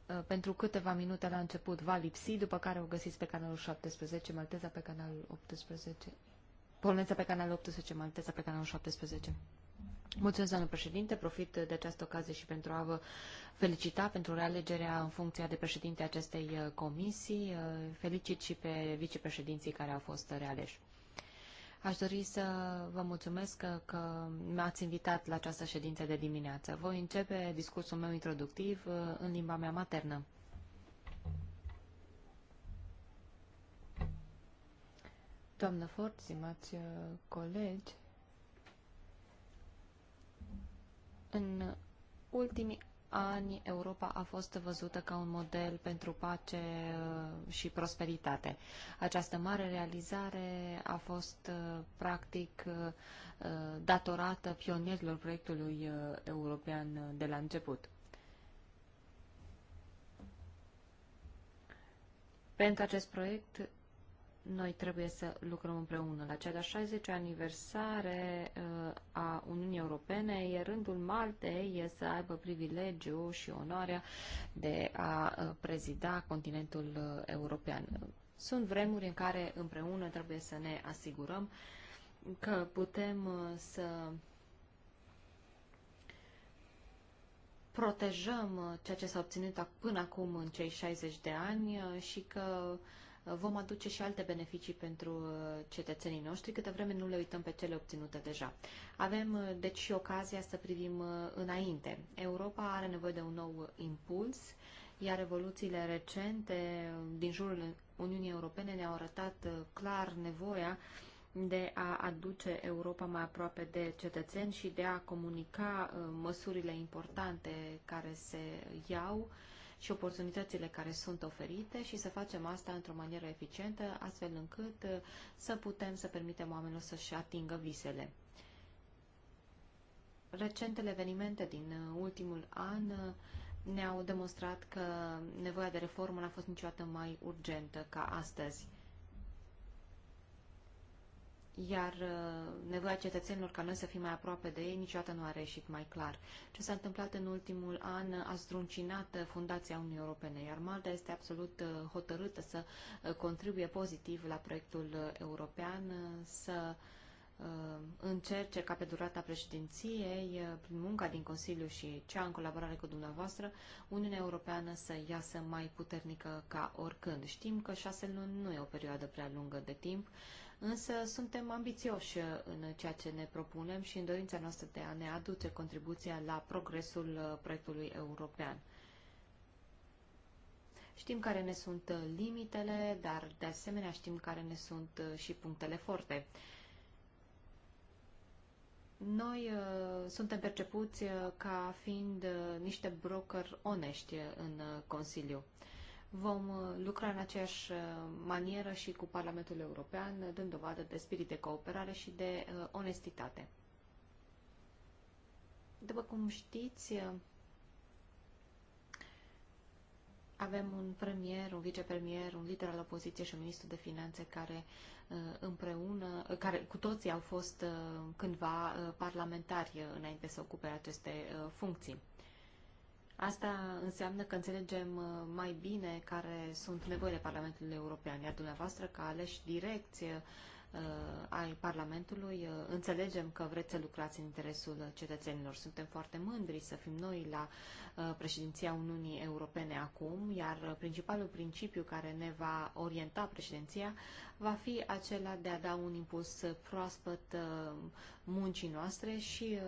D: uh, pentru câteva minute la început va lipsi, după care o găsiți pe canalul 17, malteza pe canalul 18, Polneța pe canalul 18, Malteza pe canalul 17. Mulțumesc, doamnă președinte. Profit de această ocazie și pentru a vă felicita pentru realegerea în funcția de președinte acestei uh, comisii. Uh, felicit și pe vicepreședinții care au fost realeși. Aș dori să vă mulțumesc că, că m-ați invitat la această ședință de dimineață. Voi începe discursul meu introductiv uh, în limba mea maternă. Doamnă Ford, stimați uh, colegi, în ultimii ani Europa a fost văzută ca un model pentru pace uh, și prosperitate. Această mare realizare a fost uh, practic datorată pionierilor proiectului european de la început. Pentru acest proiect noi trebuie să lucrăm împreună. La cea de-a 60 -a aniversare uh, a Uniunii Europene e rândul Maltei să aibă privilegiu și onoarea de a uh, prezida continentul uh, european. Sunt vremuri în care împreună trebuie să ne asigurăm că putem să protejăm ceea ce s-a obținut până acum în cei 60 de ani și că uh, vom aduce și alte beneficii pentru uh, cetățenii noștri, câtă vreme nu le uităm pe cele obținute deja. Avem, uh, deci, și ocazia să privim uh, înainte. Europa are nevoie de un nou impuls, iar evoluțiile recente din jurul Uniunii Europene ne-au arătat clar nevoia de a aduce Europa mai aproape de cetățeni și de a comunica măsurile importante care se iau uh, și oportunitățile care sunt oferite și să facem asta într-o manieră eficientă, astfel încât uh, să putem să permitem oamenilor să-și atingă visele. Recentele evenimente din uh, ultimul an uh, ne-au demonstrat că nevoia de reformă n-a fost niciodată mai urgentă ca astăzi iar uh, nevoia cetățenilor ca noi să fim mai aproape de ei niciodată nu a reieșit mai clar. Ce s-a întâmplat în ultimul an a zdruncinat uh, Fundația Uniunii Europene, iar Malta este absolut uh, hotărâtă să contribuie pozitiv la proiectul european, să încerce ca pe durata președinției, prin munca din Consiliu și cea în colaborare cu dumneavoastră, Uniunea Europeană să iasă mai puternică ca oricând. Știm că șase luni nu e o perioadă prea lungă de timp, însă suntem ambițioși uh, în ceea ce ne propunem și în dorința noastră de a ne aduce contribuția la progresul uh, proiectului european. Știm care ne sunt uh, limitele, dar de asemenea știm care ne sunt și punctele forte. Noi uh, suntem percepuți uh, ca fiind uh, niște broker onești în uh, Consiliu. Uh, vom uh, lucra în aceeași uh, manieră și cu Parlamentul European, dând dovadă de spirit de cooperare și de uh, onestitate. După cum știți, avem un premier, un vicepremier, un lider al opoziției și un ministru de finanțe care împreună, care cu toții au fost cândva parlamentari înainte să ocupe aceste funcții. Asta înseamnă că înțelegem uh, mai bine care sunt nevoile Parlamentului European, iar dumneavoastră, ca aleși direcție Uh, ai Parlamentului, uh, înțelegem că vreți să lucrați în interesul cetățenilor. Suntem foarte mândri să fim noi la uh, președinția Uniunii Europene acum, iar principalul principiu care ne va orienta președinția va fi acela de a da un impuls proaspăt muncii noastre și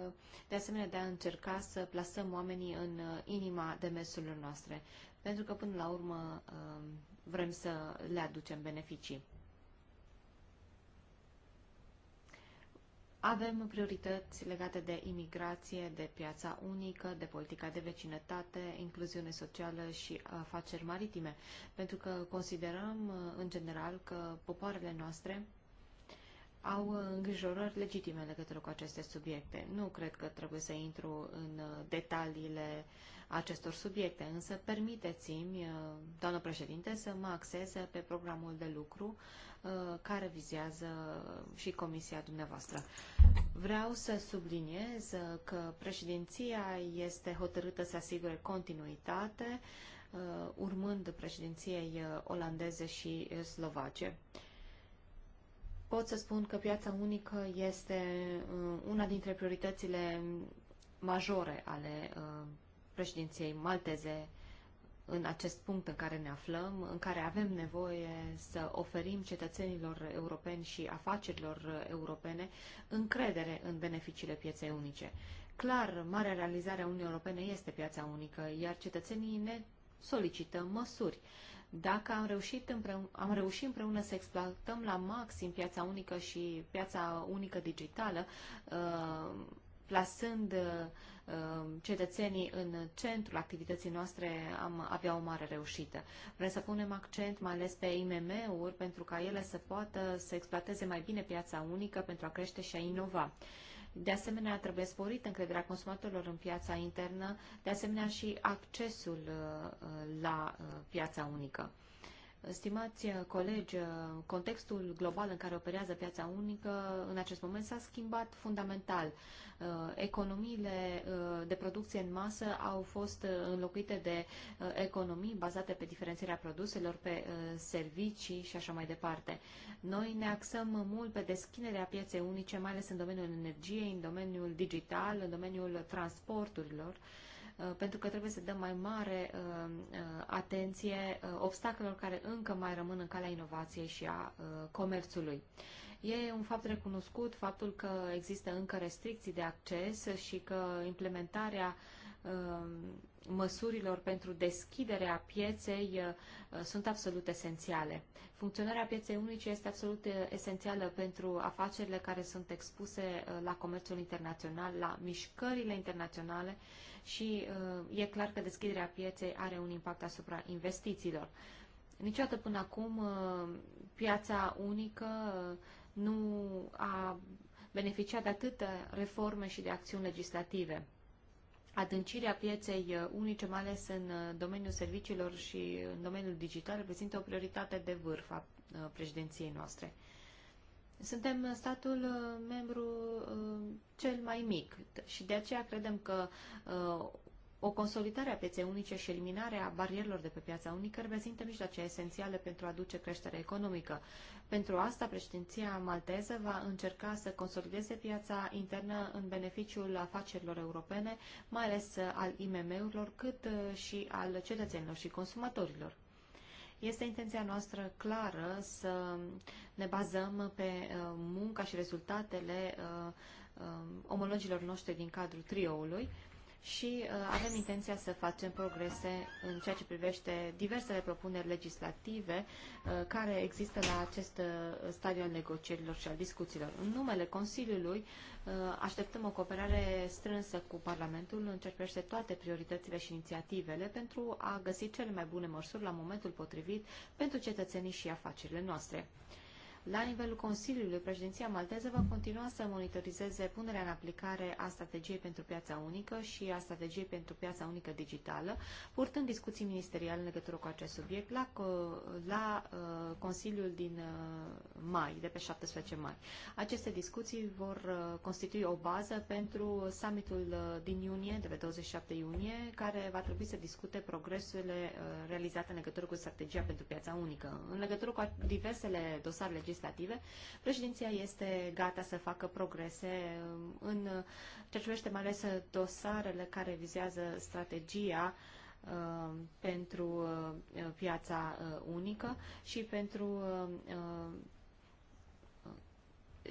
D: de asemenea de a încerca să plasăm oamenii în inima demersurilor noastre, pentru că până la urmă vrem să le aducem beneficii. Avem priorități legate de imigrație, de piața unică, de politica de vecinătate, incluziune socială și afaceri maritime, pentru că considerăm în general că popoarele noastre au uh, îngrijorări legitime în legătură cu aceste subiecte. Nu cred că trebuie să intru în uh, detaliile acestor subiecte, însă permiteți-mi, uh, doamnă președinte, să mă axez pe programul de lucru care vizează și comisia dumneavoastră. Vreau să subliniez că președinția este hotărâtă să asigure continuitate urmând președinției olandeze și slovace pot să spun că piața unică este uh, una dintre prioritățile majore ale uh, președinției malteze în acest punct în care ne aflăm, în care avem nevoie să oferim cetățenilor europeni și afacerilor europene încredere în beneficiile pieței unice. Clar, marea realizare a Uniunii Europene este piața unică, iar cetățenii ne solicită măsuri. Uh, dacă am reușit, împreună, am reușit împreună să exploatăm la maxim piața unică și piața unică digitală, uh, plasând uh, uh, cetățenii în centrul activității noastre, am avea o mare reușită. Vrem să punem accent mai ales pe IMM-uri pentru ca ele să poată să exploateze mai bine piața unică pentru a crește și a inova. De asemenea, trebuie sporit încrederea consumatorilor în piața internă, de asemenea și accesul uh, uh, la uh, piața unică. Stimați uh, colegi, uh, contextul global în care operează piața unică în acest moment s-a schimbat fundamental. Uh, economiile de producție în masă au fost înlocuite de economii bazate pe diferențierea produselor, pe servicii și așa mai departe. Noi ne axăm mult pe deschiderea pieței unice, mai ales în domeniul energiei, în domeniul digital, în domeniul transporturilor. Uh, pentru că trebuie să dăm mai mare uh, uh, atenție obstacolelor care încă mai rămân în calea inovației și a comerțului. E un fapt recunoscut faptul că există încă restricții de acces și că implementarea măsurilor pentru deschiderea pieței sunt absolut esențiale. Funcționarea pieței unice este absolut esențială pentru afacerile care sunt expuse la comerțul internațional, la mișcările internaționale și uh, e clar că deschiderea pieței are un impact asupra investițiilor. Niciodată până acum uh, piața unică uh, nu a beneficiat de atâtea reforme și de acțiuni legislative. Adâncirea pieței unice, mai ales în domeniul serviciilor și în domeniul digital, reprezintă o prioritate de vârf a președinției noastre. Suntem statul uh, membru uh, cel mai mic și de aceea credem că uh, o consolidare a pieței unice și eliminarea barierelor de pe piața unică reprezintă mijloace esențiale pentru a aduce creștere economică. Pentru asta, președinția malteză va încerca să consolideze piața internă în beneficiul afacerilor europene, mai ales al IMM-urilor, cât și al cetățenilor și consumatorilor. Este intenția noastră clară să ne bazăm pe uh, munca și rezultatele uh, uh, omologilor noștri din cadrul trioului și uh, avem intenția să facem progrese în ceea ce privește diversele propuneri legislative uh, care există la acest uh, stadiu al negocierilor și al discuțiilor. În numele Consiliului așteptăm o cooperare strânsă cu Parlamentul în ceea ce privește toate prioritățile și inițiativele pentru a găsi cele mai bune măsuri la momentul potrivit pentru cetățenii și afacerile noastre. La nivelul Consiliului, președinția malteză va continua să monitorizeze punerea în aplicare a strategiei pentru piața unică și a strategiei pentru piața unică digitală, purtând discuții ministeriale în legătură cu acest subiect la, la uh, Consiliul din uh, mai, de pe 17 mai. Aceste discuții vor uh, constitui o bază pentru summitul din iunie, de pe 27 iunie, care va trebui să discute progresele realizate în legătură cu strategia pentru piața unică. În legătură cu diversele dosare legislative, legislative, președinția este gata să facă progrese um, în uh, ce privește mai ales uh, dosarele care vizează strategia um, pentru uh, piața unică și pentru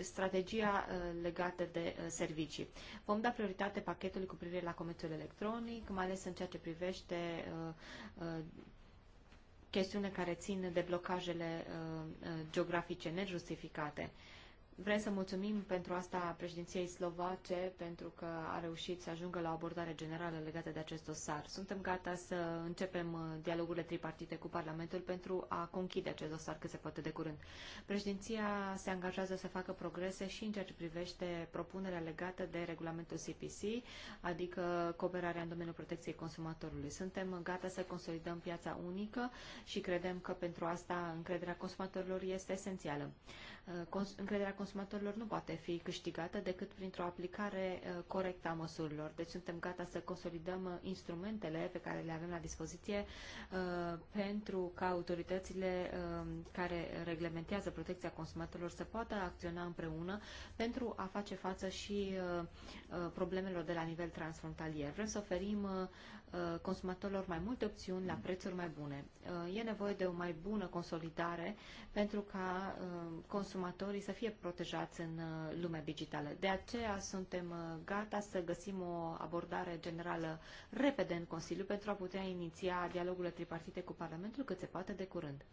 D: strategia legată de servicii. Vom da prioritate pachetului cu privire la comerțul electronic, mai ales în ceea ce privește chestiune care țin de blocajele uh, uh, geografice nejustificate. Uh, Vrem să mulțumim pentru asta președinției slovace, pentru că a reușit să ajungă la o abordare generală legată de acest dosar. Suntem gata să începem uh, dialogurile tripartite cu Parlamentul pentru a conchide acest dosar cât se poate de curând. Președinția se angajează să facă progrese și în ceea ce privește propunerea legată de regulamentul CPC, adică cooperarea în domeniul protecției consumatorului. Suntem gata să consolidăm piața unică și credem că pentru asta încrederea consumatorilor este esențială. Uh, încrederea consumatorilor nu poate fi câștigată decât printr-o aplicare uh, corectă a măsurilor. Deci suntem gata să consolidăm uh, instrumentele pe care le avem la dispoziție uh, pentru ca autoritățile um, care reglementează protecția consumatorilor să poată acționa împreună pentru a face față și problemelor de la nivel transfrontalier. Vrem să oferim consumatorilor mai multe opțiuni la prețuri mai bune. E nevoie de o mai bună consolidare pentru ca consumatorii să fie protejați protejați în uh, lumea digitală. De aceea suntem uh, gata să găsim o abordare generală repede în Consiliu pentru a putea iniția dialogurile tripartite cu Parlamentul cât se poate de curând.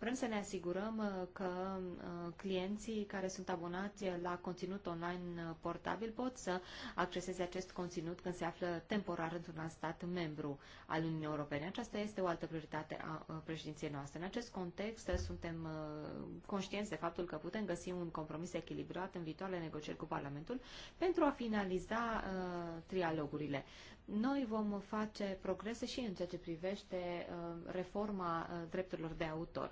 D: Vrem să ne asigurăm uh, că uh, clienții care sunt abonați la conținut online uh, portabil pot să acceseze acest conținut când se află temporar într-un alt stat membru al Uniunii Europene. Aceasta este o altă prioritate a președinției noastre. În acest context suntem conștienți de faptul că putem găsi un compromis echilibrat în viitoarele negocieri cu Parlamentul pentru a finaliza trialogurile. Noi vom face progrese și în ceea ce privește reforma drepturilor de autor.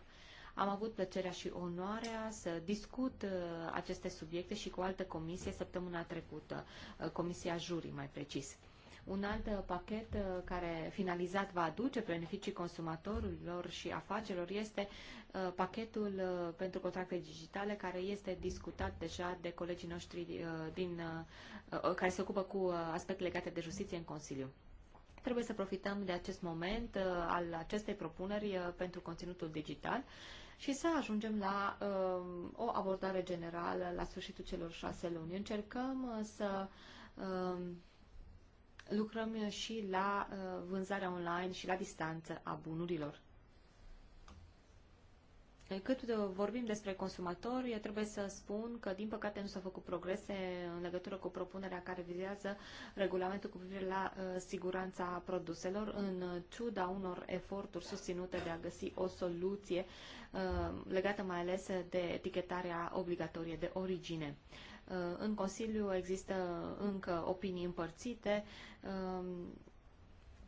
D: Am avut plăcerea și onoarea să discut uh, aceste subiecte și cu o altă comisie săptămâna trecută, uh, Comisia Jurii mai precis. Un alt uh, pachet care finalizat va aduce beneficii consumatorilor și afacerilor este pachetul pentru contracte digitale care este discutat deja de colegii noștri din, care se ocupă cu aspecte legate de justiție în Consiliu. Trebuie să profităm de acest moment al acestei propuneri pentru conținutul digital și să ajungem la um, o abordare generală la sfârșitul celor șase luni. Încercăm uh, să um, lucrăm și la uh, vânzarea online și la distanță a bunurilor. Cât vorbim despre consumatori, eu trebuie să spun că, din păcate, nu s-au făcut progrese în legătură cu propunerea care vizează regulamentul cu privire la uh, siguranța produselor, în ciuda unor eforturi susținute de a găsi o soluție uh, legată mai ales de etichetarea obligatorie de origine. Uh, în Consiliu există încă opinii împărțite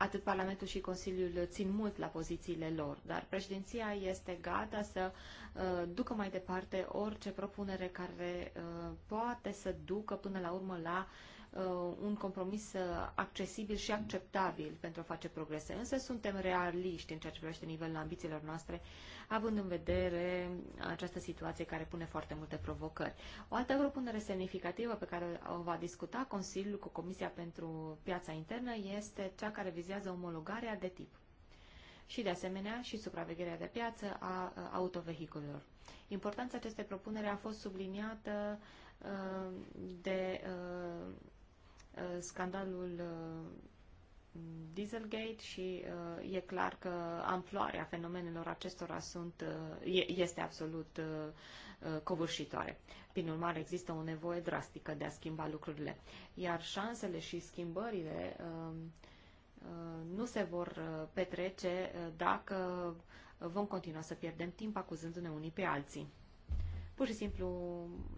D: atât Parlamentul și Consiliul țin mult la pozițiile lor, dar președinția este gata să uh, ducă mai departe orice propunere care uh, poate să ducă până la urmă la uh, Uh, un compromis uh, accesibil și acceptabil pentru a face progrese. Însă suntem realiști în ceea ce privește nivelul ambițiilor noastre, având în vedere această situație care pune foarte multe provocări. O altă propunere semnificativă pe care o va discuta Consiliul cu Comisia pentru Piața Internă este cea care vizează omologarea de tip și, de asemenea, și supravegherea de piață a uh, autovehiculelor. Importanța acestei propuneri a fost subliniată de Uh, scandalul uh, Dieselgate și uh, e clar că amploarea fenomenelor acestora sunt, uh, este absolut uh, uh, covârșitoare. Prin urmare, există o nevoie drastică de a schimba lucrurile. Iar șansele și schimbările uh, uh, nu se vor petrece dacă vom continua să pierdem timp acuzându-ne unii pe alții. Pur și simplu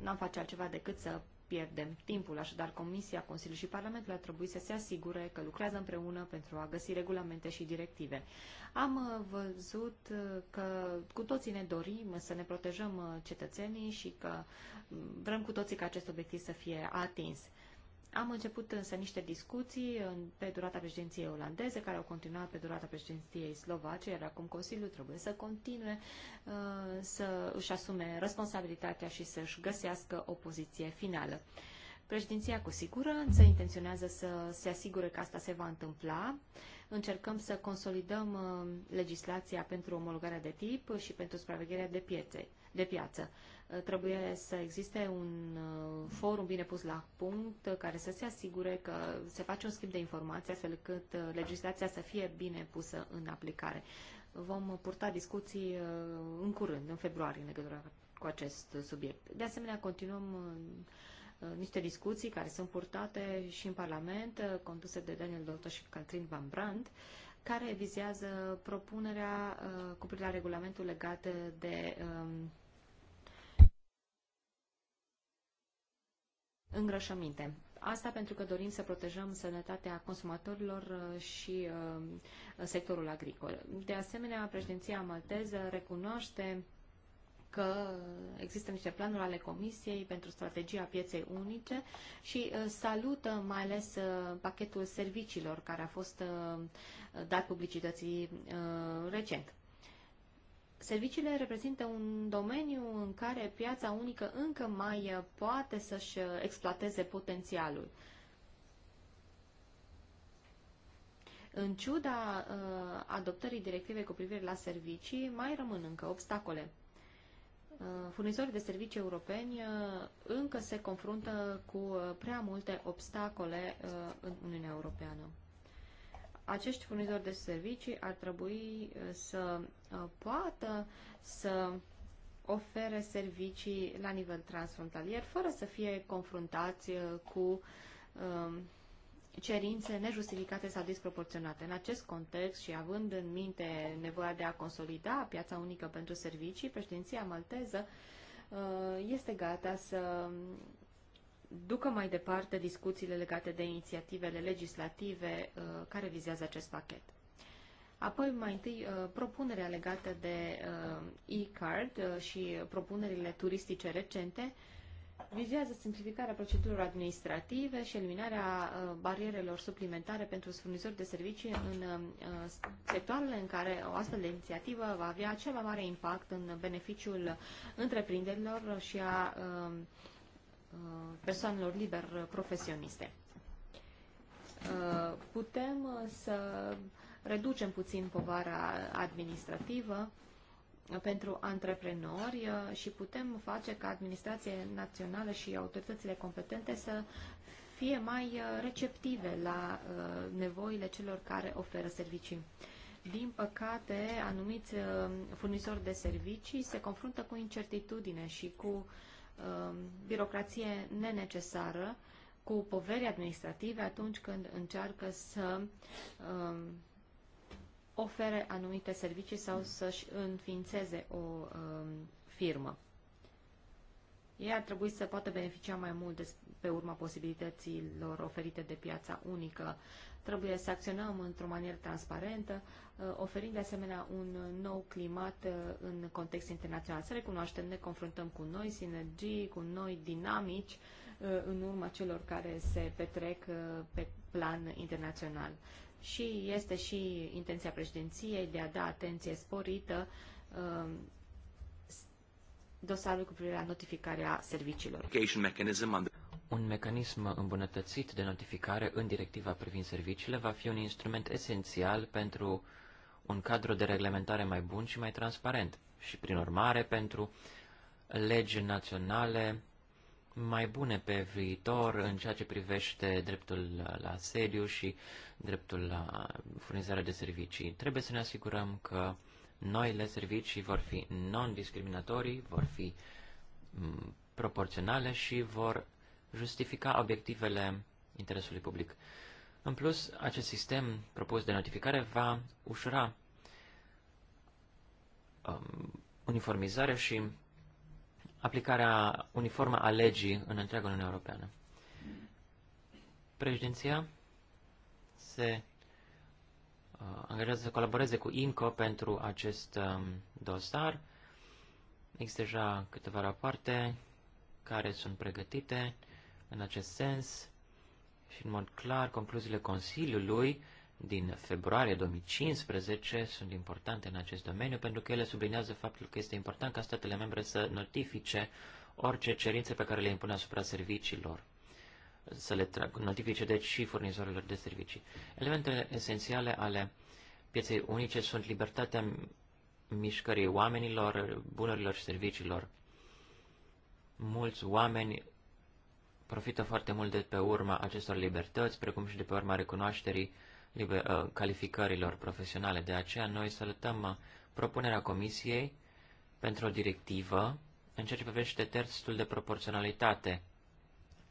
D: n-am face altceva decât să pierdem timpul. Așadar, Comisia, Consiliul și Parlamentul ar trebui să se asigure că lucrează împreună pentru a găsi regulamente și directive. Am uh, văzut uh, că cu toții ne dorim să ne protejăm uh, cetățenii și că mm, vrem cu toții ca acest obiectiv să fie atins. Am început însă niște discuții pe durata președinției olandeze, care au continuat pe durata președinției slovace, iar acum Consiliul trebuie să continue uh, să își asume responsabilitatea și să-și găsească o poziție finală. Președinția cu siguranță intenționează să se asigure că asta se va întâmpla. Încercăm să consolidăm uh, legislația pentru omologarea de tip și pentru supravegherea de, piețe, de piață. Uh, trebuie să existe un uh, forum bine pus la punct uh, care să se asigure că se face un schimb de informații astfel încât legislația să fie bine pusă în aplicare. Vom purta discuții în curând, în februarie, în legătură cu acest subiect. De asemenea, continuăm niște discuții care sunt purtate și în Parlament, conduse de Daniel Dotto și Catherine Van Brandt, care vizează propunerea cu privire la regulamentul legat de uh, îngrășăminte. Asta pentru că dorim să protejăm sănătatea consumatorilor uh, și uh, sectorul agricol. De asemenea, președinția malteză recunoaște că există niște planuri ale Comisiei pentru strategia pieței unice și uh, salută mai ales pachetul serviciilor care a fost dat publicității recent. Serviciile reprezintă un domeniu în care piața unică încă mai uh, poate să-și uh, exploateze potențialul. În ciuda uh, adoptării directivei cu privire la servicii, mai rămân încă obstacole. furnizorii de servicii europeni încă se confruntă cu prea multe obstacole în Uniunea Europeană acești furnizori de servicii ar trebui uh, să uh, poată să ofere servicii la nivel transfrontalier, fără să fie confruntați uh, cu um, cerințe nejustificate sau disproporționate. În acest context și având în minte nevoia de a consolida piața unică pentru servicii, președinția malteză este gata să ducă mai departe discuțiile legate de inițiativele legislative uh, care vizează acest pachet. Apoi, mai întâi, uh, propunerea legată de uh, e-card și propunerile turistice recente vizează simplificarea procedurilor administrative și eliminarea barierelor suplimentare pentru furnizori de servicii în sectoarele în care o astfel de inițiativă va avea cel mai mare impact în beneficiul întreprinderilor și a Uh, persoanelor liber uh, profesioniste. Uh, putem să reducem puțin povara administrativă pentru antreprenori și putem face ca administrația națională și autoritățile competente să fie mai receptive la nevoile celor care oferă servicii. Din păcate, anumiți furnizori de servicii se confruntă cu incertitudine și cu uh, Uh, birocrație nenecesară cu poveri administrative atunci când încearcă să uh, ofere anumite servicii sau să-și înființeze o uh, firmă. Ei ar trebui să poată beneficia mai mult de, pe urma posibilităților oferite de piața unică. Trebuie să acționăm într-o manieră transparentă, uh, oferind de asemenea un nou climat uh, în context internațional. Să recunoaștem, ne confruntăm cu noi sinergii, cu noi dinamici uh, în urma celor care se petrec pe plan internațional. Și este și intenția președinției de a da atenție sporită dosarul cu privire la notificarea serviciilor.
B: Un mecanism îmbunătățit de notificare în directiva privind serviciile va fi un instrument esențial pentru un cadru de reglementare mai bun și mai transparent și, prin urmare, pentru legi naționale mai bune pe viitor în ceea ce privește dreptul la sediu și dreptul la furnizarea de servicii. Trebuie să ne asigurăm că uh, Noile servicii vor fi non-discriminatorii, vor fi proporționale și vor justifica obiectivele interesului public. În plus, acest sistem propus de notificare va ușura um, uniformizarea și aplicarea uniformă a legii în întreaga Uniune Europeană. Președinția se Uh, angajează să colaboreze cu INCO pentru acest um, dosar. Există deja câteva rapoarte care sunt pregătite în acest sens și, în mod clar, concluziile Consiliului din februarie 2015 sunt importante în acest domeniu pentru că ele sublinează faptul că este important ca statele membre să notifice orice cerințe pe care le impune asupra serviciilor să le notifice, deci și furnizorilor de servicii. Elementele esențiale ale pieței unice sunt libertatea mișcării oamenilor, bunurilor și serviciilor. Mulți oameni profită foarte mult de pe urma acestor libertăți, precum și de pe urma recunoașterii liber, uh, calificărilor profesionale. De aceea noi salutăm uh, propunerea Comisiei pentru o directivă în ceea ce privește terțul de proporționalitate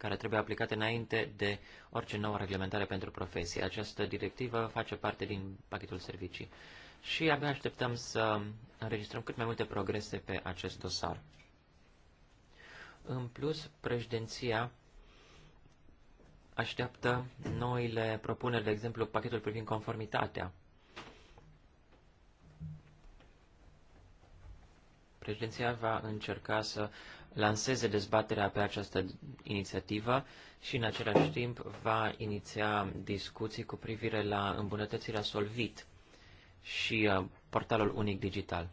B: care trebuie aplicate înainte de orice nouă reglementare pentru profesie. Această directivă face parte din pachetul servicii și abia așteptăm să înregistrăm cât mai multe progrese pe acest dosar. În plus, președinția așteaptă noile propuneri, de exemplu, pachetul privind conformitatea. Președinția va încerca să lanseze dezbaterea pe această inițiativă și în același timp va iniția discuții cu privire la îmbunătățirea Solvit și uh, portalul unic digital.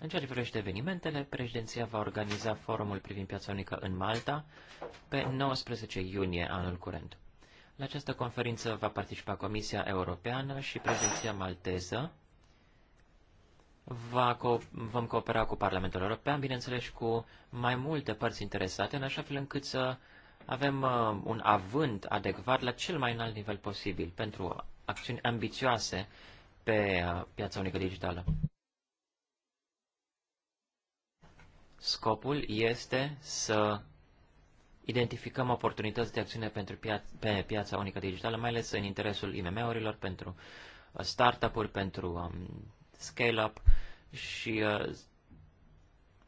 B: În ceea ce privește evenimentele, președinția va organiza forumul privind piața unică în Malta pe 19 iunie anul curent. La această conferință va participa Comisia Europeană și președinția malteză, va co- vom coopera cu Parlamentul European, bineînțeles, și cu mai multe părți interesate, în așa fel încât să avem uh, un avânt adecvat la cel mai înalt nivel posibil pentru acțiuni ambițioase pe uh, piața unică digitală. Scopul este să identificăm oportunități de acțiune pentru pia- pe piața unică digitală, mai ales în interesul IMM-urilor, pentru uh, startup-uri, pentru um, scale-up și uh,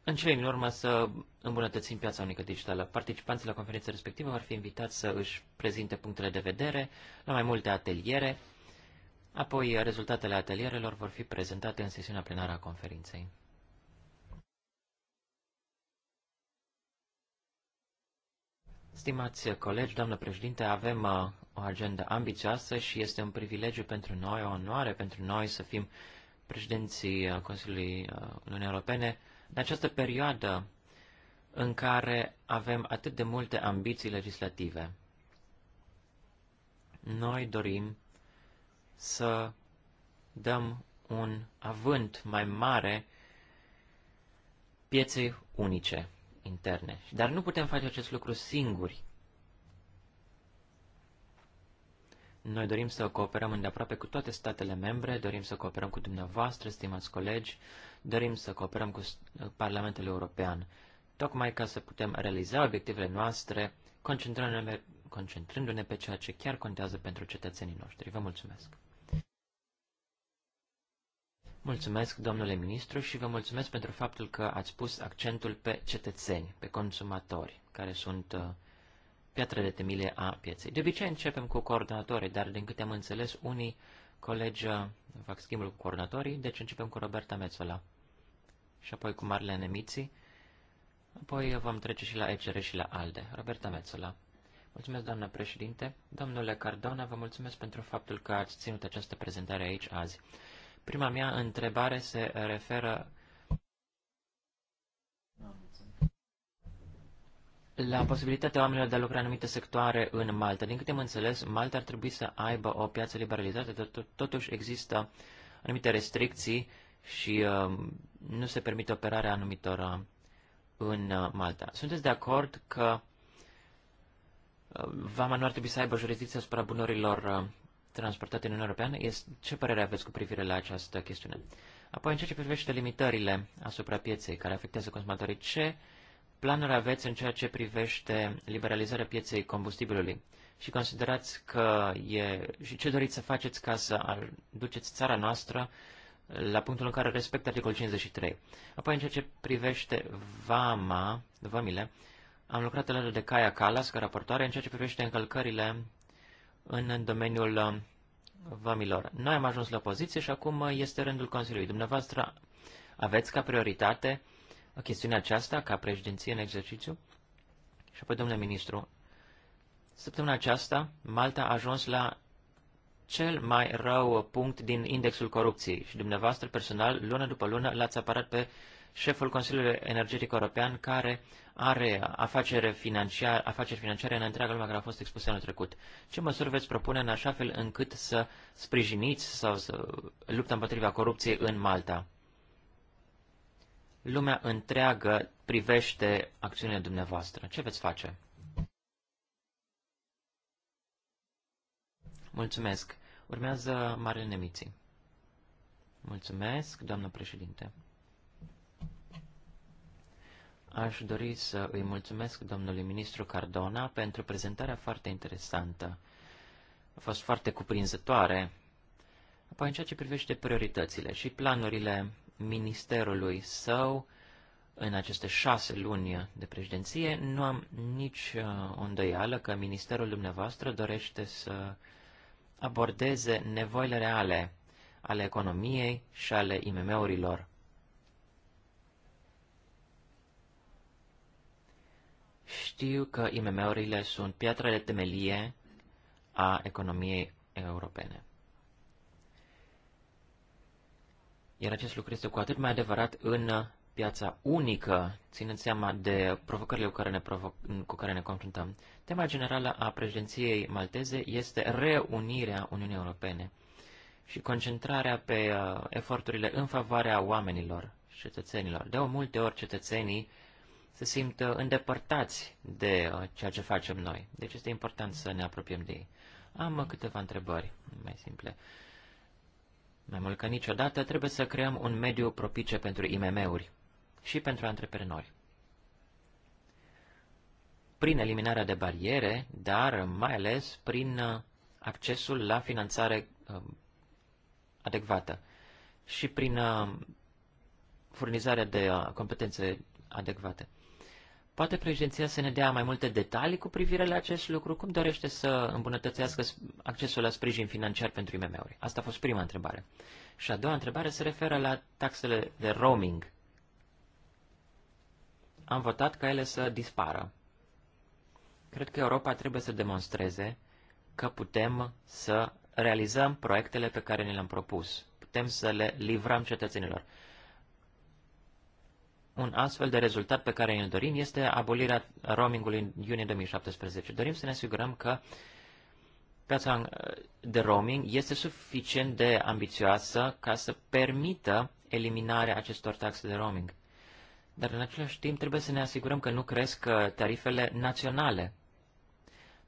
B: în cele din urmă să îmbunătățim piața unică digitală. Participanții la conferința respectivă vor fi invitați să își prezinte punctele de vedere la mai multe ateliere, apoi rezultatele atelierelor vor fi prezentate în sesiunea plenară a conferinței. Stimați colegi, doamnă președinte, avem uh, o agendă ambițioasă și este un privilegiu pentru noi, o onoare pentru noi să fim președinții uh, Consiliului uh, Uniunii Europene, în această perioadă în care avem atât de multe ambiții legislative. Noi dorim să dăm un avânt mai mare pieței unice interne. Dar nu putem face acest lucru singuri. Noi dorim să cooperăm îndeaproape cu toate statele membre, dorim să cooperăm cu dumneavoastră, stimați colegi, dorim să cooperăm cu Parlamentul European, tocmai ca să putem realiza obiectivele noastre, concentrându-ne pe, concentrându pe ceea ce chiar contează pentru cetățenii noștri. Vă mulțumesc! Mulțumesc, domnule ministru, și vă mulțumesc pentru faptul că ați pus accentul pe cetățeni, pe consumatori, care sunt uh, piatra de temile a pieței. De obicei începem cu coordonatorii, dar din câte am înțeles, unii colegi uh, fac schimbul cu coordonatorii, deci începem cu Roberta Metzola și apoi cu Marlene Mitzi, apoi vom trece și la ECR și la ALDE. Roberta Metzola. Mulțumesc, doamnă președinte. Domnule Cardona, vă mulțumesc pentru faptul că ați ținut această prezentare aici azi. Prima mea întrebare se referă la posibilitatea oamenilor de a lucra în anumite sectoare în Malta. Din câte am înțeles, Malta ar trebui să aibă o piață liberalizată, dar totuși există anumite restricții și uh, nu se permite operarea anumitor uh, în uh, Malta. Sunteți de acord că uh, Vama nu ar trebui să aibă jurisdicție asupra bunurilor transportate în Uniunea Europeană? Ce părere aveți cu privire la această chestiune? Apoi, în ceea ce privește limitările asupra pieței care afectează consumatorii, ce uh, planuri aveți în ceea ce privește liberalizarea pieței combustibilului și considerați că e... și ce doriți să faceți ca să duceți țara noastră la punctul în care respectă articolul 53. Apoi, în ceea ce privește vama, vămile, am lucrat alături de Caia Calas, ca raportoare, în ceea ce privește încălcările în domeniul uh, vămilor. Noi am ajuns la poziție și acum este rândul Consiliului. Dumneavoastră aveți ca prioritate chestiunea aceasta ca președinție în exercițiu. Și apoi, domnule ministru, săptămâna aceasta Malta a ajuns la cel mai rău punct din indexul corupției și dumneavoastră personal, lună după lună, l-ați apărat pe șeful Consiliului Energetic European care are afacere financiare, afaceri financiare în întreaga lume care a fost expusă anul trecut. Ce măsuri veți propune în așa fel încât să sprijiniți sau să lupta împotriva corupției în Malta? Lumea întreagă privește acțiunile dumneavoastră. Ce veți face? Mulțumesc. Urmează Mare Nemiții. Mulțumesc, doamnă președinte. Aș dori să îi mulțumesc domnului ministru Cardona pentru prezentarea foarte interesantă. A fost foarte cuprinzătoare. Apoi, în ceea ce privește prioritățile și planurile ministerului său în aceste șase luni de președinție. Nu am nici uh, o îndoială că ministerul dumneavoastră dorește să abordeze nevoile reale ale economiei și ale IMM-urilor. Știu că IMM-urile sunt piatra de temelie a economiei europene. Iar acest lucru este cu atât mai adevărat în uh, piața unică, ținând seama de provocările cu care ne, provoc- cu care ne confruntăm. Tema generală a președinției malteze este reunirea Uniunii Europene și concentrarea pe uh, eforturile în favoarea oamenilor, cetățenilor. De o multe ori cetățenii se simt uh, îndepărtați de uh, ceea ce facem noi, deci este important să ne apropiem de ei. Am uh, câteva întrebări mai simple. Uh, mai mult ca niciodată, trebuie să creăm un mediu propice pentru IMM-uri și pentru antreprenori. Prin eliminarea de bariere, dar mai ales prin uh, accesul la finanțare um, adecvată și prin uh, furnizarea de uh, competențe adecvate. Poate președinția să ne dea mai multe detalii cu privire la acest lucru? Cum dorește să îmbunătățească accesul la sprijin financiar pentru IMM-uri? Asta a fost prima întrebare. Și a doua întrebare se referă la taxele de roaming. Am votat ca ele să dispară. Cred că Europa trebuie să demonstreze că putem să realizăm proiectele pe care ne le-am propus. Putem să le livrăm cetățenilor. Un astfel de rezultat pe care îl dorim este abolirea roamingului în iunie 2017. Dorim să ne asigurăm că piața uh, de roaming este suficient de ambițioasă ca să permită eliminarea acestor taxe de roaming. Dar în același timp trebuie să ne asigurăm că nu cresc uh, tarifele naționale.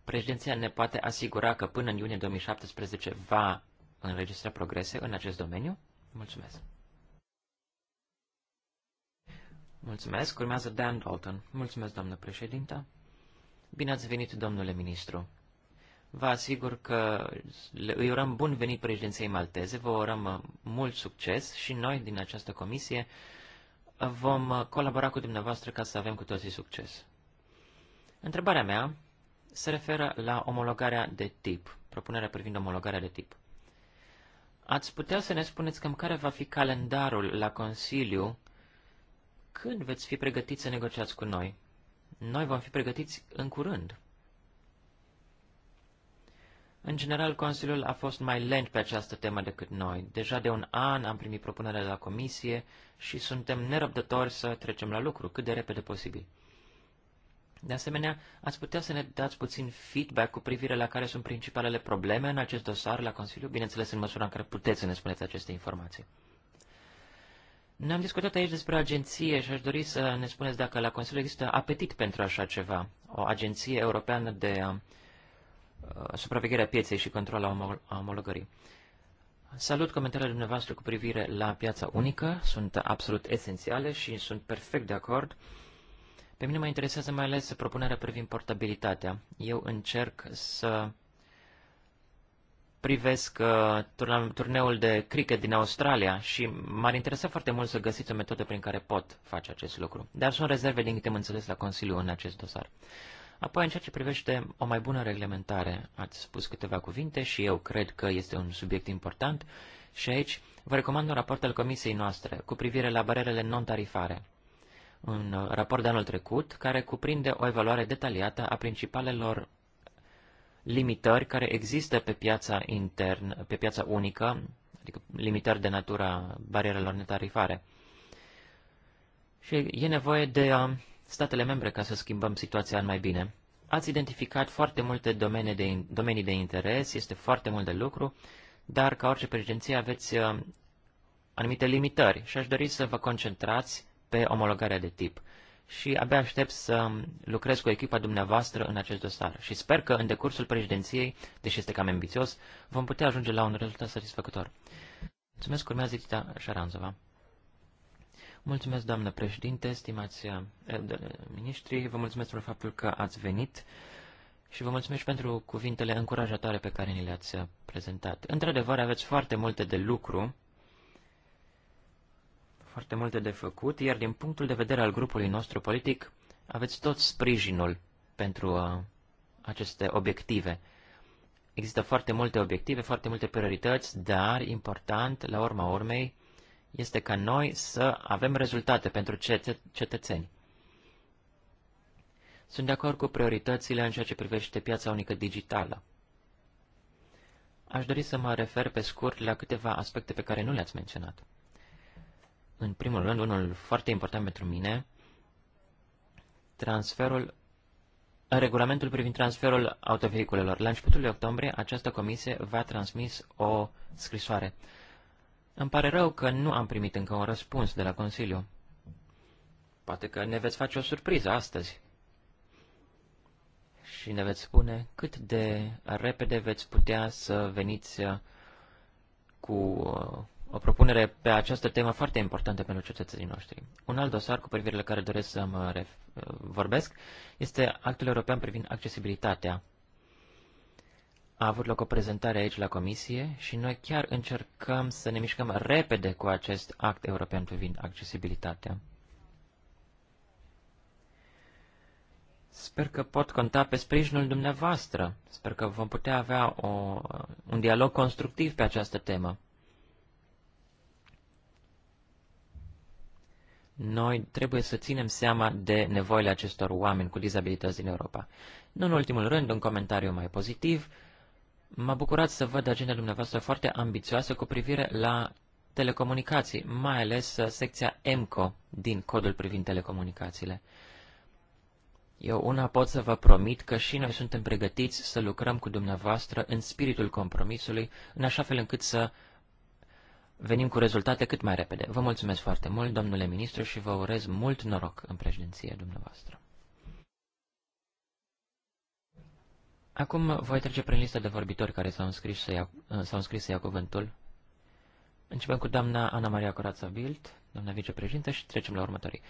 B: Președinția ne poate asigura că până în iunie 2017 va înregistra progrese în acest domeniu? Mulțumesc! Mulțumesc. Urmează Dan Dalton. Mulțumesc, doamnă președintă. Bine ați venit, domnule ministru. Vă asigur că îi urăm bun venit președinției malteze, vă urăm uh, mult succes și noi din această comisie vom uh, colabora cu dumneavoastră ca să avem cu toții succes. Întrebarea mea se referă la omologarea de tip, propunerea privind omologarea de tip. Ați putea să ne spuneți cam care va fi calendarul la Consiliu când veți fi pregătiți să negociați cu noi? Noi vom fi pregătiți în curând. În general, Consiliul a fost mai lent pe această temă decât noi. Deja de un an am primit propunerea de la Comisie și suntem nerăbdători să trecem la lucru cât de repede posibil. De asemenea, ați putea să ne dați puțin feedback cu privire la care sunt principalele probleme în acest dosar la Consiliu, bineînțeles în măsura în care puteți să ne spuneți aceste informații. Ne-am discutat aici despre agenție și aș dori să ne spuneți dacă la Consiliu există apetit pentru așa ceva, o agenție europeană de uh, supraveghere a pieței și control a omologării. Salut comentariile dumneavoastră cu privire la piața unică, sunt absolut esențiale și sunt perfect de acord. Pe mine mă interesează mai ales propunerea privind portabilitatea. Eu încerc să privesc uh, turneul de cricket din Australia și m-ar interesa foarte mult să găsiți o metodă prin care pot face acest lucru. Dar sunt rezerve, din câte am înțeles, la Consiliu în acest dosar. Apoi, în ceea ce privește o mai bună reglementare, ați spus câteva cuvinte și eu cred că este un subiect important și aici vă recomand un raport al comisiei noastre cu privire la barerele non-tarifare. Un raport de anul trecut care cuprinde o evaluare detaliată a principalelor limitări care există pe piața intern, pe piața unică, adică limitări de natura barierelor netarifare. Și e nevoie de uh, statele membre ca să schimbăm situația în mai bine. Ați identificat foarte multe domenii de, domenii de interes, este foarte mult de lucru, dar ca orice președinție aveți uh, anumite limitări și aș dori să vă concentrați pe omologarea de tip și abia aștept să lucrez cu echipa dumneavoastră în acest dosar și sper că în decursul președinției, deși este cam ambițios, vom putea ajunge la un rezultat satisfăcător. Mulțumesc, urmează Tita Șaranzova. Mulțumesc, doamnă președinte, stimați eh, ministri, vă mulțumesc pentru faptul că ați venit și vă mulțumesc și pentru cuvintele încurajatoare pe care ni le-ați prezentat. Într-adevăr, aveți foarte multe de lucru foarte multe de făcut, iar din punctul de vedere al grupului nostru politic, aveți tot sprijinul pentru uh, aceste obiective. Există foarte multe obiective, foarte multe priorități, dar important, la urma urmei, este ca noi să avem rezultate pentru cetățeni. Sunt de acord cu prioritățile în ceea ce privește piața unică digitală. Aș dori să mă refer pe scurt la câteva aspecte pe care nu le-ați menționat. În primul rând, unul foarte important pentru mine, transferul regulamentul privind transferul autovehiculelor. La începutul de octombrie, această comisie va transmis o scrisoare. Îmi pare rău că nu am primit încă un răspuns de la Consiliu. Poate că ne veți face o surpriză astăzi. Și ne veți spune cât de repede veți putea să veniți cu uh, o propunere pe această temă foarte importantă pentru cetățenii noștri. Un alt dosar cu privire la care doresc să mă ref- vorbesc este actul european privind accesibilitatea. A avut loc o prezentare aici la comisie și noi chiar încercăm să ne mișcăm repede cu acest act european privind accesibilitatea. Sper că pot conta pe sprijinul dumneavoastră. Sper că vom putea avea o, un dialog constructiv pe această temă. noi trebuie să ținem seama de nevoile acestor oameni cu dizabilități din Europa. Nu în ultimul rând, un comentariu mai pozitiv, m-a bucurat să văd agenda dumneavoastră foarte ambițioasă cu privire la telecomunicații, mai ales uh, secția EMCO din codul privind telecomunicațiile. Eu una pot să vă promit că și noi suntem pregătiți să lucrăm cu dumneavoastră în spiritul compromisului, în așa fel încât să venim cu rezultate cât mai repede. Vă mulțumesc foarte mult, domnule ministru, și vă urez mult noroc în președinție dumneavoastră. Acum voi trece prin lista de vorbitori care s-au înscris să ia, s-au înscris să ia cuvântul. Începem cu doamna Ana Maria Corața Bild, doamna vicepreședintă, și trecem la următorii.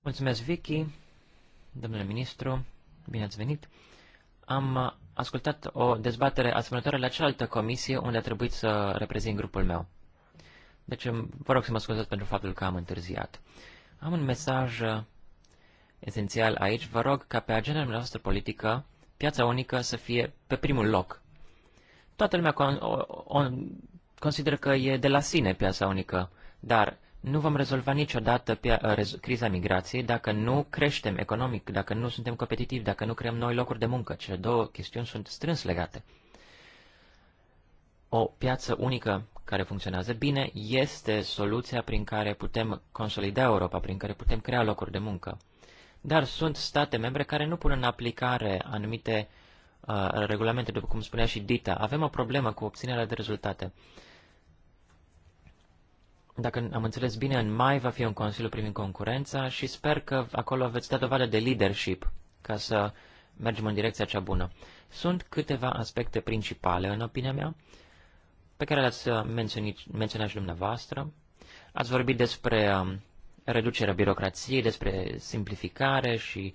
B: Mulțumesc, Vicky, domnule ministru, bine ați venit. Am ascultat o dezbatere asemănătoare la cealaltă comisie unde a trebuit să reprezint grupul meu. Deci vă rog să mă scuzați pentru faptul că am întârziat. Am un mesaj uh, esențial aici. Vă rog ca pe agenda noastră politică piața unică să fie pe primul loc. Toată lumea con- o, o, consideră că e de la sine piața unică, dar nu vom rezolva niciodată uh, criza migrației dacă nu creștem economic, dacă nu suntem competitivi, dacă nu creăm noi locuri de muncă. Cele două chestiuni sunt strâns legate. O piață unică care funcționează bine este soluția prin care putem consolida Europa, prin care putem crea locuri de muncă. Dar sunt state membre care nu pun în aplicare anumite uh, regulamente, după cum spunea și Dita. Avem o problemă cu obținerea de rezultate. Dacă am înțeles bine, în mai va fi un Consiliu privind concurența și sper că acolo veți da dovadă de leadership ca să mergem în direcția cea bună. Sunt câteva aspecte principale, în opinia mea, uh, pe care le-ați uh, menționat și dumneavoastră. Ați vorbit despre um, reducerea birocrației, despre simplificare și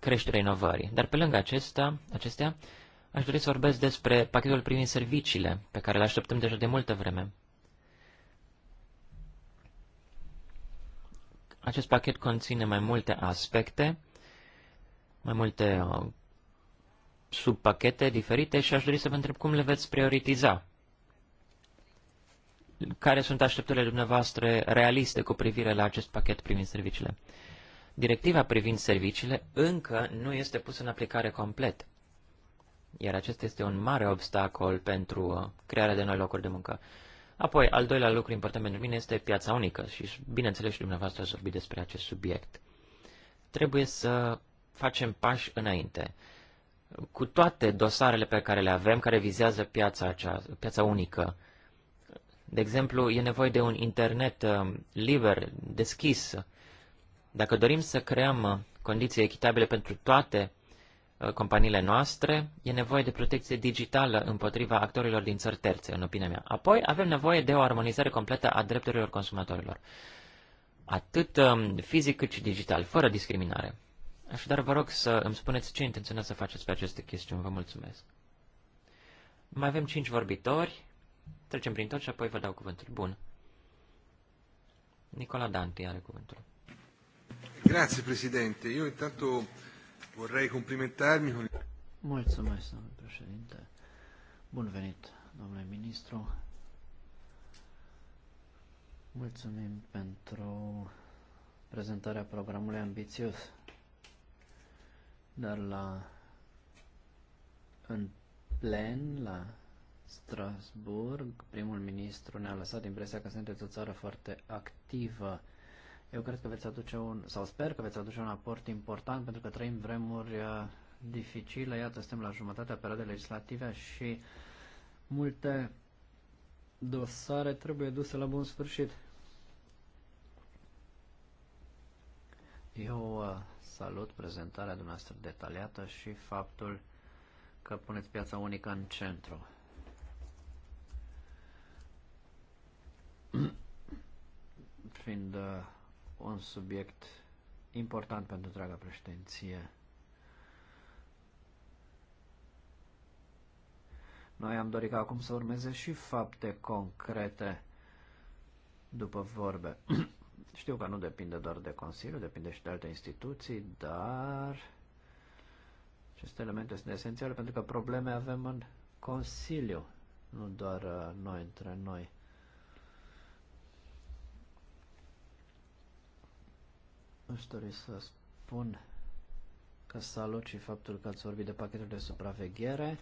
B: creșterea inovării. Dar pe lângă acesta, acestea, aș dori să vorbesc despre pachetul privind serviciile, pe care le așteptăm deja de multă vreme. Acest pachet conține mai multe aspecte, mai multe uh, subpachete diferite și aș dori să vă întreb cum le veți prioritiza care sunt așteptările dumneavoastră realiste cu privire la acest pachet privind serviciile? Directiva privind serviciile încă nu este pusă în aplicare complet, iar acesta este un mare obstacol pentru uh, crearea de noi locuri de muncă. Apoi, al doilea lucru important pentru mine este piața unică și, bineînțeles, și dumneavoastră ați vorbit despre acest subiect. Trebuie să facem pași înainte. Cu toate dosarele pe care le avem, care vizează piața, acea, piața unică, de exemplu, e nevoie de un internet uh, liber, deschis. Dacă dorim să creăm uh, condiții echitabile pentru toate uh, companiile noastre, e nevoie de protecție digitală împotriva actorilor din țări terțe, în opinia mea. Apoi, avem nevoie de o armonizare completă a drepturilor consumatorilor, atât um, fizic cât și digital, fără discriminare. Așadar, vă rog să îmi spuneți ce intenționați să faceți pe aceste chestiuni. Vă mulțumesc. Mai avem cinci vorbitori. Trecem prin tot și apoi vă dau cuvântul. Bun. Nicola Dante are cuvântul. Grazie, Presidente. Eu intanto vorrei complimentarmi
C: con... Mulțumesc, domnule președinte. Bun venit, domnule ministru. Mulțumim pentru prezentarea programului ambițios. Dar la în plen, la Strasburg, primul ministru ne-a lăsat impresia că sunteți o țară foarte activă. Eu cred că veți aduce un, sau sper că veți aduce un aport important, pentru că trăim vremuri uh, dificile. Iată, suntem la jumătatea perioadei legislative și multe dosare trebuie duse la bun sfârșit. Eu uh, salut prezentarea dumneavoastră detaliată și faptul că puneți piața unică în centru. fiind uh, un subiect important pentru întreaga președinție. Noi am dorit ca acum să urmeze și fapte concrete după vorbe. Știu că nu depinde doar de Consiliu, depinde și de alte instituții, dar aceste elemente sunt esențiale pentru că probleme avem în Consiliu, nu doar uh, noi între noi. Aș dori să spun că salut și faptul că ați vorbit de pachetul de supraveghere.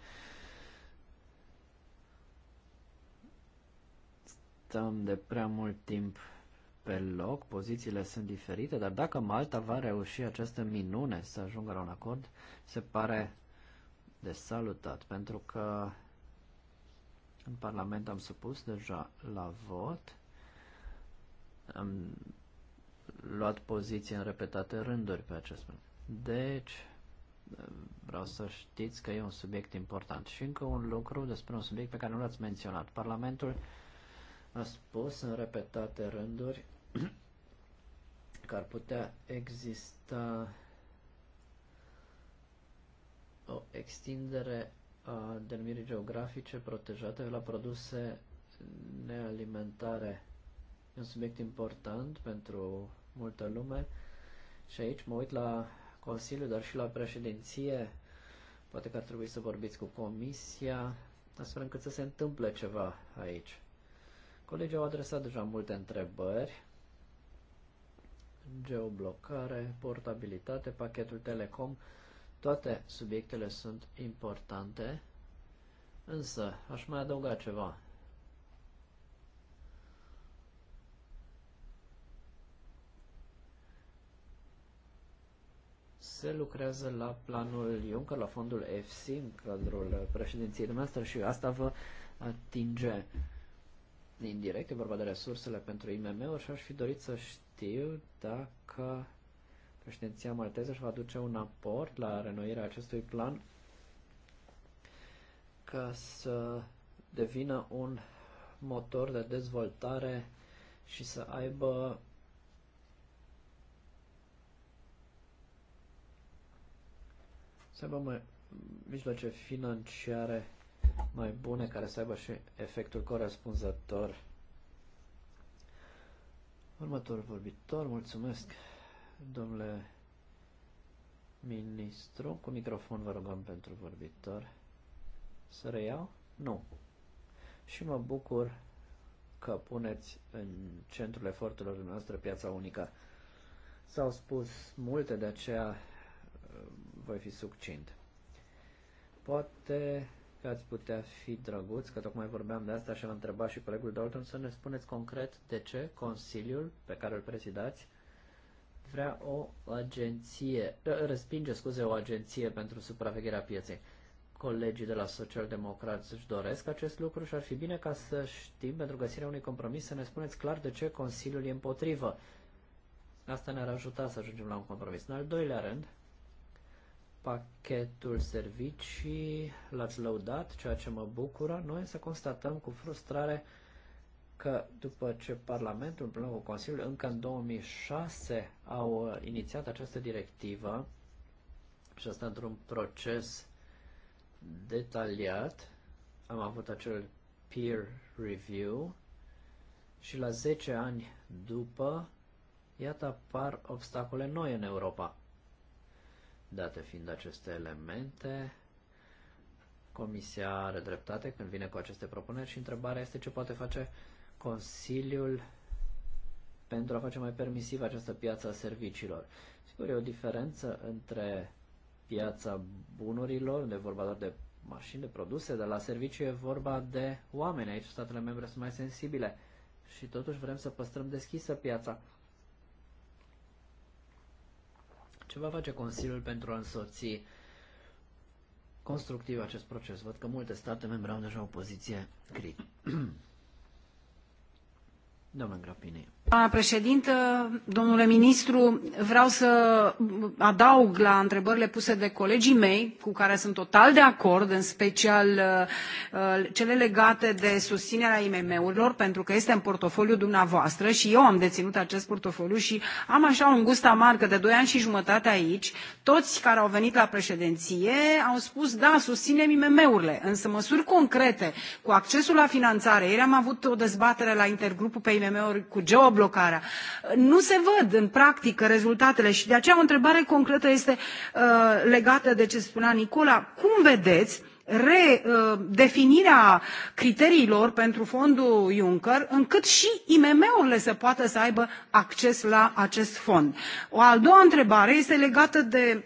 C: Stăm de prea mult timp pe loc, pozițiile sunt diferite, dar dacă Malta va reuși această minune să ajungă la un acord, se pare de salutat, pentru că în Parlament am supus deja la vot, luat poziție în repetate rânduri pe acest punct. Deci, vreau să știți că e un subiect important. Și încă un lucru despre un subiect pe care nu l-ați menționat. Parlamentul a spus în repetate rânduri că ar putea exista o extindere a denumirii geografice protejate la produse nealimentare. E un subiect important pentru multă lume și aici mă uit la Consiliu, dar și la președinție. Poate că ar trebui să vorbiți cu Comisia, astfel încât să se întâmple ceva aici. Colegii au adresat deja multe întrebări. Geoblocare, portabilitate, pachetul Telecom, toate subiectele sunt importante, însă aș mai adăuga ceva. se lucrează la planul Juncker, la fondul FC în cadrul președinției noastre și asta vă atinge indirect, e vorba de resursele pentru IMM-uri și aș fi dorit să știu dacă președinția malteză își va aduce un aport la renoirea acestui plan ca să devină un motor de dezvoltare și să aibă să aibă mai, mijloace financiare mai bune care să aibă și efectul corespunzător. Următorul vorbitor, mulțumesc, domnule ministru. Cu microfon vă rugăm pentru vorbitor. Să reiau? Nu. Și mă bucur că puneți în centrul eforturilor noastre piața unică. S-au spus multe, de aceea voi fi succint. Poate că ați putea fi drăguți, că tocmai vorbeam de asta și am întrebat și colegul Dalton să ne spuneți concret de ce Consiliul pe care îl prezidați vrea o agenție, ă, respinge, scuze, o agenție pentru supravegherea pieței. Colegii de la Social Democrat își doresc acest lucru și ar fi bine ca să știm, pentru găsirea unui compromis, să ne spuneți clar de ce Consiliul e împotrivă. Asta ne-ar ajuta să ajungem la un compromis. În al doilea rând, pachetul servicii l-ați lăudat, ceea ce mă bucură. Noi să constatăm cu frustrare că după ce Parlamentul împreună cu Consiliul încă în 2006 au uh, inițiat această directivă și asta într-un proces detaliat, am avut acel peer review și la 10 ani după, iată apar obstacole noi în Europa. Date fiind aceste elemente, Comisia are dreptate când vine cu aceste propuneri și întrebarea este ce poate face Consiliul pentru a face mai permisivă această piață a serviciilor. Sigur, e o diferență între piața bunurilor, unde e vorba doar de mașini, de produse, dar la serviciu e vorba de oameni. Aici statele membre sunt mai sensibile și totuși vrem să păstrăm deschisă piața. Ce va face Consiliul pentru a însoți constructiv acest proces? Văd că multe state membre au deja o poziție critică. Domnul Grapini
A: doamnă președintă, domnule ministru, vreau să adaug la întrebările puse de colegii mei, cu care sunt total de acord, în special uh, uh, cele legate de susținerea IMM-urilor, pentru că este în portofoliul dumneavoastră și eu am deținut acest portofoliu și am așa un gust amar că de doi ani și jumătate aici, toți care au venit la președinție au spus, da, susținem IMM-urile, însă măsuri concrete cu accesul la finanțare. Ieri am avut o dezbatere la intergrupul pe IMM-uri cu Geo blocarea. Nu se văd în practică rezultatele și de aceea o întrebare concretă este uh, legată de ce spunea Nicola. Cum vedeți redefinirea uh, criteriilor pentru fondul juncker încât și imm urile să poată să aibă acces la acest fond. o a doua întrebare este legată de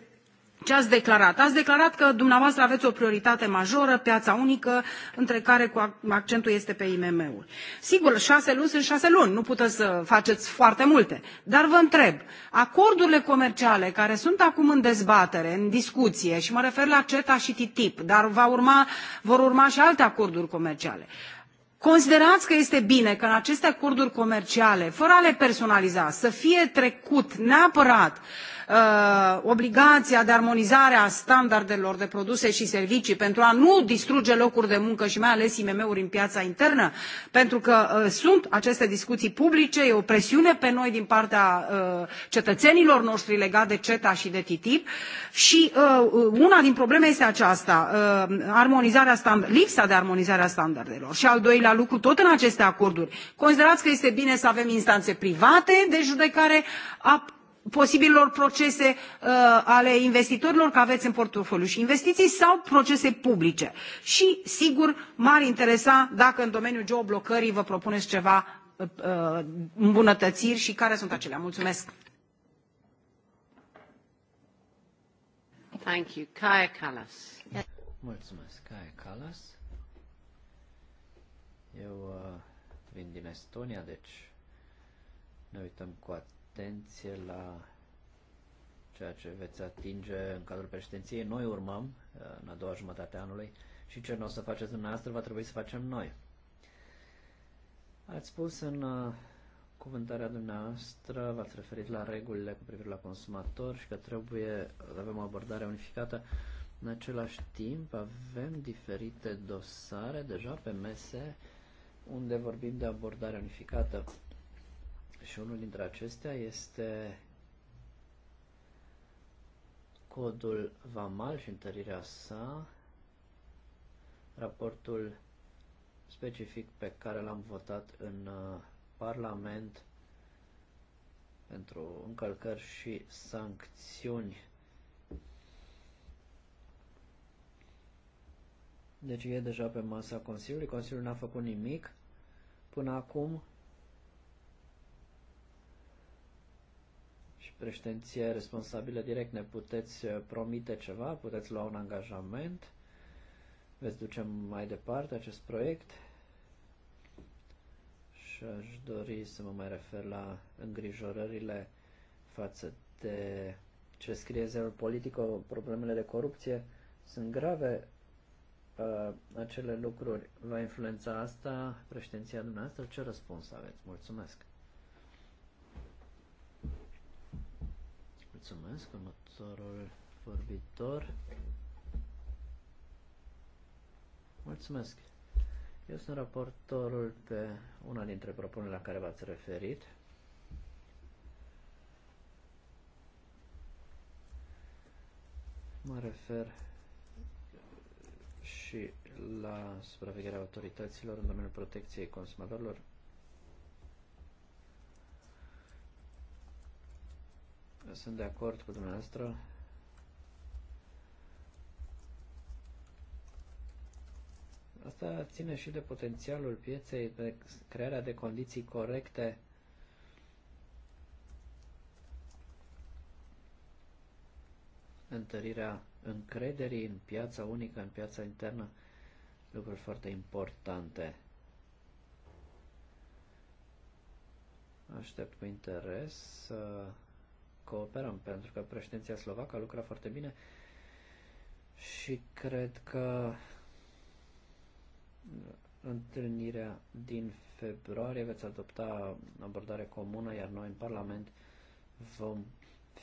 A: ce ați declarat. Ați declarat că dumneavoastră aveți o prioritate majoră, piața unică, între care cu accentul este pe IMM-uri. Sigur, șase luni sunt șase luni, nu puteți să faceți foarte multe. Dar vă întreb, acordurile comerciale care sunt acum în dezbatere, în discuție, și mă refer la CETA și TTIP, dar va urma, vor urma și alte acorduri comerciale, considerați că este bine că în aceste acorduri comerciale fără a le personaliza să fie trecut neapărat Uh, obligația de armonizare a standardelor de produse și servicii pentru a nu distruge locuri de muncă și mai ales imm uri în piața internă pentru că uh, sunt aceste discuții publice e o presiune pe noi din partea uh, cetățenilor noștri legat de ceta și de ttip și una din probleme este aceasta armonizarea lipsa de armonizare a standardelor. și al doilea lucru tot în aceste acorduri considerați că este bine să avem instanțe private de judecare a posibilelor procese uh, ale investitorilor care aveți în portofoliu și investiții sau procese publice. Și, sigur, m-ar interesa dacă în domeniul geoblocării vă propuneți ceva uh, uh, îmbunătățiri și care sunt acelea. Mulțumesc! Thank you. Kaya
C: Mulțumesc, Kaya Kallas. Eu uh, vin din Estonia, deci ne uităm cu atenție la ceea ce veți atinge în cadrul președinției. Noi urmăm uh, în a doua jumătate a anului și ce nu o să faceți dumneavoastră va trebui să facem noi. Ați spus în uh, cuvântarea dumneavoastră, v-ați referit la regulile cu privire la consumator și că trebuie să avem o abordare unificată. În același timp avem diferite dosare deja pe mese unde vorbim de abordare unificată și unul dintre acestea este codul VAMAL și întărirea sa, raportul specific pe care l-am votat în uh, Parlament pentru încălcări și sancțiuni. Deci e deja pe masa Consiliului. Consiliul n-a făcut nimic până acum. președinție responsabilă direct ne puteți uh, promite ceva, puteți lua un angajament, veți duce mai departe acest proiect și aș dori să mă mai refer la îngrijorările față de ce scrie Zerul Politico, problemele de corupție sunt grave, uh, acele lucruri va influența asta președinția dumneavoastră? Ce răspuns aveți? Mulțumesc! Mulțumesc, următorul vorbitor. Mulțumesc. Eu sunt raportorul pe una dintre propunerile la care v-ați referit. Mă refer și la supravegherea autorităților în domeniul protecției consumatorilor Sunt de acord cu dumneavoastră. Asta ține și de potențialul pieței, de crearea de condiții corecte întărirea încrederii în piața unică, în piața internă, lucruri foarte importante. Aștept cu interes uh, cooperăm, pentru că președinția slovacă a lucrat foarte bine și cred că întâlnirea din februarie veți adopta abordare comună, iar noi în Parlament vom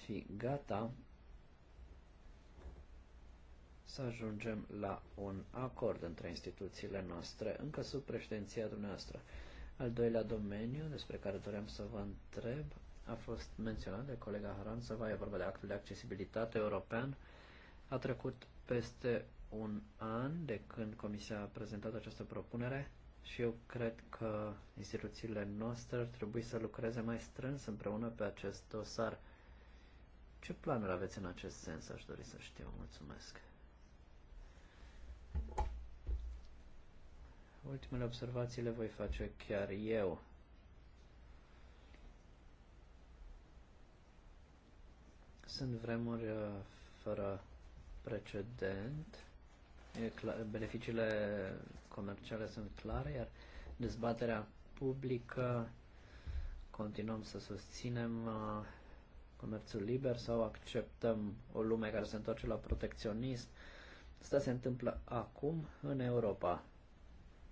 C: fi gata să ajungem la un acord între instituțiile noastre, încă sub președinția dumneavoastră. Al doilea domeniu despre care doream să vă întreb a fost menționat de colega Haranțova, e vorba de actul de accesibilitate european. A trecut peste un an de când Comisia a prezentat această propunere și eu cred că instituțiile noastre ar trebui să lucreze mai strâns împreună pe acest dosar. Ce planuri aveți în acest sens, aș dori să știu. Mulțumesc. Ultimele observații le voi face chiar eu. Sunt vremuri uh, fără precedent. beneficiile comerciale sunt clare, iar dezbaterea publică continuăm să susținem uh, comerțul liber sau acceptăm o lume care se întoarce la protecționism. Asta se întâmplă acum în Europa,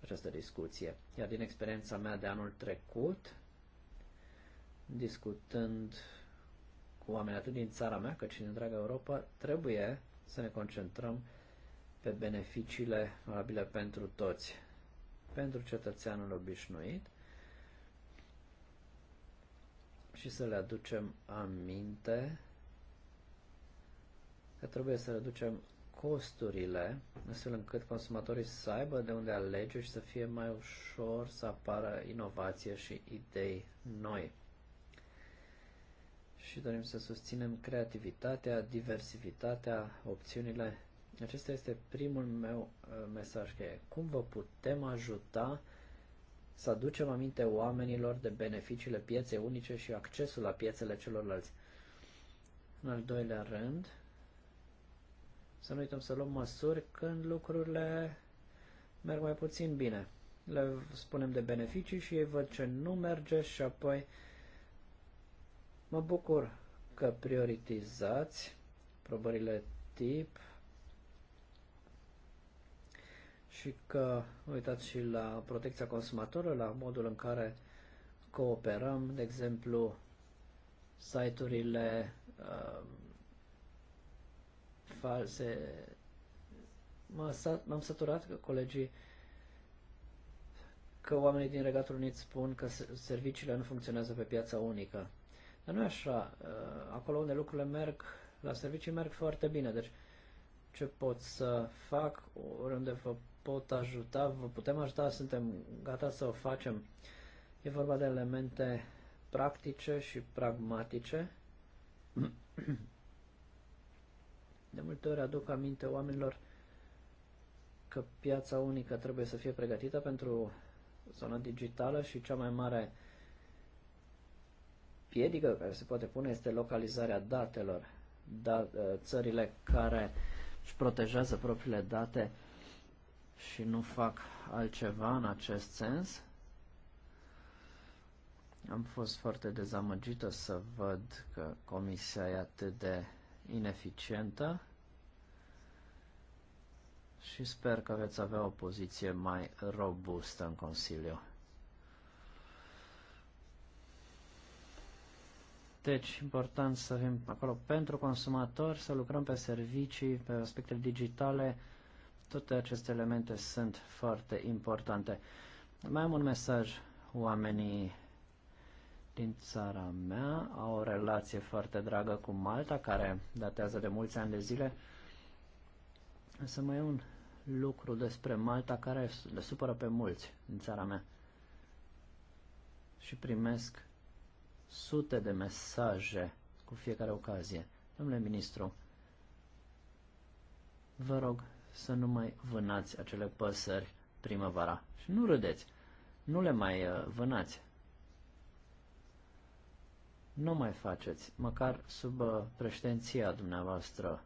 C: această discuție. Iar din experiența mea de anul trecut, discutând oameni atât din țara mea cât și din întreaga Europa, trebuie să ne concentrăm pe beneficiile valabile pentru toți, pentru cetățeanul obișnuit și să le aducem aminte că trebuie să reducem costurile astfel încât consumatorii să aibă de unde alege și să fie mai ușor să apară inovație și idei noi și dorim să susținem creativitatea, diversitatea, opțiunile. Acesta este primul meu uh, mesaj, că e cum vă putem ajuta să aducem aminte oamenilor de beneficiile pieței unice și accesul la piețele celorlalți. În al doilea rând, să nu uităm să luăm măsuri când lucrurile merg mai puțin bine. Le spunem de beneficii și ei văd ce nu merge și apoi Mă bucur că prioritizați probările tip și că uitați și la protecția consumatorului, la modul în care cooperăm, de exemplu, site-urile uh, false. M-am săturat că colegii că oamenii din Regatul Unit spun că serviciile nu funcționează pe piața unică. Dar nu așa. Uh, acolo unde lucrurile merg, la servicii merg foarte bine. Deci ce pot să fac, oriunde vă pot ajuta, vă putem ajuta, suntem gata să o facem. E vorba de elemente practice și pragmatice. De multe ori aduc aminte oamenilor că piața unică trebuie să fie pregătită pentru zona digitală și cea mai mare piedică care se poate pune este localizarea datelor. Da, ă, țările care își protejează propriile date și nu fac altceva în acest sens. Am fost foarte dezamăgită să văd că comisia e atât de ineficientă și sper că veți avea o poziție mai robustă în Consiliu. Deci, important să fim acolo pentru consumatori, să lucrăm pe servicii, pe aspectele digitale. Toate aceste elemente sunt foarte importante. Mai am un mesaj. Oamenii din țara mea au o relație foarte dragă cu Malta, care datează de mulți ani de zile. Însă mai e un lucru despre Malta care le supără pe mulți din țara mea. Și primesc sute de mesaje cu fiecare ocazie. Domnule ministru, vă rog să nu mai vânați acele păsări primăvara. Și nu râdeți, nu le mai uh, vânați. Nu mai faceți, măcar sub uh, preștenția dumneavoastră.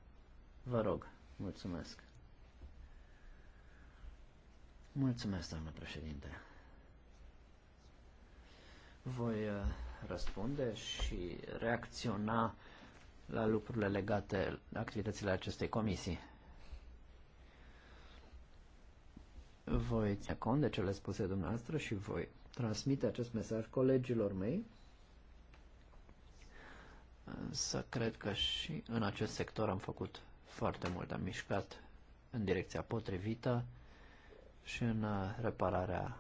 C: Vă rog, mulțumesc. Mulțumesc, doamnă președinte. Voi uh, răspunde și reacționa la lucrurile legate la activitățile acestei comisii. Voi ține cont de cele spuse dumneavoastră și voi transmite acest mesaj colegilor mei să cred că și în acest sector am făcut foarte mult, am mișcat în direcția potrivită și în repararea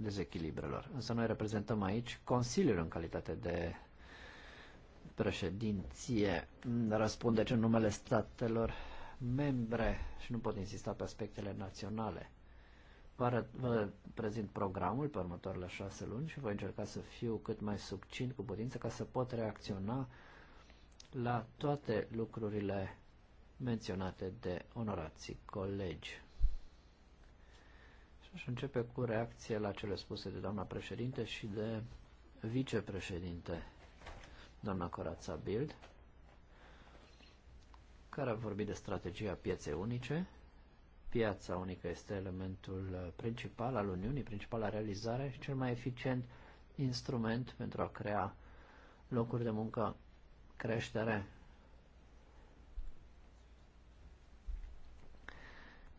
C: dezechilibrelor. Însă noi reprezentăm aici Consiliul în calitate de președinție, răspunde în numele statelor membre și nu pot insista pe aspectele naționale. Vă, prezint programul pe următoarele șase luni și voi încerca să fiu cât mai subțin cu putință ca să pot reacționa la toate lucrurile menționate de onorații colegi. Și aș începe cu reacție la cele spuse de doamna președinte și de vicepreședinte, doamna Corața Bild, care a vorbit de strategia pieței unice. Piața unică este elementul principal al Uniunii, principala realizare și cel mai eficient instrument pentru a crea locuri de muncă, creștere.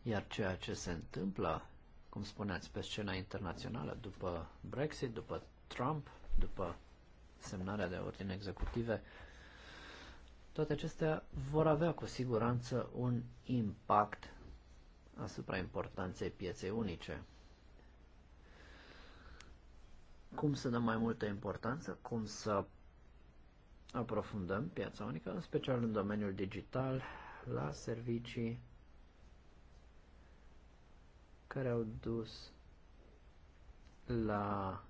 C: Iar ceea ce se întâmplă cum spuneați, pe scena internațională, după Brexit, după Trump, după semnarea de ordine executive, toate acestea vor avea cu siguranță un impact asupra importanței pieței unice. Cum să dăm mai multă importanță, cum să aprofundăm piața unică, în special în domeniul digital, la servicii, care au dus la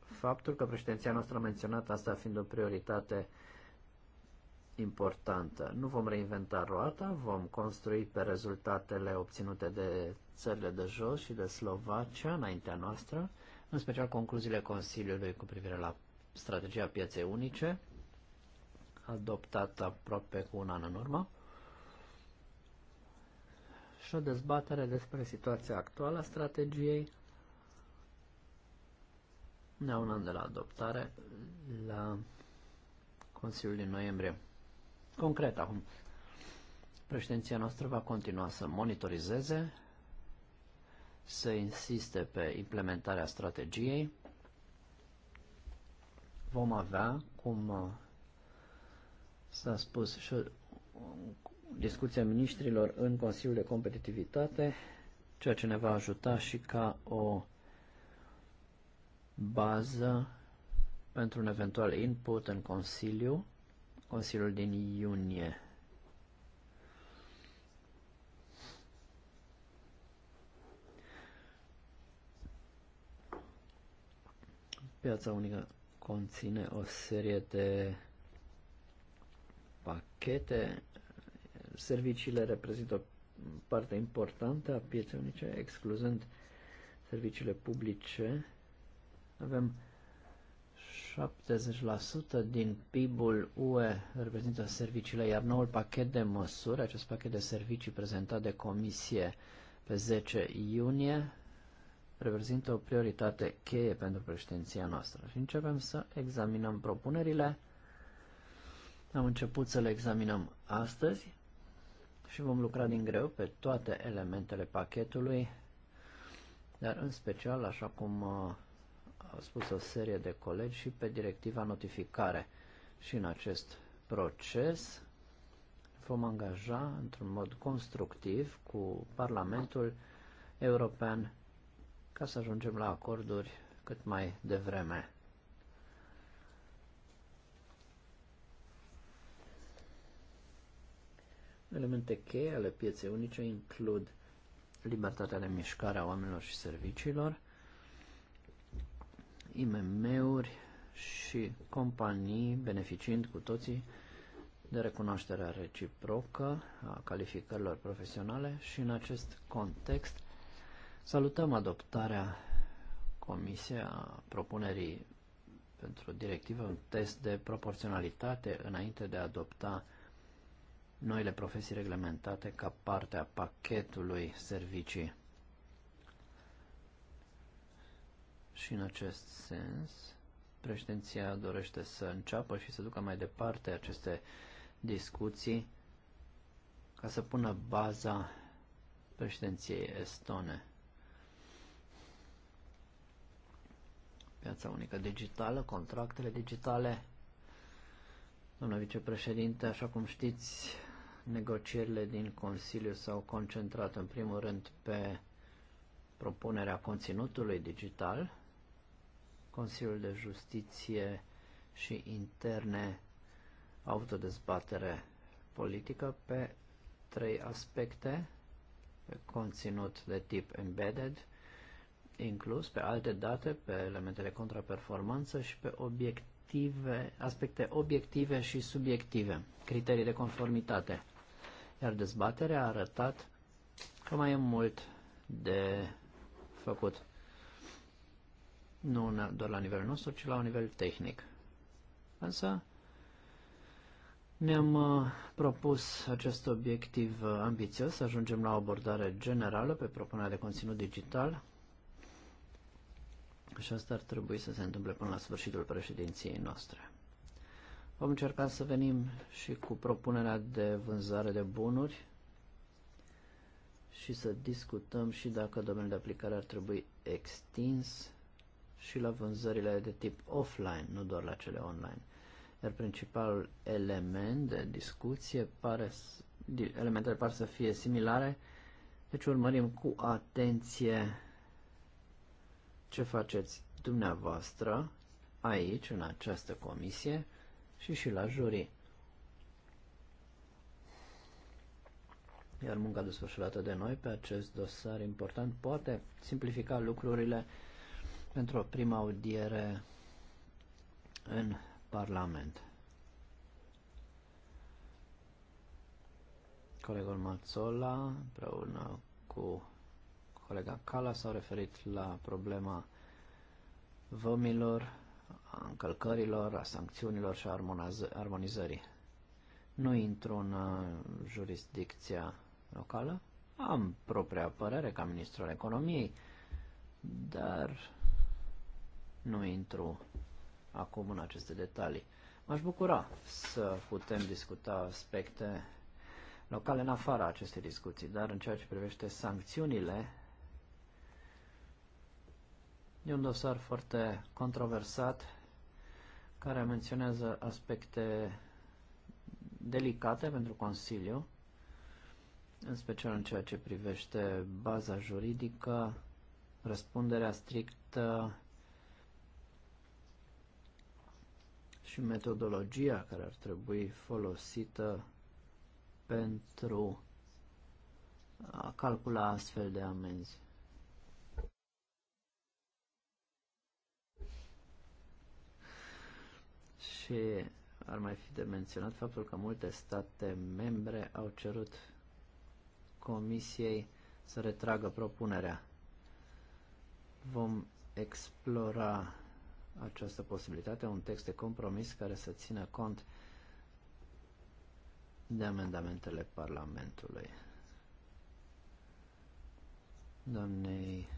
C: faptul că președinția noastră a menționat asta fiind o prioritate importantă. Nu vom reinventa roata, vom construi pe rezultatele obținute de țările de jos și de Slovacia înaintea noastră, în special concluziile Consiliului cu privire la strategia pieței unice, adoptată aproape cu un an în urmă și o dezbatere despre situația actuală a strategiei la un an de la adoptare la Consiliul din noiembrie. Concret acum, președinția noastră va continua să monitorizeze, să insiste pe implementarea strategiei. Vom avea, cum uh, s-a spus, și discuția ministrilor în Consiliul de Competitivitate, ceea ce ne va ajuta și ca o bază pentru un eventual input în Consiliu, Consiliul din iunie. Piața unică conține o serie de pachete serviciile reprezintă o parte importantă a pieței unice, excluzând serviciile publice. Avem 70% din PIB-ul UE reprezintă serviciile, iar noul pachet de măsuri, acest pachet de servicii prezentat de Comisie pe 10 iunie, reprezintă o prioritate cheie pentru președinția noastră. Și începem să examinăm propunerile. Am început să le examinăm astăzi și vom lucra din greu pe toate elementele pachetului, dar în special, așa cum uh, au spus o serie de colegi, și pe directiva notificare. Și în acest proces vom angaja într-un mod constructiv cu Parlamentul European ca să ajungem la acorduri cât mai devreme. Elemente cheie ale pieței unice includ libertatea de mișcare a oamenilor și serviciilor, IMM-uri și companii beneficiind cu toții de recunoașterea reciprocă a calificărilor profesionale și în acest context salutăm adoptarea comisia a propunerii pentru directivă un test de proporționalitate înainte de a adopta noile profesii reglementate ca parte a pachetului servicii. Și în acest sens, președinția dorește să înceapă și să ducă mai departe aceste discuții ca să pună baza președinției estone. Piața unică digitală, contractele digitale. Domnul vicepreședinte, așa cum știți, negocierile din Consiliu s-au concentrat în primul rând pe propunerea conținutului digital. Consiliul de Justiție și Interne a avut o dezbatere politică pe trei aspecte, pe conținut de tip embedded, inclus pe alte date, pe elementele contraperformanță și pe obiective, aspecte obiective și subiective, criterii de conformitate. Iar dezbaterea a arătat că mai e mult de făcut. Nu doar la nivelul nostru, ci la un nivel tehnic. Însă ne-am uh, propus acest obiectiv uh, ambițios, să ajungem la o abordare generală pe propunerea de conținut digital și asta ar trebui să se întâmple până la sfârșitul președinției noastre. Vom încerca să venim și cu propunerea de vânzare de bunuri și să discutăm și dacă domeniul de aplicare ar trebui extins și la vânzările de tip offline, nu doar la cele online. Iar principalul element de discuție pare, elementele par să fie similare, deci urmărim cu atenție ce faceți dumneavoastră aici, în această comisie, și și la jurii. Iar munca desfășurată de noi pe acest dosar important poate simplifica lucrurile pentru o prima audiere în Parlament. Colegul Mazzola, împreună cu colega Cala, s-au referit la problema vămilor a încălcărilor, a sancțiunilor și a armonizării. Nu intru în uh, jurisdicția locală. Am propria părere ca ministru al economiei, dar nu intru acum în aceste detalii. M-aș bucura să putem discuta aspecte locale în afara acestei discuții, dar în ceea ce privește sancțiunile, E un dosar foarte controversat care menționează aspecte delicate pentru Consiliu, în special în ceea ce privește baza juridică, răspunderea strictă și metodologia care ar trebui folosită pentru a calcula astfel de amenzi. Și ar mai fi de menționat faptul că multe state membre au cerut Comisiei să retragă propunerea. Vom explora această posibilitate, un text de compromis care să țină cont de amendamentele Parlamentului. Doamnei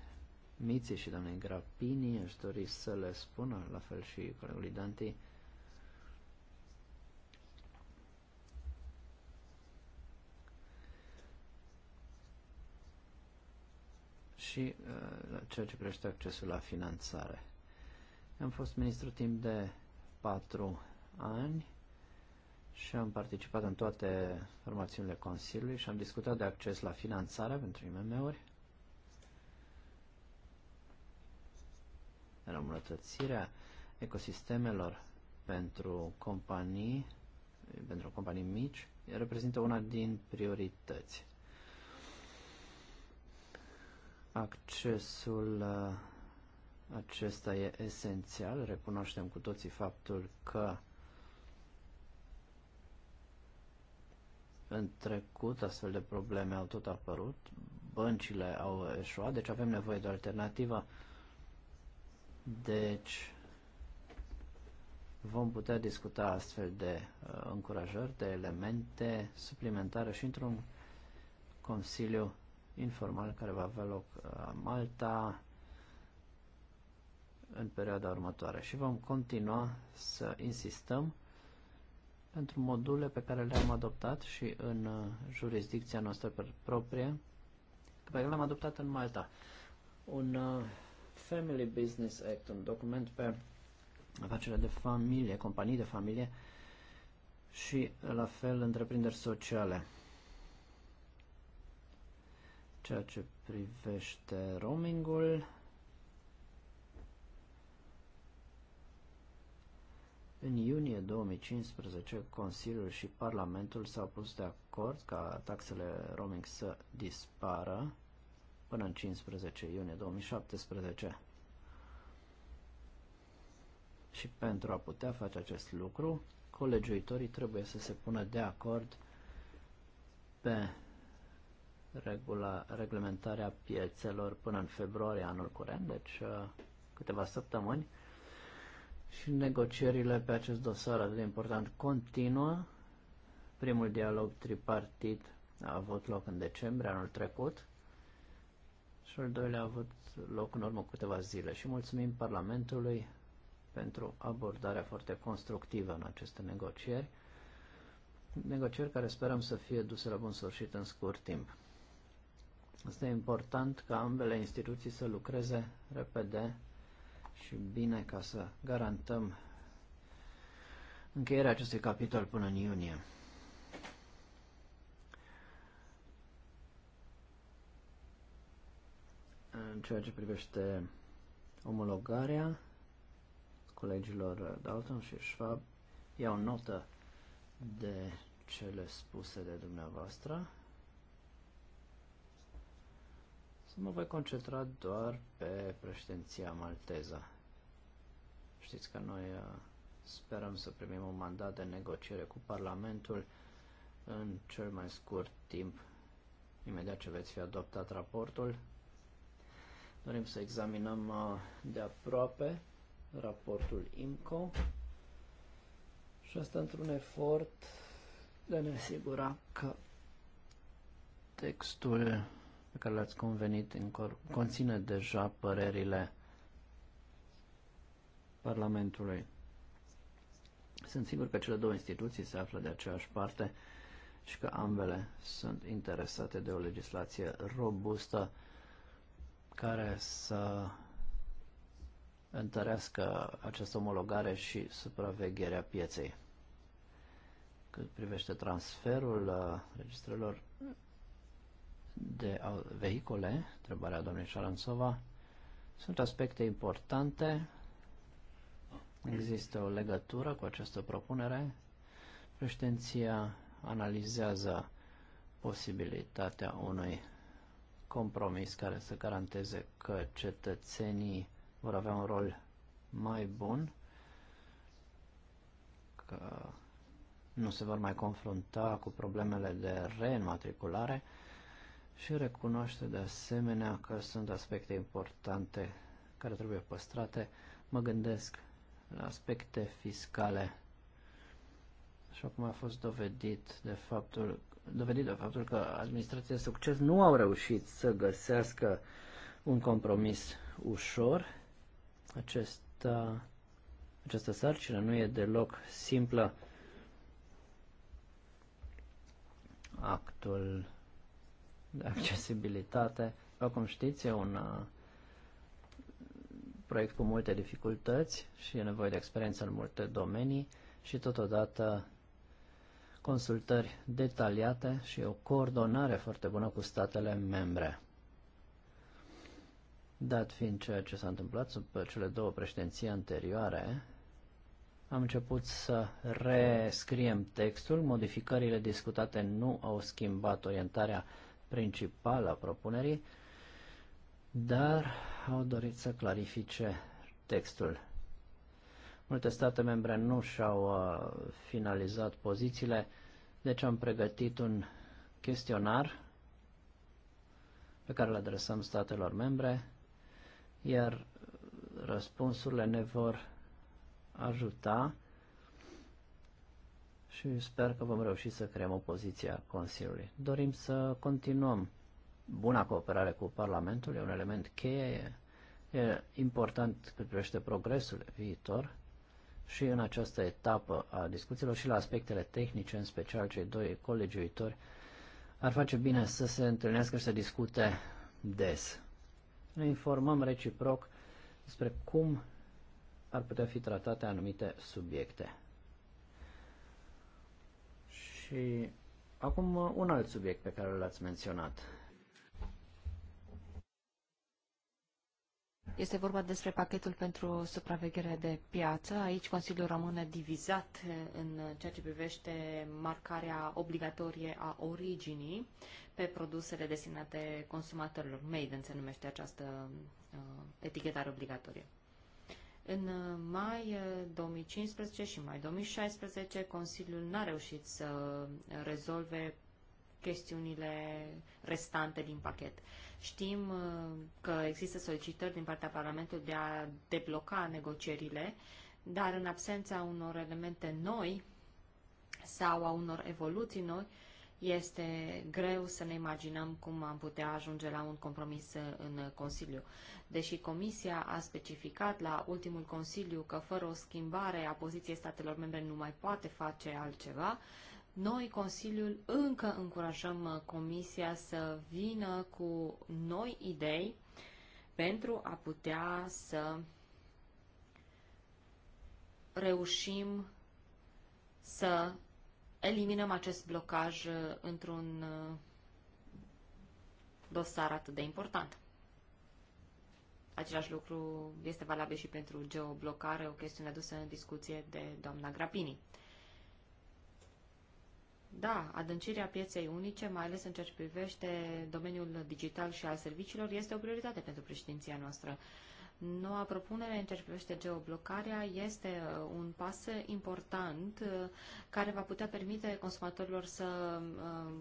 C: Miții și doamnei Grapini aș dori să le spună, la fel și colegului Dantei, și uh, ceea ce crește accesul la finanțare. Am fost ministru timp de patru ani și am participat în toate formațiunile Consiliului și am discutat de acces la finanțare pentru IMM-uri, rămurătățirea ecosistemelor pentru companii, pentru companii mici, reprezintă una din priorități. accesul uh, acesta e esențial. Recunoaștem cu toții faptul că în trecut astfel de probleme au tot apărut, băncile au eșuat, deci avem nevoie de o alternativă. Deci vom putea discuta astfel de uh, încurajări, de elemente suplimentare și într-un consiliu informal care va avea loc la uh, Malta în perioada următoare și vom continua să insistăm pentru module pe care le-am adoptat și în uh, jurisdicția noastră proprie, pe care le-am adoptat în Malta. Un uh, Family Business Act, un document pe afacere de familie, companii de familie și la fel întreprinderi sociale ceea ce privește roamingul, În iunie 2015, Consiliul și Parlamentul s-au pus de acord ca taxele roaming să dispară până în 15 iunie 2017. Și pentru a putea face acest lucru, colegiuitorii trebuie să se pună de acord pe regula, reglementarea piețelor până în februarie anul curent, deci uh, câteva săptămâni. Și negocierile pe acest dosar atât de important continuă. Primul dialog tripartit a avut loc în decembrie anul trecut și al doilea a avut loc în urmă câteva zile și mulțumim Parlamentului pentru abordarea foarte constructivă în aceste negocieri, negocieri care sperăm să fie duse la bun sfârșit în scurt timp. Este important ca ambele instituții să lucreze repede și bine ca să garantăm încheierea acestui capitol până în iunie. În ceea ce privește omologarea colegilor Dalton și Schwab, iau notă de cele spuse de dumneavoastră. mă voi concentra doar pe președinția malteză. Știți că noi uh, sperăm să primim un mandat de negociere cu Parlamentul în cel mai scurt timp, imediat ce veți fi adoptat raportul. Dorim să examinăm uh, de aproape raportul IMCO și asta într-un efort de a ne asigura că textul pe care le-ați convenit conține deja părerile Parlamentului. Sunt sigur că cele două instituții se află de aceeași parte și că ambele sunt interesate de o legislație robustă care să întărească această omologare și supravegherea pieței. Cât privește transferul uh, registrelor de vehicule, întrebarea domnului Șaranțova, sunt aspecte importante. Există o legătură cu această propunere. Președinția analizează posibilitatea unui compromis care să garanteze că cetățenii vor avea un rol mai bun, că nu se vor mai confrunta cu problemele de reînmatriculare, și recunoaște de asemenea că sunt aspecte importante care trebuie păstrate. Mă gândesc la aspecte fiscale, așa cum a fost dovedit de faptul, dovedit de faptul că administrația de succes nu au reușit să găsească un compromis ușor. Acesta, această sarcină nu e deloc simplă. Actul de accesibilitate. După cum știți, e un uh, proiect cu multe dificultăți și e nevoie de experiență în multe domenii și totodată consultări detaliate și o coordonare foarte bună cu statele membre. Dat fiind ceea ce s-a întâmplat sub cele două președinții anterioare, am început să rescriem textul, modificările discutate nu au schimbat orientarea principală a propunerii, dar au dorit să clarifice textul. Multe state membre nu și-au uh, finalizat pozițiile, deci am pregătit un chestionar pe care îl adresăm statelor membre, iar răspunsurile ne vor ajuta și sper că vom reuși să creăm o poziție a Consiliului. Dorim să continuăm buna cooperare cu Parlamentul, e un element cheie, e important cât privește progresul viitor și în această etapă a discuțiilor și la aspectele tehnice, în special cei doi colegi colegiuitori, ar face bine să se întâlnească și să discute des. Ne informăm reciproc despre cum ar putea fi tratate anumite subiecte. Și acum uh, un alt subiect pe care l-ați menționat.
D: Este vorba despre pachetul pentru supraveghere de piață. Aici Consiliul rămâne divizat uh, în ceea ce privește marcarea obligatorie a originii pe produsele destinate consumatorilor. Maiden se numește această uh, etichetare obligatorie. În mai 2015 eh, și mai 2016 Consiliul n-a reușit să rezolve chestiunile restante din pachet. Știm eh, că există solicitări din partea Parlamentului de a debloca negocierile, dar în absența unor elemente noi sau a unor evoluții noi, este greu să ne imaginăm cum am putea ajunge la un compromis în Consiliu. Deși Comisia a specificat la ultimul Consiliu că fără o schimbare a poziției statelor membre nu mai poate face altceva, noi, Consiliul, încă încurajăm Comisia să vină cu noi idei pentru a putea să reușim să eliminăm acest blocaj uh, într-un uh, dosar atât de important. Același lucru este valabil și pentru geoblocare, o chestiune adusă în discuție de doamna Grapini. Da, adâncirea pieței unice, mai ales în ceea ce privește domeniul digital și al serviciilor, este o prioritate pentru președinția noastră. Uh, Noua propunere în ce privește geoblocarea este uh, un pas important uh, care va putea permite consumatorilor să uh,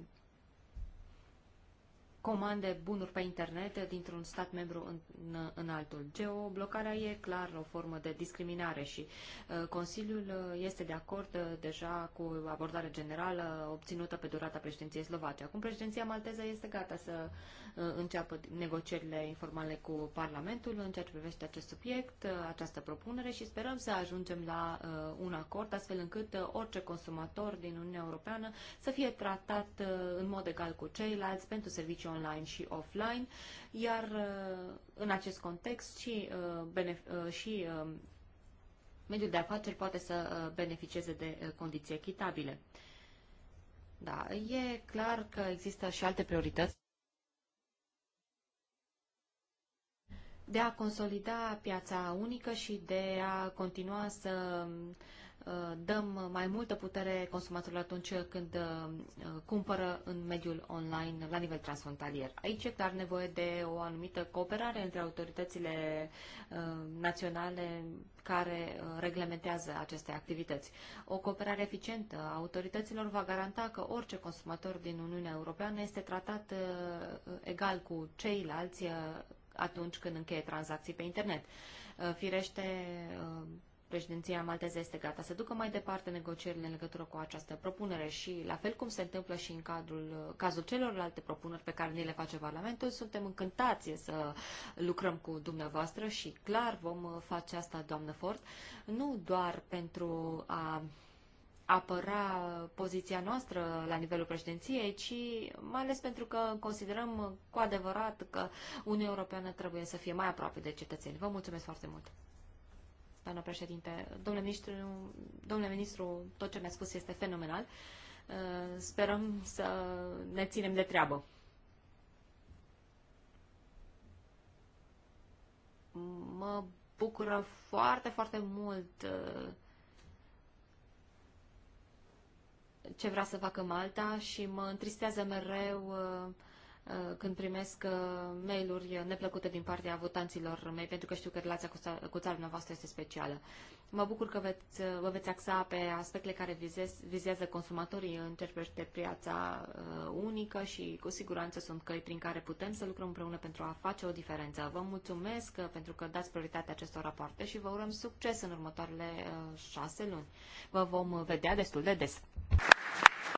D: comande bunuri pe internet dintr-un stat membru în, în, în altul. Geoblocarea e clar o formă de discriminare și uh, Consiliul uh, este de acord uh, deja cu abordarea generală obținută pe durata președinției slovace. Acum președinția malteză este gata să uh, înceapă negocierile informale cu Parlamentul în ceea ce privește acest subiect, uh, această propunere și sperăm să ajungem la uh, un acord astfel încât uh, orice consumator din Uniunea Europeană să fie tratat uh, în mod egal cu ceilalți pentru servicii online și offline, iar uh, în acest context și, uh, uh, și mediul de afaceri poate să beneficieze de condiții echitabile. Da, e clar că există și alte priorități de a consolida piața unică și de a continua să uh, Uh, dăm mai multă putere consumatorilor atunci când uh, cumpără în mediul online la nivel transfrontalier. Aici e clar nevoie de o anumită cooperare între autoritățile uh, naționale care reglementează aceste activități. O cooperare eficientă a autorităților va garanta că orice consumator din Uniunea Europeană este tratat egal cu ceilalți atunci când încheie tranzacții pe internet. Firește, președinția malteză este gata să ducă mai departe negocierile în legătură cu această propunere și, la fel cum se întâmplă și în cadrul, cazul celorlalte propuneri pe care ni le face Parlamentul, suntem încântați să lucrăm cu dumneavoastră și clar vom face asta, doamnă Ford, nu doar pentru a apăra poziția noastră la nivelul președinției, ci mai ales pentru că considerăm cu adevărat că Uniunea Europeană trebuie să fie mai aproape de cetățeni. Vă mulțumesc foarte mult! doamna președinte. Domnule ministru, domnule ministru, tot ce mi-a spus este fenomenal. Uh, sperăm să ne ținem de treabă. Mă bucură foarte, foarte mult uh, ce vrea să facă Malta și mă întristează mereu uh, Uh, când primesc uh, mail-uri neplăcute din partea votanților mei, pentru că știu că relația cu țara noastră este specială. Mă bucur că veți, uh, vă veți axa pe aspectele care vizez, vizează consumatorii în ce privește piața unică și cu siguranță sunt căi prin care putem să lucrăm împreună pentru a face o diferență. Vă mulțumesc pentru că dați prioritate acestor rapoarte și vă urăm succes în următoarele șase luni. Vă vom vedea destul de des.